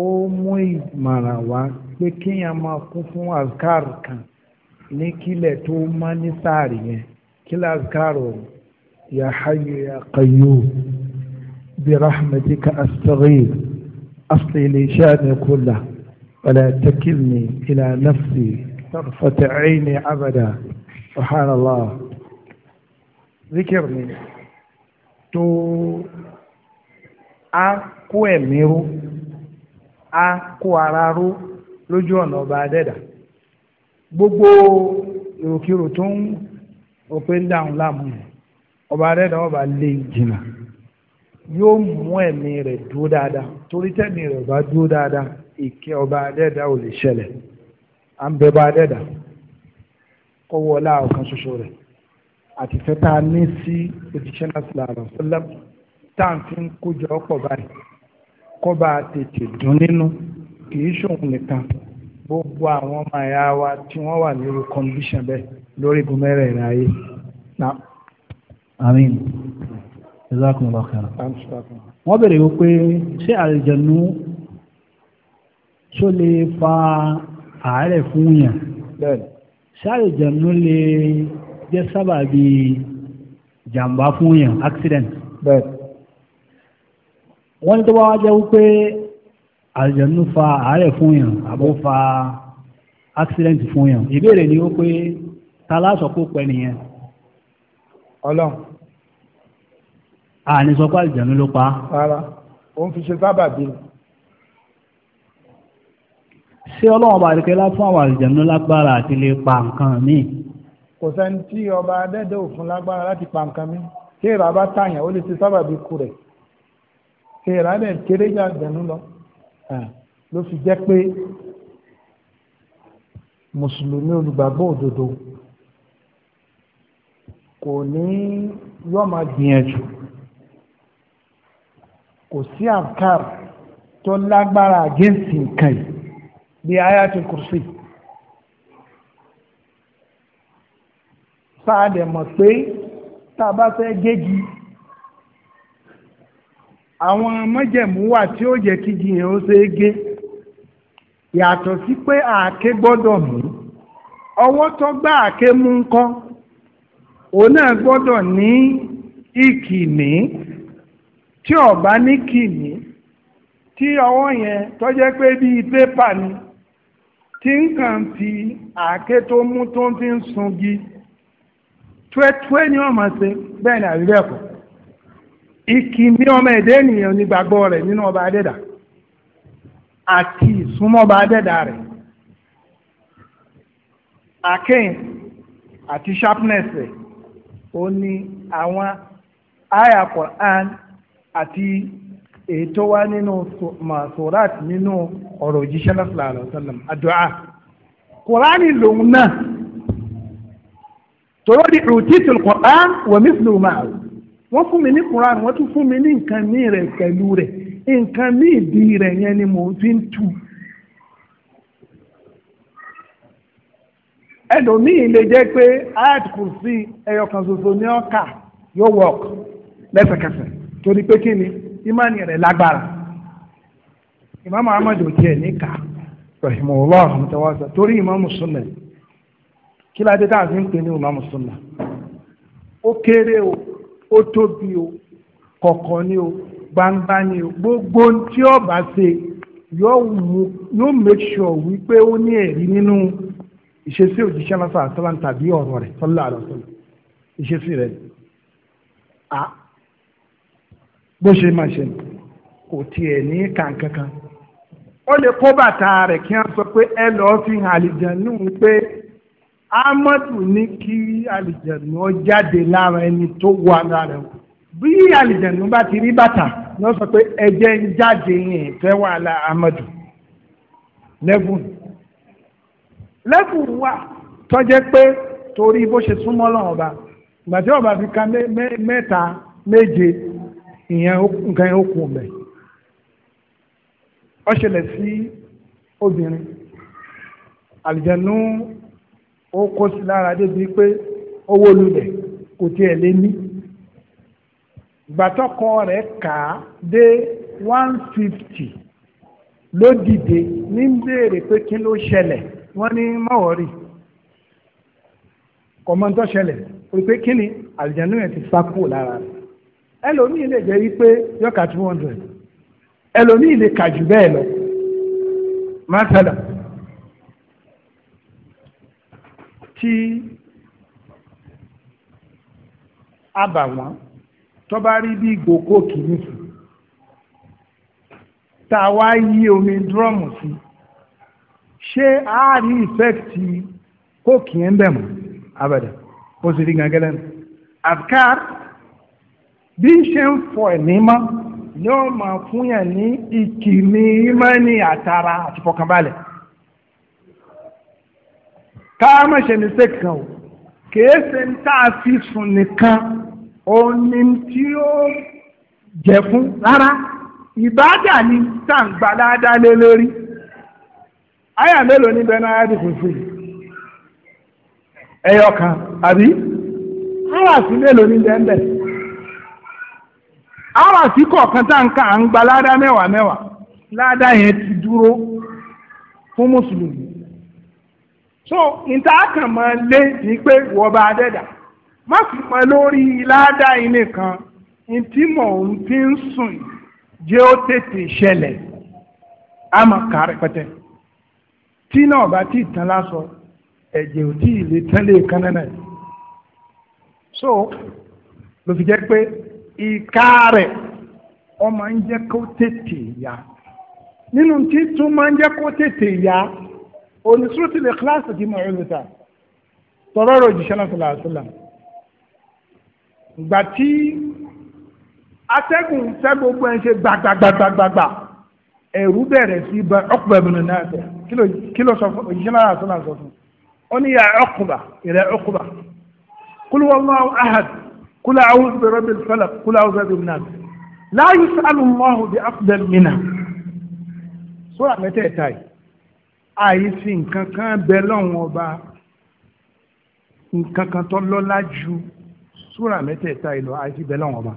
ó mú ìmọ̀ràn wá pé kéèyàn máa kún fún azkar kan ní kílẹ̀ tó mọ́ ní sáàrì yẹn kí la azkaru ya hayyu ya qayyum bi rahmatika astaghith asli li sha'ni kullah wala takilni ila nafsi tarfata aini abada subhanallah zikir ni tó a kó ẹ̀mí ró a kó ara ró lójú ọ̀nà ọba adẹ́dà gbogbo èròkérò tó ń òpin dáhùn láàmú ọba rẹ̀ náà ọba lé jìnnà yóò mú ẹ̀mí rẹ̀ dúró dáadáa torí tẹ̀mí rẹ̀ bá dúró dáadáa ìkẹ́ ọba adẹ́dá ò lè ṣẹlẹ̀ à ń bẹ bá adẹ́dá kó wọlé àwọn kan ṣoṣo rẹ̀ àti fẹ́ tá a ní sí òjíṣẹ́ náà sílẹ̀ tá à ń fi kójọ ọ̀pọ̀ báyìí kó bá a tètè dùn nínú kì í ṣòun nìkan gbogbo àwọn ọmọ ẹ̀yà wa tí wọ́n wà lórí condition bẹ́ẹ̀ lórí igun mẹ́rẹ̀ẹ̀rin ayé. àmín jazakumullah khairan. wọ́n bèrè wípé ṣé àlùjànnú ṣó lè fa àárẹ̀ fún yàn ṣé àlùjànnú lè jẹ́ sábàbí jàǹbá fún yàn accident. wọ́n ní tó bá wá jẹ́ wípé àjẹnú fa àárẹ̀ fún yàn àbó fa accident fún yàn ìbéèrè ni ó pé ta láṣọ kó pẹ́ nìyẹn. Ọlọ́run. àní sọ pé àjẹnú ló pa. rárá òun fi ṣe sábàbí. ṣé ọlọ́run bá rikẹ́ lá fún àwọn àjẹnú lágbára àti lè pa nǹkan míì. kò sẹ́ni tí ọba adẹ́dẹ́ òfin lágbára láti pa nǹkan míì tí èèrà tààyàn ó lè ṣe sábàbí kú rẹ̀ tí èèrà kéré jà àjẹnú lọ ló fi jẹ́ pé mùsùlùmí olùgbàgbọ́ òdodo kò ní yọ́ máa gbìyànjú kò sí àkàr tó lágbára àgẹ́sì nǹkan yìí bí ayatul kursi sáà dẹ̀ mọ̀ pé tá a bá fẹ́ gégi àwọn mọ́jẹ̀mú wà tí ó jẹ́ kí igi yẹn ó ṣe é gé yàtọ̀ sí pé àáké gbọ́dọ̀ mú ọwọ́ tó gbá àáké mú kọ́ òun náà gbọ́dọ̀ ní ìkìní tí ó ní kìní tí ọwọ́ yẹn tó jẹ́ pé bíi pépà ni tí ń ìkíní ọmọ ẹ̀dẹ́ ènìyàn nígbàgbọ́ rẹ̀ nínú ọba adẹ́dà àti ìsúnmọ́ ọba adẹ́dà rẹ̀ akeem àti sharpness rẹ̀ ó ní àwọn aya Quran àti ètò wa nínú masorat nínú ọ̀rọ̀ òjíṣẹ́ lọ́sọ̀lá àlọ́sọ̀lám àdúrà Quran lòun náà torí ìrùtítù Quran wà mí fúlùmáà. wọ́n fún mi ní Quran wọ́n tún fún mi ní nǹkan ní rẹ̀ pẹ̀lú rẹ̀ nǹkan ní ìdí rẹ̀ yẹn ni mò ń fi ń tu. lè jẹ́ pé ayat kùsì ẹyọkan ṣoṣo ní ọkà yóò work lẹ́sẹ̀kẹsẹ̀ torí pé kí ni rẹ̀ lágbára ìmáàmù ahmed ò tiẹ̀ níkà torí ìmáàmù sunna kí ládé tá a fi ń pè ní ó tóbi o kọ̀ọ̀kan ni o gbangba ni o gbogbo tí ó bá ṣe yóò make sure wípé ó ní ẹ̀rí nínú ìṣesí òjíṣẹ́ lọ́sọ̀ àtọ́lán tàbí ọ̀rọ̀ rẹ̀ tọ́lá àlọ́sọ̀lá ìṣesí rẹ̀ a bó ṣe máa ṣe kò tiẹ̀ ní kàǹkankan ó lè kó bàtà rẹ̀ kí wọ́n sọ pé ẹ lọ́ọ́ fi hàn àlìjàn níhùn pé amadu ní kí àlìjẹ̀nu jáde lára ẹni tó wọ ara rẹ̀ wò bí àlìjẹ̀nu bá ti rí bàtà lọ sọ pé ẹ̀jẹ̀ ń jáde yẹn fẹ́ wàhálà amadu lẹ́bùn lẹ́bùn wà tọ́jẹ́ pé torí bó ṣe súnmọ́ lọ́wọ́ ọba ìgbà tí ọba fi ka mẹ́ta méje ìyẹn nǹkan yẹn ó kù mẹ́ ọ ṣẹlẹ̀ sí obìnrin àlìjẹ̀nu ó kó sí lára débi pé owó lulẹ̀ kò tiẹ̀ lé ní ìgbàtọ́kọ rẹ̀ kà á dé one fifty ló ní béèrè pé kí ló ṣẹlẹ̀ wọ́n ní mọ́wọ́rì kọ̀mọ́ntọ́ ṣẹlẹ̀ pé pé kí ni àlùjánu ti sá kúrò lára rẹ̀ ẹlòmíì lè jẹ́ wípé yọ̀ọ̀ka two masala tí a bà wọ́n tó bá rí bí ìgòkó kìíní sí tá a wá yí omi dúrọ́mù sí ṣé a rí ìfẹ́kìtì kóòkì yẹn ń bẹ̀ mọ́ abẹ́dẹ̀ ó sì rí gangẹ́lẹ́ nù afkar bí n ṣe ń fọ ẹ̀mí mọ́ ni ó máa fún yàn ní ìkìmí mọ́ ní àtàrà àti fọkànbalẹ̀. kaama hyɛ ne sɛkaw keese ntaase so ne ka ɔnim tiro jɛfu rara ibaade a ne nsa ngba lori aya melo ni bɛ n'aya de funfun ɛyɛ ɔka abi awaasi melo ni bɛ mbɛ awaasi kɔ kata nka ngba lada mewa mewa lada yɛ ti duro fún musulumi. so nta ma le ni pe wo ba deda ma fi mo lori ilada ine kan nti mo n ti n sun je o tete sele a ma ka repete ti na ba ti tan laso eje o ti le so lo fi je pe ika re o ma n je ko tete ya ninu ti ma n je ko tete ya. onisiroti lè kílàsì di mọ̀ ẹ̀rọ̀ta tọrọ ọ̀rọ̀ òjíṣẹ́ náà sọ̀rọ̀ àṣọlá ìgbà tí atẹ́gùn fẹ́ gbogbo ẹ̀ ń ṣe gbàgbàgbàgbàgbà ẹ̀rú bẹ̀rẹ̀ sí bá Uqba ibn Nafi' kí ló sọ fún òjíṣẹ́ náà àṣọlá sọ fún ó ní ya Uqba ìrẹ́ Uqba qul wallahu ahad qul a'udhu bi rabbil falaq qul a'udhu bi rabbin nas la yus'alu Allahu bi afdal minha mẹ́tẹ̀ẹ̀ta yìí àìsí nǹkan kan bẹ lọ́wọ́n ọba nǹkan kan tó lọ́lá ju súrà mẹ́tẹ̀ẹ̀ta ìlọ àìsí bẹ lọ́wọ́n ọba.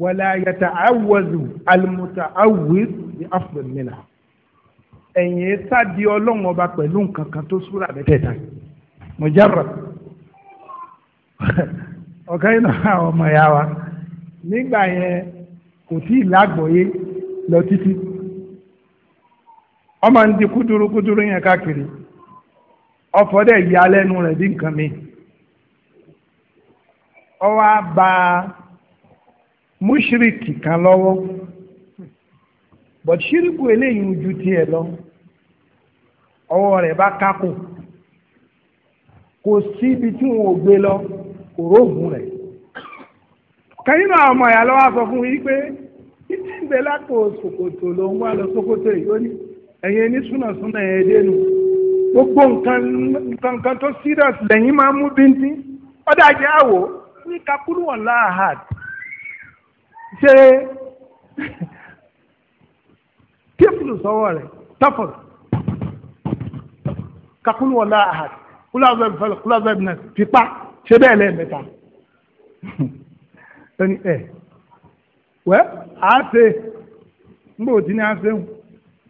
wàlá ayẹta awọ́zù alimuta awùí ní afọ̀mìnà ẹ̀yìn sádi ọlọ́wọ́n ọba pẹ̀lú nǹkan kan tó súrà mẹ́tẹ̀ẹ̀ta mọ̀jára ọ̀kan yìí náà ọmọ ìyá wa nígbà yẹn kò tí ì lágbọ̀ọ́yé lọ títí. ọmọ ń di kúdúrú kúdúrú yẹn káàkiri ọfọ dẹ yà rẹ̀ bí nǹkan mi ọwọ múṣírìkì kan lọ́wọ́ eléyìí lọ ọwọ́ rẹ̀ bá kákò kò síbi tí wọn ò lọ kò róògùn rẹ náà ọmọ sọ fún pé títí ẹ̀yẹ ní súnà súnà ẹ̀ dénú gbogbo nǹkan nǹkan tó serious lẹ́yìn máa mú bíntín ọ̀dà jẹ́ àwò ní kakúrú wọn láàhàd ṣe tífùlù sọ́wọ́ rẹ̀ tọ́fọ̀lù kakúrú wọn láàhàd kúlọ̀ọ̀bẹ̀ fẹ́lẹ̀ kúlọ̀ọ̀bẹ̀ náà fipá ṣe bẹ́ẹ̀ lẹ́ẹ̀mẹ́ta ẹni ẹ̀ wẹ́ àá ṣe ń bò tí ní àá ṣe ń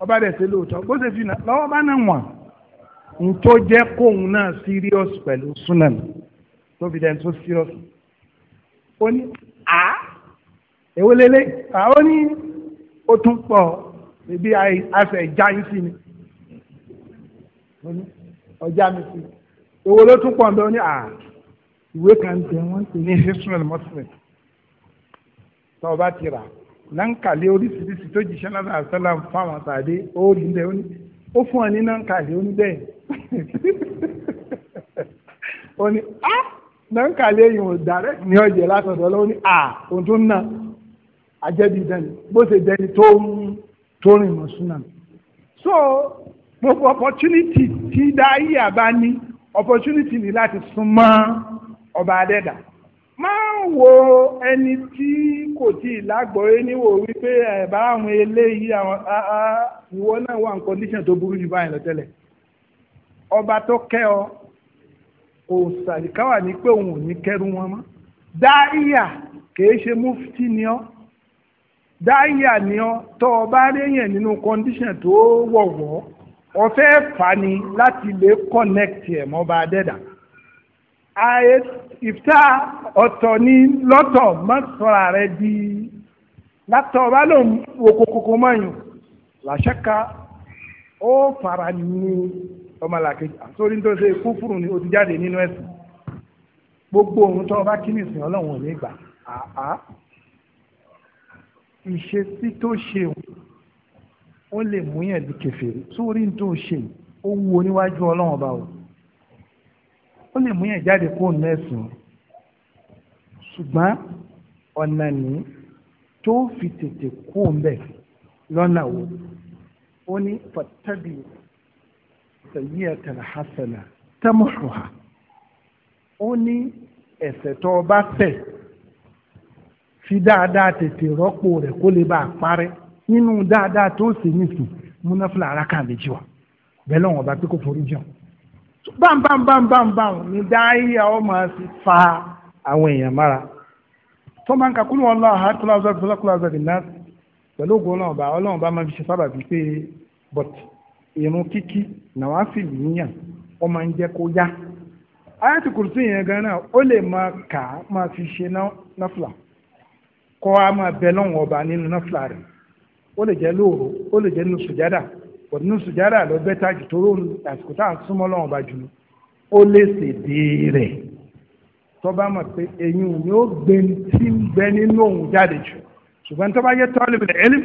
ọba dẹ̀ ṣe lóòótọ́ bó ṣe fi nà lọ́wọ́ bá náà wọ̀n n tó jẹ́ kóun náà serious pẹ̀lú sunan tó fi dẹ̀ tó serious ó ní à èwo lélẹ̀ à ó ní ó tún pọ̀ bíbí afẹ́ ìjà yín sí ni ọjà mi sí èwo ló tún pọ̀ ń bẹ ó ní à ìwé kan tẹ wọ́n ti ní history muslim tọ́ ọ bá ti rà á náǹkàlé oríṣiríṣi tó jíṣẹ́ náà àṣálà fáwọn àtàdé ó rí ń bẹ ó ní ó fún ọ ní náǹkàlé ó ní bẹ́ẹ̀ ó ní á náǹkàlé yìí ò dàrẹ́ ní ọ̀jẹ̀ látọ̀dọ̀ ọlọ́wọ́ ní à òun tó ń nà àjẹbí dẹni bó ṣe dẹni tó ń tó rìn mọ́ súnà so gbogbo opportunity tí dáhìí àbá ní opportunity ni láti súnmọ́ ọba adẹ́dàá wo ẹni tí kò tí ì lágbọ̀ọ́yé níwò wípé ẹ̀bá àwọn eléyìí àwọn ìwọ náà wà ní condition tó burú jù báyìí lọ tẹ́lẹ̀ ọba tó kẹ́ ọ kò sàríkáwà ní pé òun ò ní kẹ́rù wọn mọ́ dáìyà kìí ṣe mufti ni ọ dáìyà ni ọ tó o bá réyàn nínú condition tó wọ̀wọ́ ọ fẹ́ fà ni láti lè connect ẹ̀ mọ́ bá a ààyè ìfẹ́ ọ̀tọ̀ ni lọ́tọ̀ mọ́tọ́ra rẹ di látọ̀ bá lòun wo kókókó mọ́yìn làṣẹ́ka ó fara ní ọmọlàkejì àtórí tó ṣe kúfùrù ni ó ti jáde nínú ẹ̀sìn gbogbo ohun tó bá kí nìsín ọlọ́run ò ní gbà àá ìṣesí tó ṣe ó lè múyàn di kèfèrí sórí tó ṣe ó wu oníwájú ọlọ́run ọba o ó lè mú yẹn jáde kó nẹ́ẹ̀sìn ṣùgbọ́n ọ̀nà ní tó fi tètè kó ń bẹ̀ lọ́nà wo ó ní fatabi sayyi'atan hasana tamuhuha ó ní ẹ̀ṣẹ̀ tó o bá fẹ̀ fi dáadáa tètè rọ́pò rẹ̀ kó lè bá a parẹ́ nínú dáadáa tó ṣe nìsín múnáfìlà ara kan lè wa bẹ́ẹ̀ lọ́wọ́n ọba pé kò forí jẹun bámbámbámbámbám ní dáhìá ó máa fi fa àwọn èèyàn mára tó máa ń ka kúlù wọn lọ àhá tó lọ́wọ́ sọ́dọ̀ kúlù wọn sọ́dọ̀ náà pẹ̀lú ògùn ọlọ́run ọba ọlọ́run ọba máa fi ṣe sábà bíi pé bọ̀t irun kíkí nàwa sì níyàn ó máa ń jẹ́ kó yá ayáàtì kùrùsì yẹn gan náà ó lè máa kà á máa fi ṣe náfìlà kọ́ á máa bẹ lọ́wọ́ ọba nínú náfìlà rẹ̀ ó lè jẹ́ lóòrò ó lè jẹ́ nínú sùjádà pọ̀ nínú sùjádà lọ bẹ́ tájù tóró àsìkò tá à ń súnmọ́ lọ́wọ́n bá jùlọ ó lè ṣèdè rẹ̀ tọ́ba mọ̀ pé eyín ni ó gbé tí ń bẹ nínú òun jáde jù ṣùgbọ́n tọ́ba yẹ tọ́lù bẹ̀rẹ̀ ẹlẹ́m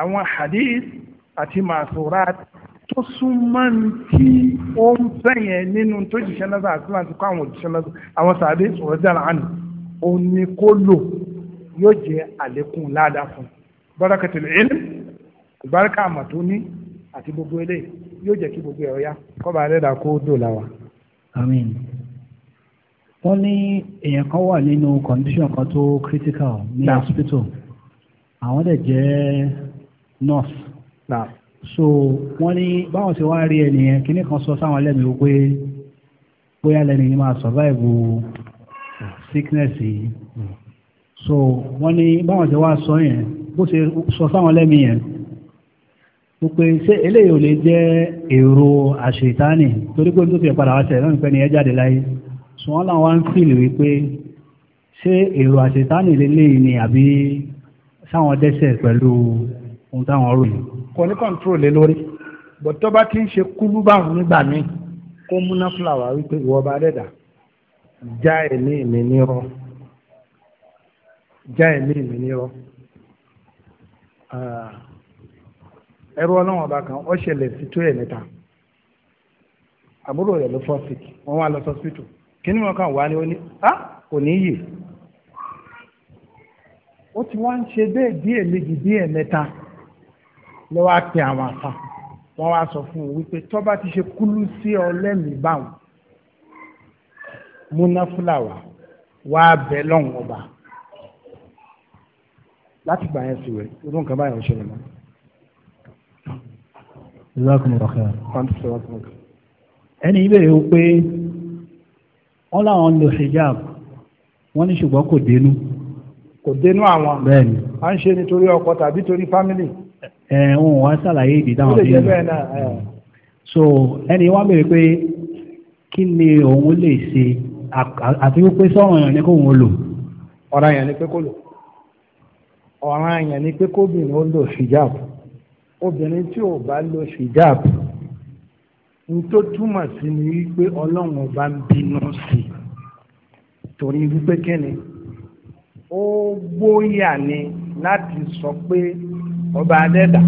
àwọn hadith àti masurat tó súnmọ́ tí ó ń fẹ́ yẹn nínú tó jìṣẹ́ lọ́sàn àti láti kọ́ àwọn òjìṣẹ́ lọ́sàn àwọn sàbẹ̀ sọ̀rọ̀ dára àná òní kó lò yóò jẹ́ àlékún ládàá fún barakatulẹ̀ ẹlẹ́m ìbárakà àmàtó ní àti gbogbo eléyìí yóò jẹ́ kí gbogbo ẹ̀rọ yá kọ́ba ẹlẹ́dàá kó dòlà wa. àmín wọ́n ní èèyàn kan wà nínú condition kan tó critical ní hospital àwọn dẹ̀ jẹ́ nurse. Nah. so wọ́n ní báwọn ṣe wá rí ẹni yẹn kíní kan sọ sáwọn lẹ́nu wípé bóyá lẹ́nu máa survive sickness yìí. Hmm. so wọ́n ní báwọn ṣe wá sọ yẹn bó ṣe sọ sáwọn lẹ́nu yẹn wípé ṣé eléyìí ò lè jẹ́ èrò àṣetánì torí pé nítorí ìpadà wá sẹ́yìn lọ́nà pé ni ẹ jáde láyé ṣùgbọ́n láwọn wá ń fìlì wípé ṣé èrò àṣetánì lélẹ́yìí ni àbí sáwọn dẹ́ṣẹ̀ pẹ̀lú ohun táwọn rò yìí. kò ní kọ́ńtró lé lórí bó tó bá ti ń ṣe kúlú báwọn nígbà míì kó múná fúláwà wípé ìwọ bá dẹ̀dà já ẹ̀mí mi nírọ́ já ẹ̀mí mi nírọ́ ẹrú ọlọ́wọ́n ọba kan ó ṣẹlẹ̀ sí tó ẹ̀ mẹ́ta àbúrò rẹ̀ ló fọ́ sí wọ́n wá lọ sọ́sítù kí ni wọ́n kàn wá ní ó ní á ah, kò ní yè ó ti wá ń ṣe bẹ́ẹ̀ díẹ̀ méjì díẹ̀ mẹ́ta ló wá pe àwọn àfa wọ́n wá sọ fún un wípé tó ti ṣe kúlú sí ọ lẹ́mìí báwọn múnáfúláwà wá bẹ lọ́wọ́n ọba láti gbà yẹn sí rẹ̀ irú nǹkan báyọ̀ ṣẹlẹ̀ mọ́ jazakumullahu khairan. ẹni ìbéèrè ó pé wọ́n láwọn lo hijab wọ́n ní ṣùgbọ́n kò dénú. kò dénú àwọn. bẹ́ẹ̀ni. à ń ṣe nítorí ọkọ tàbí torí fámìlì. ẹ ẹ wọn wá ṣàlàyé ìdí táwọn bí mi. so ẹni wọ́n béèrè pé kí ni òun lè ṣe àti wípé sọ̀rọ̀ yẹn ni kò wọ́n lò. ọ̀ràn yẹn ni pé kò lò ọ̀ràn yẹn ni pé kóbìnrin ó lò hijab obìnrin tí ò bá lo hijab ní tó túmọ̀ sí ni wípé ọlọ́run ọba ń bínú sí i torí wípé kíni ó gbóyà ni láti sọ pé ọba adẹ́dà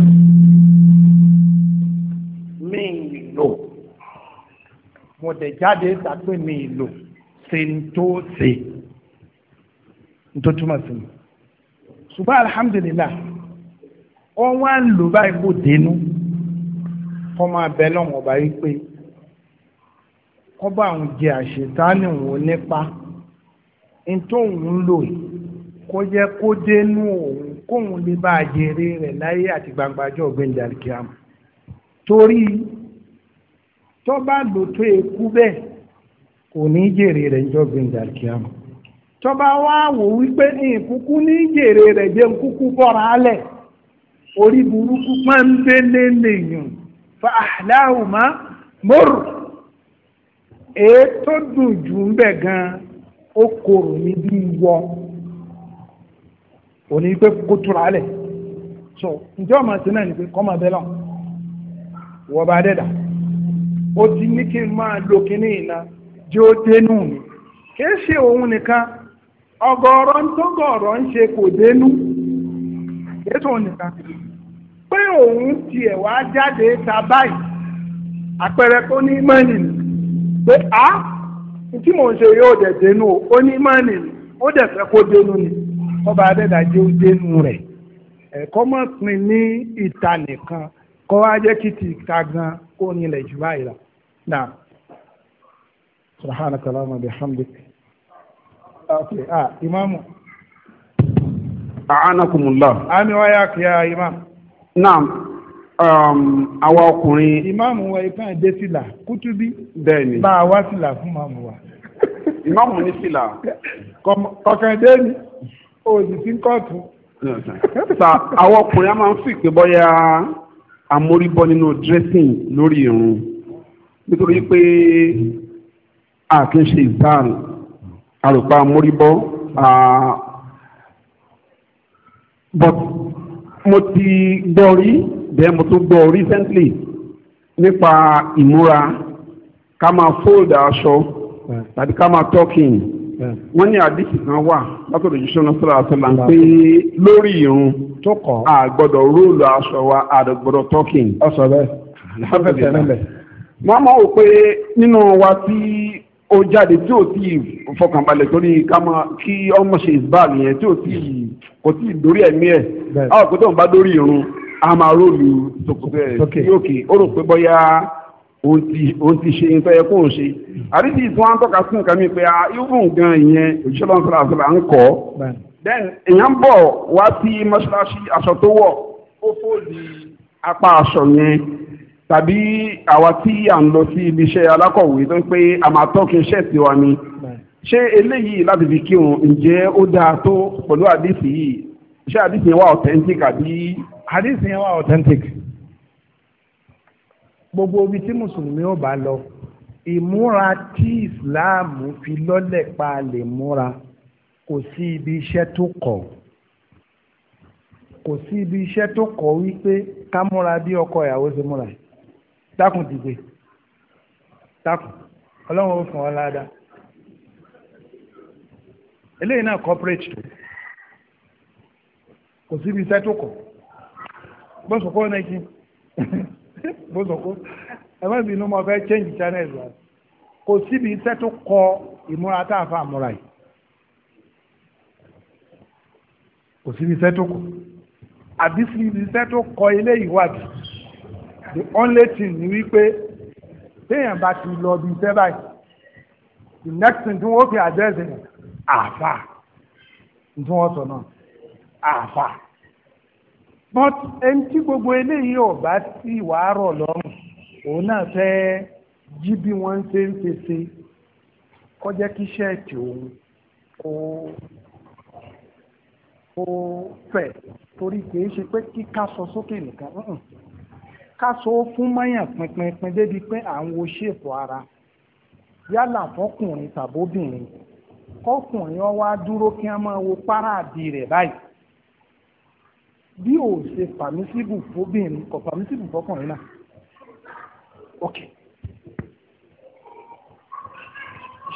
mi ì lò mo tẹ̀ jáde ta mi lò ṣe ń tó ṣe ń tó túmọ̀ sí i ṣùgbọ́n alihamudulilayi wọ́n wá ń lò báyìí kò dénú kọ́ máa bẹ lọ́wọ́ ọba yìí pé kọ́ bá àwọn jẹ àṣetánì òun nípa ní tóun ń lò yìí kó jẹ́ kó dénú òun kóun lè bá a jèrè rẹ̀ láyé àti gbangba ọ̀gbìn dàríkìám torí tó bá lò tó ekú bẹ́ẹ̀ kò ní jèrè rẹ̀ ọjọ́ ọ̀gbìn dàríkìám tó bá wá wò wípé nǹkúkú ní jèrè rẹ̀ jẹ́ nkúkú bọ́ra alẹ̀. orí burúkú pọ́nbélé lèèyàn fa àhláhùmá mọ́rù èé tó dùn jù ń bẹ̀ gan ó korò ní bí wọ́ òní pé kó tura lẹ̀ so ǹjẹ́ ọmọ sí náà ni kọ́ máa bẹ́ lọ bá dẹ́dà ó ti ní kí n máa lo kíní jẹ́ ó mi kéétò nìkan pé òun tiẹ̀ wá jáde ta báyìí àpẹẹrẹ tó ní ni pé a tí mò ń ṣe yóò dẹ̀ dénú o ó ní ni ó dẹ̀ fẹ́ kó dénú ni ọba adẹ́dàjẹ́ ó dénú rẹ̀ ẹ̀kọ́ mọ̀ ní ìta nìkan kọ́ jẹ́ kí ti gan kó jù àánákùmùlá. àmì wáyà kìá imam. naam um, àwa ọkùnrin. ìmáàmù wa ìfẹ́ ẹ̀dẹ́ sílà kútúbí. bẹ́ẹ̀ni. bá a wá sílà fún màmù wa. ìmáàmù ní sílà. kọ̀kẹ́dé ni òòlù sí kóòtù. sa àwa ọkùnrin a máa ń fi ìpè bọ́yá amóríbọ́ nínú dressing lórí irun nítorí pé a kì í ṣe ìzáàrùn àròpá amóríbọ́ but mo ti gbọ́ rí bẹ́ẹ̀ mo tún gbọ́ recently nípa ìmúra ká máa fold aṣọ tàbí ká máa talking wọ́n ní àdìsí kan wà látọ̀dọ̀ jíṣẹ́ náà sọ̀rọ̀ àtọ̀là ń irun àgbọ̀dọ̀ róòlù wa àgbọ̀dọ̀ talking. ọ̀sọ̀ bẹ́ẹ̀. mo máa wò pé nínú wa ó jáde tí ò tí ì fọkànbalẹ̀ torí ká máa kí ọmọ ṣe ìsbáàlì yẹn tí ò tí ì kò tí ì dórí ẹ̀mí ẹ̀ àwọn kò tó ń bá dórí irun a máa róòlù sòkòtò ẹ̀ sí òkè ó rò pé bóyá òun ti ṣe nǹkan yẹ kó o ṣe hmm. àdídì tí wọ́n á tọ́ka sí nǹkan mi pé a ah, irun gan ìyẹn òṣìṣẹ́ lọ́n sọ̀rọ̀ àṣọ là ń kọ́ then èèyàn ń bọ̀ wá sí mọ́ṣáláṣí aṣọ tó wọ̀ ó fòdì apá aṣọ yẹn tàbí àwa tí à ń lọ sí iléeṣẹ́ alákọ̀wé tó ń pé a máa tọ́kì iṣẹ́ tiwa ni ṣé eléyìí láti fi kírun ǹjẹ́ ó dáa tó pẹ̀lú àdìsí yìí ṣé àdìsí yẹn wà authentic àbí. àdìsí yẹn wà authentic gbogbo ibi tí mùsùlùmí ò bá lọ ìmúra tí ìsìláàmù fi lọ́lẹ̀ pa lè múra kò sí ibi iṣẹ́ tó kọ̀ kò sí ibi iṣẹ́ tó kọ̀ wípé ká múra bí ọkọ ìyàwó ṣe múra yìí dákun dìde dákun ọlọ́run ó fún ọ ládàá eléyìí náà corporate tó kò síbi iṣẹ́ tó kọ̀ bọ́sọ̀kọ́ náà kí bọ́sọ̀kọ́ ẹ má bínú mo fẹ́ change channel wa kò síbi iṣẹ́ tó kọ ìmúra tá a fa àmúra yìí kò síbi iṣẹ́ tó kọ àbí síbi iṣẹ́ tó kọ eléyìí wà bíi the only thing ni wípé téèyàn bá ti lọ bí iṣẹ́ báyìí the next thing tí wọ́n fi àdẹ́sẹ̀ àfà tí wọ́n sọ náà àfà but ẹni tí gbogbo eléyìí ọ̀bá sí ìwà rọ̀ lọ́rùn òun náà fẹ́ jí bí wọ́n ń ṣe ń pèsè kọjá kí ṣẹ́ẹ̀tì òun kó kó fẹ̀ torí kì í ṣe pé kíkà sọ sókè nìkan káso fún mọ́yàn pinpinpin débi pé à ń wo ṣèpò ara yálà fọkùnrin tàbóbìnrin kọkùnrin ọwọ́ á dúró kí wọ́n máa wo páráàdì rẹ̀ báyìí bí ò ṣe pàmísìbù fóbìnrin kò pàmísìbù fọkùnrin náà ok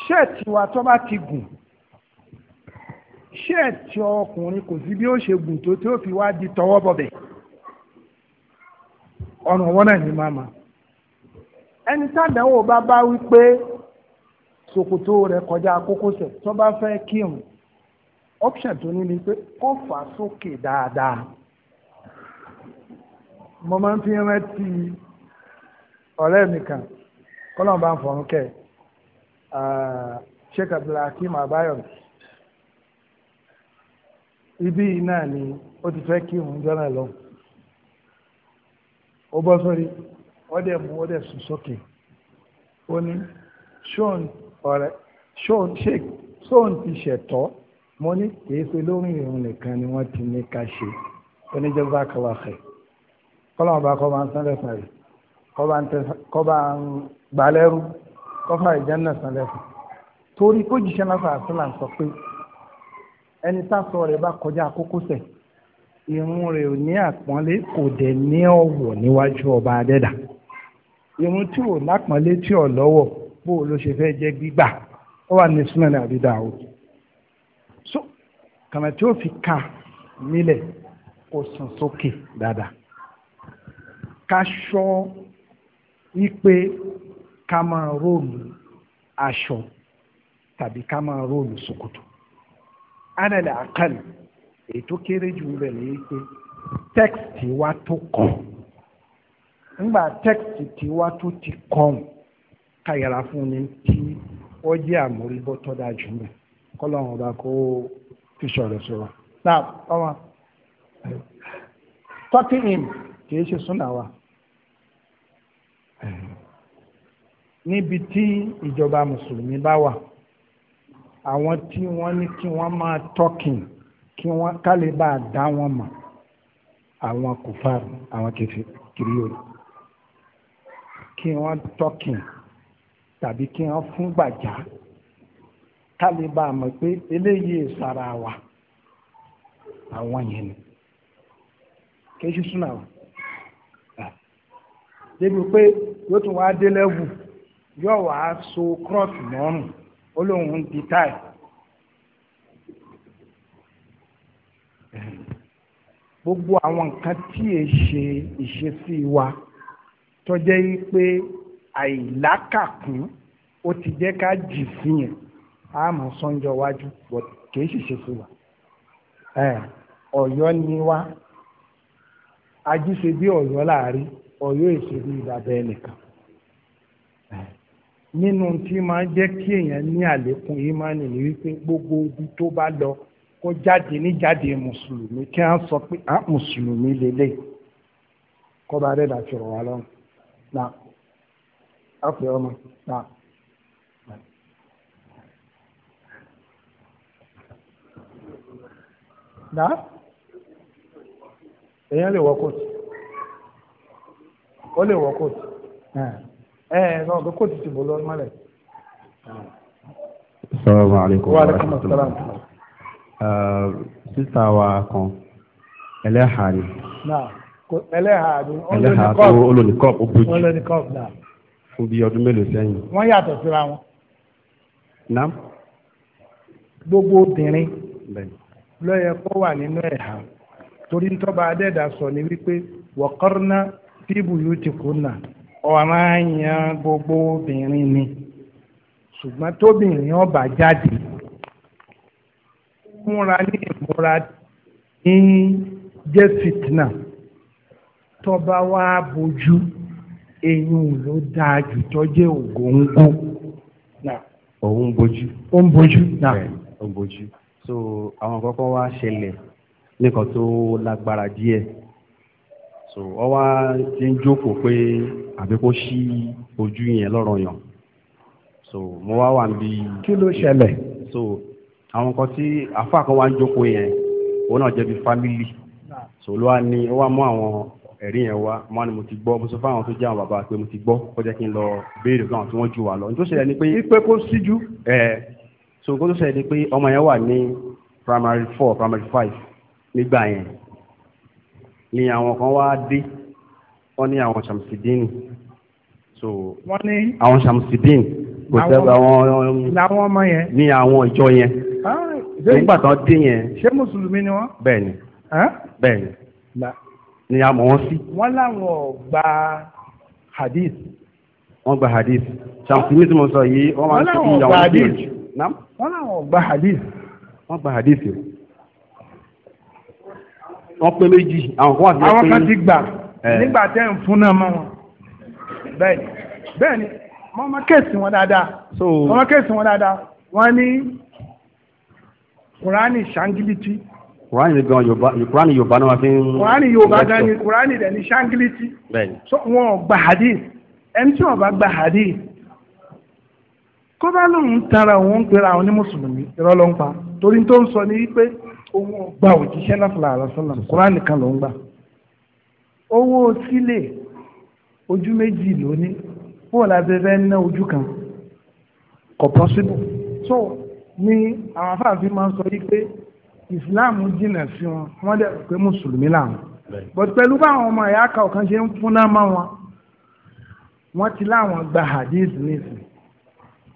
ṣẹ́ẹ̀tì wa tó bá ti gùn ṣẹ́ẹ̀tì ọkùnrin kò sí bí ó ṣe gùn tó tí ó fi wá di tọwọ́ bọ̀bẹ̀ ọ̀nà wọn náà ní màmá ẹni tàdánwò bá bá wípé ṣòkòtò rẹ̀ kọjá kókósẹ̀ tó bá fẹ́ kírun option tó ní ni pé kó fà sókè dáadáa mo máa ń fi rántí ọ̀rẹ́ mi kan kọ́lọ́n bá ń fọ̀rún kẹ́ ah, Sheikh Abdulhakeem Abayo ibi náà ni ó ti fẹ́ kírun jọ́nà lọ́wọ́ ó bọ́ sórí ó dẹ̀ mú ó dẹ̀ sùn sókè ó ní ṣóun ọ̀rẹ́ ṣóun ṣe ṣóun ti ṣẹ̀tọ́ mo ní kì í ṣe lórí ìrun nìkan ni wọ́n ti ní ká ṣe oníjọba kọlọ́ọ̀kẹ́ kọlọ́ọ̀bá kọ́ máa ń sán lẹ́sàn rẹ̀ kọ́ bá ń gbalẹ́rú kọ́ fà ìjánná sán lẹ́sàn torí kó jíṣẹ́ náà fà sílà sọ pé ẹni tá a sọ rẹ̀ bá kọjá kókósẹ̀ irun rẹ̀ ò ní àpọ́nlé kò dẹ̀ ní ọ̀wọ̀ níwájú ọba adẹ́dà irun tí ò lápọ́nlé tí ò lọ́wọ̀ bó ló ṣe fẹ́ jẹ́ gbígbà ó wà ní súnmọ́nà àbídà o so kàmá tí ó fi ka nílẹ̀ kó sùn sókè dáadáa ká ṣọ́ wípé ká máa róòlù aṣọ tàbí ká máa róòlù ṣòkòtò ánàlẹ́ àkàlù. èyí tó kéré jù ń bẹ̀ ní pé tẹ́kìtì wa tó kàn ńgbà tẹ́kìtì wa tó ti kàn ká yẹra fún ni tí ó jẹ́ àmúrí tó dáa jù mí kọ́lọ́run ọba kó fi sọ̀rọ̀ sọ̀rọ̀ náà ọmọ tọ́kì im kì í ṣe súnà wa níbi tí ìjọba mùsùlùmí bá wà àwọn tí wọ́n ní kí wọ́n máa tọ́kìn. kí wọ́n ká lè bá a dá wọn mọ̀ àwọn kòfàrù àwọn kìrìyòrì kí wọ́n tọ́kìn tàbí kí wọ́n fún gbàjá ká lè bá a mọ̀ pé eléyìí sara wa àwọn yẹn ni kì súnà o débi pé yóò tún wá dé lẹ́wù yóò wá so kúrọ́ọ̀tù mọ́rùn ó lóun di táì. gbogbo àwọn nǹkan tí è ṣe ìṣesí wa tó jẹ́ yí pé àìlákàkún ó ti jẹ́ ká jì sí yẹn á mọ̀ sọ́njọ́ wájú but kìí ṣiṣẹ́ sí wa ọ̀yọ́ ni wá ajú ṣe bí ọ̀yọ́ láàrin ọ̀yọ́ èṣe bí ìdàbẹ̀ ẹnìkan nínú tí máa jẹ́ kí èèyàn ní àlékún ìmánì ni wípé gbogbo ibi tó bá lọ kó jáde ní jáde mùsùlùmí kí wọ́n sọ pé à ah, mùsùlùmí lélẹ̀ kó bá rẹ̀ láti rọ̀ wá lọ́rùn náà á pè ọmọ náà. Dá? Èèyàn lè wọ kóòtù. Ó lè wọ kóòtù. Ẹ ẹ lọ gbé kóòtù ti bò lọ mọ́lẹ̀. Assalamu alaikum warahmatullahi wabarakatuh. sísá wa kan ẹlẹ́hàá ni. ẹlẹ́hàá ni fún ọdún mélòó sẹ́yìn. wọ́n yàtọ̀ síra wọn. nam. gbogbo obìnrin ló yẹ kó wà nínú ẹ̀hà torí ntọ́ba adẹ́dà sọ ni wípé wọ́kọ́rọ́nà yóò ti kú nà gbogbo obìnrin ni ṣùgbọ́n tóbìnrin ọba jáde. múra ní ìmúra ní jẹ́ fitna tọba wa bójú eyín ló dáa jù tọ́jẹ́ ògóńgó. òun bójú. ó bójú. ó ń bójú. so àwọn kọ́kọ́ wá ṣẹlẹ̀ nìkan tó lágbára díẹ̀ so ọ wá ti ń jókòó pé àbí kó ṣí ojú yẹn lọ́rọ̀ yàn so mo wá wà níbi. kí ló ṣẹlẹ̀. so àwọn nǹkan tí àfa kan wá ń jókòó yẹn òun náà jẹbi fámìlì sòló wa ni ó wá mú àwọn ẹ̀rí yẹn wá mo ní mo ti gbọ́ mo sọ fún àwọn tó jẹ́ àwọn bàbá pé mo ti gbọ́ kó jẹ́ kí n lọ béèrè fún àwọn tí wọ́n jù wá lọ nítorí ṣẹlẹ̀ ni pé pé kó síjú ẹ̀ so tó ṣẹlẹ̀ ni pé ọmọ yẹn wà ní primary four primary five nígbà yẹn ni àwọn kan wá dé wọ́n ní àwọn sàmùsìdínì so wọ́n ní àwọn sàmùsìdínì kò tẹ́ àwọn ọmọ yẹn ní àwọn ìjọ yẹn nígbà tán dé yẹn. ṣé mùsùlùmí ni wọ́n. bẹ́ẹ̀ni bẹ́ẹ̀ni ni a mọ̀ wọ́n sí. wọ́n láwọn gba hadith. wọ́n gba hadith ṣàǹfìmí tí mo sọ yìí wọ́n máa ń sọ ìyàwó méjèèjì. wọ́n láwọn gba hadith. wọ́n gba hadith o. wọ́n pé méjì àwọn kan wà sí. àwọn kan ti gbà nígbà tẹ́ ń fún náà mọ́ wọn. bẹ́ẹ̀ni bẹ́ẹ̀ni mọ́ ọmọ kéèsì wọn dáadáa. so mọ́ ọmọ wọn dáadáa wọ́n ní kùránì ṣáńgìlìtì. kùránì gan yorùbá kùránì yorùbá náà fi ń. kùránì yorùbá gan ni kùránì dẹ̀ ni ṣáńgìlìtì. bẹ́ẹ̀ni. so wọn gba hadith ẹni tí wọn bá gba hadith kó bá lóun tara òun pera àwọn ní mùsùlùmí irọ́ ló ń pa torí tó ń sọ ní pé òun gba òjíṣẹ́ náà fúnra rẹ̀ sọ́nà kùránì kan ló ń gbà owó sílẹ̀ ojú méjì lóní fóònù abẹ́fẹ́ ná ojú kan kò possible so ní àwọn afáàfin máa ń sọ yí pé islam jìnnà sí wọn wọ́n dẹ̀ pé mùsùlùmí làwọn but pẹ̀lú báwọn ọmọ ẹ̀yà kan kan ṣe ń fúnná mọ́ wọn wọ́n ti láwọn gba hadith nísìn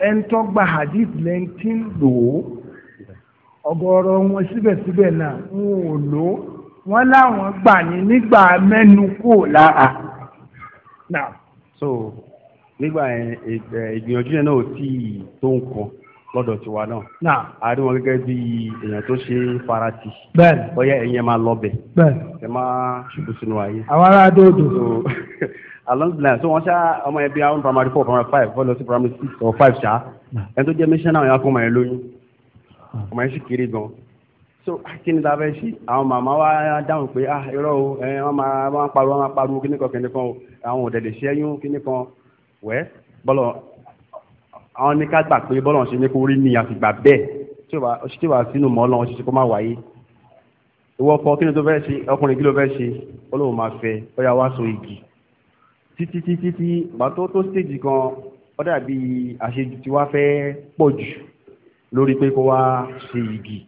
ẹni tó gba hadith lẹ́yìn tí ń lò ó ọ̀gọ̀rọ̀ wọn síbẹ̀síbẹ̀ náà wọn ò lò wọ́n láwọn gbà ní nígbà mẹ́nu kò lára. so nígbà ìgbìyànjú yẹn náà ò tí ì tó nǹkan lọ́dọ̀ tiwa náà a rí wọn gẹ́gẹ́ bí èèyàn tó ṣe é farati bóyá ẹ̀yin máa lọ bẹ̀ ẹ máa ṣubú sínú ayé. àwọn ará dòdò. alhamdulilayi so wọn ṣá ọmọ yẹn bí àwọn primary four primary five fọlọ sí primary six or five ṣá ẹni tó jẹ missionary yẹn fún ọmọ yẹn lóyún ọmọ yẹn sì kéré gan so kí ni dábẹ́ sí àwọn màmá wa dáhùn pé ah irọ́ o ẹ wọ́n máa wọ́n máa pariwo wọ́n máa pariwo kíní kan kíní kan o àwọn òdẹ̀dẹ̀ ṣẹ́yún kíní wẹ́ bọ́lọ̀ àwọn ní ká gbà pé bọ́lọ̀ ṣe ní kó rí ni àfìgbà bẹ́ẹ̀ tí wàá sínú mọ́ ọlọ́run ṣiṣẹ́ kó má wáyé ìwọ ọkọ kí ni tó fẹ́ ṣe ọkùnrin kí ló fẹ́ ṣe ọlọ́run máa fẹ́ ọyà wá so igi títí títí tí bàtó tó stéèjì kan ó dàbí àṣejù tí wàá fẹ́ pọ̀ jù lórí pé kó wá ṣe igi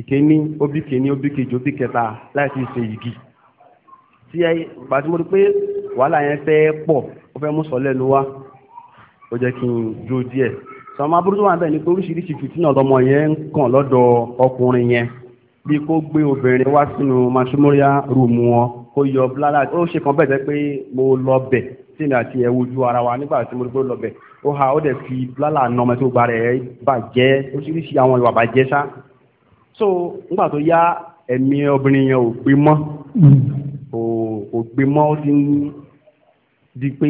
ìkéní óbí kéní óbí kejì óbí kẹta láì sí ṣe igi tí ẹ gbàtí mo rí pé wàhálà yẹn fẹ́ pọ̀ ó fẹ́ mú sọ lẹ́nu wá ó jẹ́ kí n dúró díẹ̀ sọmọ aburú tó wà bẹ́ẹ̀ ni pé oríṣiríṣi fìtínà lọmọ yẹn ń kàn lọ́dọ̀ ọkùnrin yẹn bí kó gbé obìnrin wá sínú matrimonial room wọn kó yọ blala ó ṣe kan bẹ́ẹ̀ jẹ́ pé mo lọ bẹ̀ tí mi àti ẹ̀ wojú ara wa nígbà tí mo rí pé ó lọ bẹ̀ ó ha ó dẹ̀ fi blala nà ọmọ tó gba rẹ̀ bàjẹ́ oríṣiríṣi àwọn ìwà bàjẹ́ ṣá so nígbà tó yá ẹ̀mí obìnrin yẹn ò gbé mọ́ mm. ò gbé mọ́ ó ti di pé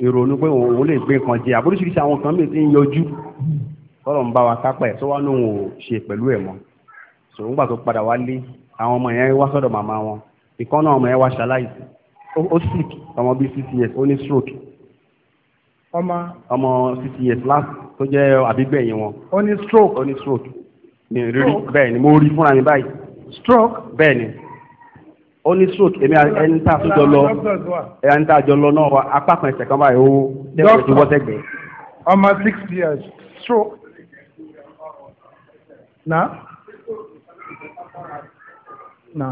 ìrònú pé òun lè gbé nǹkan jẹ àbóríṣiríṣi àwọn kan mi ti ń yọjú kọ́lọ̀ ń bá wa kápá ẹ̀ tó wá lóun ò ṣe pẹ̀lú ẹ̀ mọ́ sòun gbà tó padà wálé àwọn ọmọ yẹn wá sọ́dọ̀ màmá wọn ìkan náà ọmọ yẹn wá ṣaláìsí ó sick ọmọ bíi six ó ní stroke ọmọ ọmọ six last tó jẹ́ àbígbẹ̀yìn wọn ó ní stroke ó ní stroke ní rírí bẹ́ẹ̀ ni mo rí fúnra mi báyìí stroke bẹ́ẹ̀ ó ní stroke èmi ẹni tá a tún jọ lọ ẹni tá a jọ lọ náà wa apá kan ẹsẹ̀ kan báyìí ó dẹ́kun ojú bọ́ sẹ́gbẹ̀ẹ́. ọmọ six years stroke na na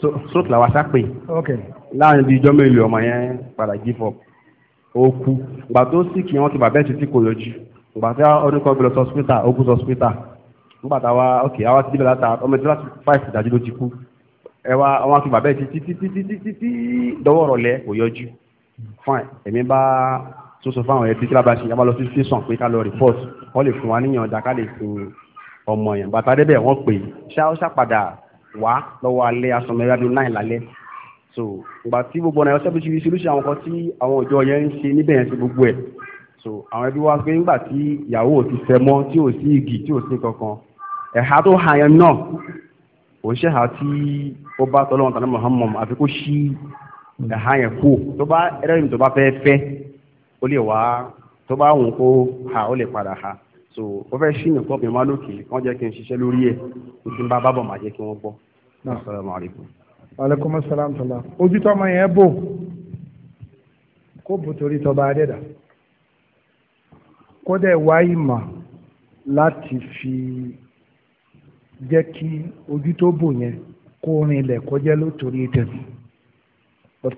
so stroke làwọn sápè láàrin bíi ijọ́ mélòó ọmọ yẹn padà give up ó kú ìgbà tó sì kí wọ́n ti bàbá ẹ̀ títí kò yọjú ìgbà tó ọdún lọ sọ hospital ó kú sọ hospital nígbà tá a wá ok àwa ti débẹ̀ láta ọmọ ìdílé five ìdájú ló ti kú ẹ wá àwọn afi bàbá ẹ ti ti ti ti ti ti ti dọwọ́ rọ̀ lẹ kò yọjú fine èmi bá tó sọ fáwọn ẹbí kílábà ṣe yàrá lọ sí tẹsán pé ká lọ report wọn lè fún wa níyàn ọjà ká lè sin ọmọ yẹn bàtà débẹ̀ wọ́n pè ṣá ó ṣàpadà wá lọ́wọ́ alẹ́ asọmọlẹ́yà bíi nine lálẹ́ so ìgbà tí gbogbo ọ̀nà ọ̀sẹ̀ bíi ṣiríṣi àwọn kan tí àwọn òjò yẹn ń ṣe níbẹ̀ yẹn ṣe gbogbo ẹ̀ so àwọn ẹbí wa pé nígbà tí ìyàwó ò ti fẹ́ mọ́ tí ò sí igi tí ò sí kankan ẹ̀ha tó ha yẹn náà kò ṣe ha tí ó bá tọ́lọ́ wọn tàbí Muhammad àfi kó ṣí ẹ̀ha yẹn kú tó bá ẹlẹ́rìí tó bá fẹ́ fẹ́ ó lè wá tó bá wùn kó ha ó lè padà ha so ó fẹ́ ṣí nìkan mi máa lókè wọ́n jẹ́ kí n ṣiṣẹ́ lórí ẹ̀ kó tí n bá bábọ̀ máa jẹ́ kí wọ́n gbọ́. Assalamu Aleykum assalam tọ́lá ojú tọ́mọ yẹn bò kó bò torí tọba adẹ́dà kó dẹ̀ wá ìmọ̀ láti fi jẹ́ kí ojú tó bò yẹn kó rin ilẹ̀ kọjá lótorí tẹ̀sí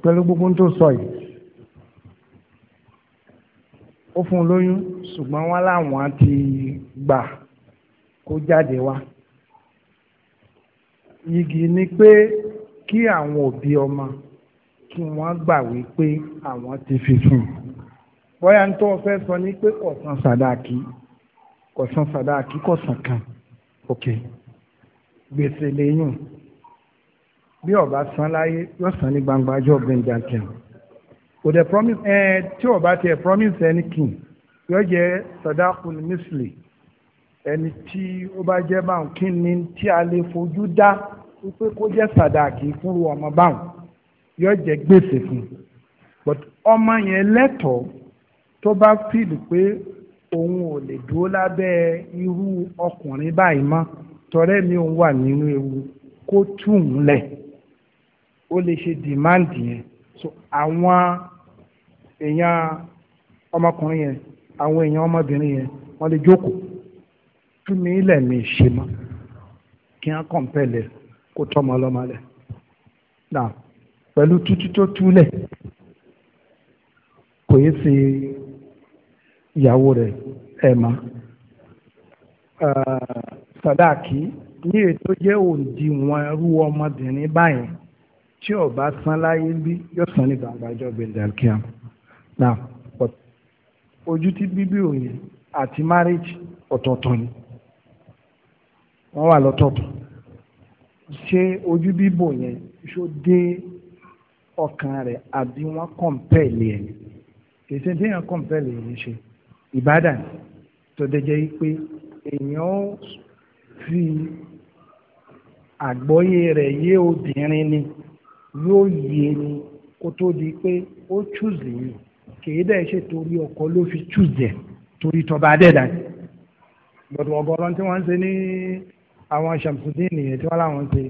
pẹ̀lú gbogbo tó sọ yìí ó fún un lóyún ṣùgbọ́n wọn láwọn ti gbà kó jáde wá igi ni pé kí àwọn òbí ọmọ kí wọ́n gbà wípé àwọn ti fi fún un bóyá ń tó fẹ́ sọ ni pé kọ̀sán sàdáàkì kọ̀sán sàdáàkì kọ̀sán kan ok gbèsè lẹ́yìn bí ọba san láyé yóò san ní gbangba ọjọ́ gbẹ̀ngàkìn kò dẹ̀ promise ẹ tí ọba tiẹ̀ promise ẹni kì yóò jẹ́ sadakul misli ẹni tí ó bá jẹ́ báwọn kí ni tí a lè fojú dá wípé kó jẹ́ sadaki fúnru ọmọ báwọn yóò jẹ́ gbèsè fún but ọmọ yẹn lẹ́tọ̀ọ́ tó bá fìlì pé òun ò lè dúró lábẹ́ irú ọkùnrin báyìí mọ́ tọ̀rẹ́ mi ò wà nínú ewu kó tù ń o ó lè ṣe dìmáǹdì yẹn so àwọn èèyàn ọmọkùnrin yẹn àwọn èèyàn ọmọbìnrin yẹn wọn lè jókòó tún mi ilẹ̀ mi ṣe mọ́ kí wọ́n kàn pẹ̀lẹ́ kó tọmọ ọlọ́mọ lẹ̀ nà pẹ̀lú tútú tó túlẹ̀ kò sàdáàkì ní ètò jẹ́ òdiwọ̀n irú ọmọbìnrin báyìí tí ó bá san láyé bí yóò san ní gbangba ọjọ́ bendalkiam now ojú tí bíbí òyìn àti marriage ọ̀tọ̀ọ̀tọ̀ ni wọ́n wà lọ́tọ̀ọ̀tọ̀ ṣé ojú bíbò yẹn ṣó dé ọkàn rẹ̀ àbí wọ́n kọ̀ǹpẹ̀lì ẹ̀ ni kìí ṣe kọ̀ǹpẹ̀lì ẹ̀ ṣe ìbádàn tó dẹjẹ́ yí pé èèyàn tí àgbọ́yé rẹ̀ yé obìnrin ni yóò yé ni kó tó di pé ó chúùzì yìí kìí dẹ̀ ṣe torí ọkọ ló fi chúùzì ẹ̀ torí tọba adẹ́dà ni gbọ̀dọ̀ ọ̀gọ̀rọ̀ tí wọ́n ń ṣe ní àwọn Shamsuddin nìyẹn tí wọ́n láwọn ń ṣe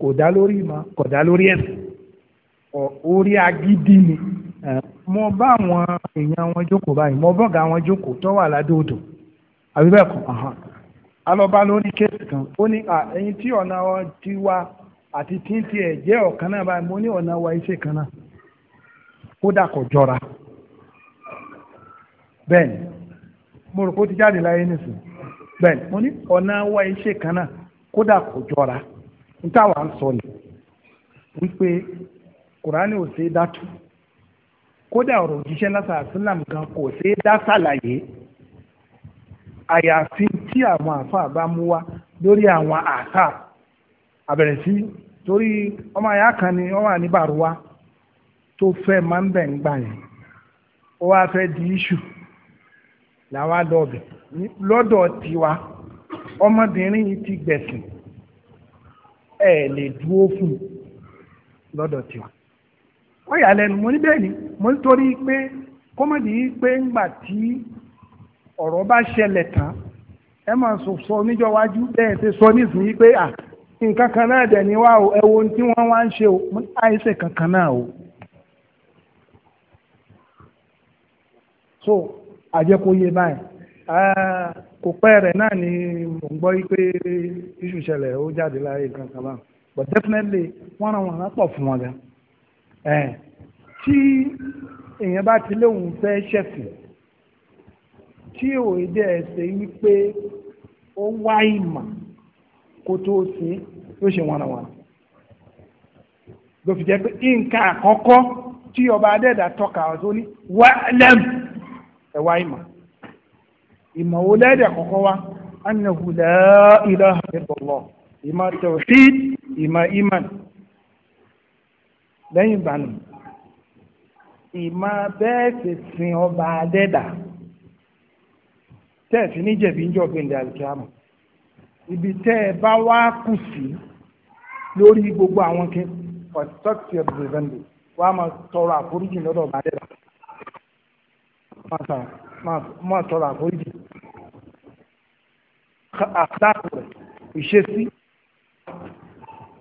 kò dá lórí ìmọ̀ kò dá lórí ẹ̀sìn orí agídí ni mo bá àwọn èèyàn wọn jókòó báyìí mo bọ̀gá wọn jókòó tó wà ládòdò àbí bẹ́ẹ̀ alọba lórí kéèsì kan ó ní ẹyin tí ọ̀nà ti wá àti tí ń tiẹ̀ jẹ́ ọ̀kan náà báyìí mo ní ọ̀nà wa iṣẹ́ kan náà kódà kò jọra bẹ́ẹ̀ ni mo rò pé ó ti jáde láyé nìsín bẹ́ẹ̀ ni mo ní ọ̀nà wa iṣẹ́ kan náà kódà kò jọra n táwa ń sọ ni wípé kùránì ò ṣe é dátú kódà ọ̀rọ̀ òjíṣẹ́ lásà sílám gan kò ṣe é dá sàlàyé àyàfi tí àwọn àfa bá mú wá lórí àwọn àṣà àbẹ̀rẹ̀ sí torí ọmọ kan ni ọmọ àníbàrúwá tó fẹ́ máa ń bẹ̀ ń gbà yẹn ó wá fẹ́ di iṣu làwa tiwa ọmọbìnrin ti gbẹ̀sìn ẹ lè dúró fún un tiwa ó yà mo ní bẹ́ẹ̀ mo ní torí pé kọ́mọ̀dé yìí pé ńgbà tí ọ̀rọ̀ bá ṣẹlẹ̀ tán ẹ máa sọ sọ níjọ́ wájú bẹ́ẹ̀ ṣe sọ nísìnyí pé à nǹkan kan náà dẹ̀ ni wá o ẹ wo ohun tí wọ́n wá ń ṣe o àìsè kankan náà o. so àjẹkóye báyìí kò pẹ́ rẹ̀ náà ni mò ń gbọ́ pé iṣu ṣẹlẹ̀ ó jáde láyé nǹkan báyìí but definitely wọ́n ràn wọ́n lápọ̀ fún wọn gan. tí èèyàn bá ti léwu fẹ́ ṣẹ̀sìn tí ò dẹ̀ ṣe wípé ó wá ìmọ̀ kó tó sí yóò ṣe wọn wọn. lọ́fi jẹ́ pé nǹkan àkọ́kọ́ tí ọba adẹ́dà tọ́ka ọ̀tún ní wá lẹ́m ẹ̀ wá ìmọ̀ ìmọ̀ wo lẹ́dẹ̀ kọ́kọ́ wá annahu la ìmọ̀ tawhid ìmọ̀ iman lẹ́yìn ìbànú ìmọ̀ bẹ́ẹ̀ ṣe sin ọba adẹ́dà. tẹ́ fi ní jẹ̀bi ń jọ gbẹ̀ndẹ̀ ibi tẹ́ ẹ bá wá kù sí gbogbo àwọn kí ọ̀tọ́tì ọ̀dùnrẹ́ndì wàá máa tọrọ àforíjì lọ́dọ̀ bàdẹ́rà máa tọrọ àforíjì àkàtàkù rẹ̀ ìṣesí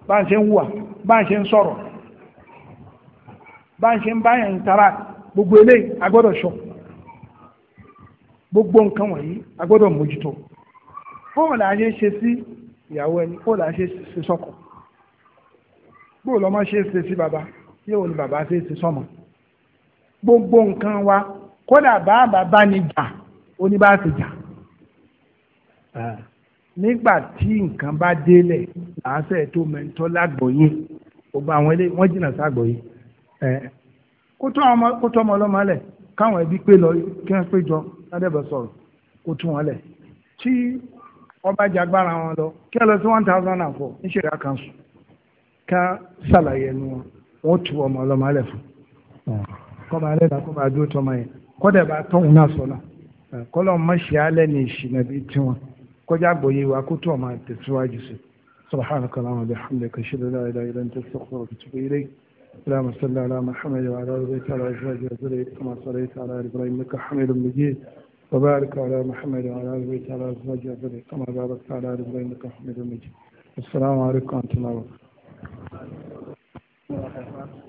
bá ń ṣe ń wùwà bá ń ṣe ń sọ̀rọ̀ bá ń ṣe ń báyàn ń tara gbogbo eléyìí gbogbo nǹkan wọ̀nyí a gbọ́dọ̀ mójútó bóòlù àṣẹ ṣe sí ìyàwó ẹni bóòlù àṣẹ ṣe sọ́kọ bóòlù ọmọ ṣe ṣe sí bàbá yóò ní bàbá ṣe ṣe sọ́mọ gbogbo nǹkan wa kódà bàbá bá ní jà oníbàṣẹ jà nígbà tí nǹkan bá délẹ̀ làásẹ̀ tó mẹ́ńtọ́ lágbọ̀ọ́yé gbogbo àwọn ilé wọ́n jìnnà ságbọ̀ọ́yé kótó ọmọ ọlọ́mọ lẹ̀ káwọn ẹbí pé lọ kí wọ́n pé jọ ládẹ́bẹ̀ sọ̀rọ̀ kó tún wọn lẹ̀ tí ọba jagbára wọn lọ kí ẹ lọ sí one thousand and four ní ṣẹ̀dá kan sùn ká ṣàlàyé ẹnu wọn wọn tu ọmọ ọlọmọ alẹ fún bá tọhún náà sọ náà kọlọ alẹ ní ìṣìnà bíi tiwọn kọjá gbòye wa kó ọmọ tẹsíwájú sí اللهم صل على محمد وعلى ال بيته وعلى ازواجه وذريته كما صليت على ال ابراهيم انك حميد مجيد وبارك على محمد وعلى ال بيته وعلى ازواجه وذريته كما باركت على ال ابراهيم انك حميد مجيد السلام عليكم ورحمه الله وبركاته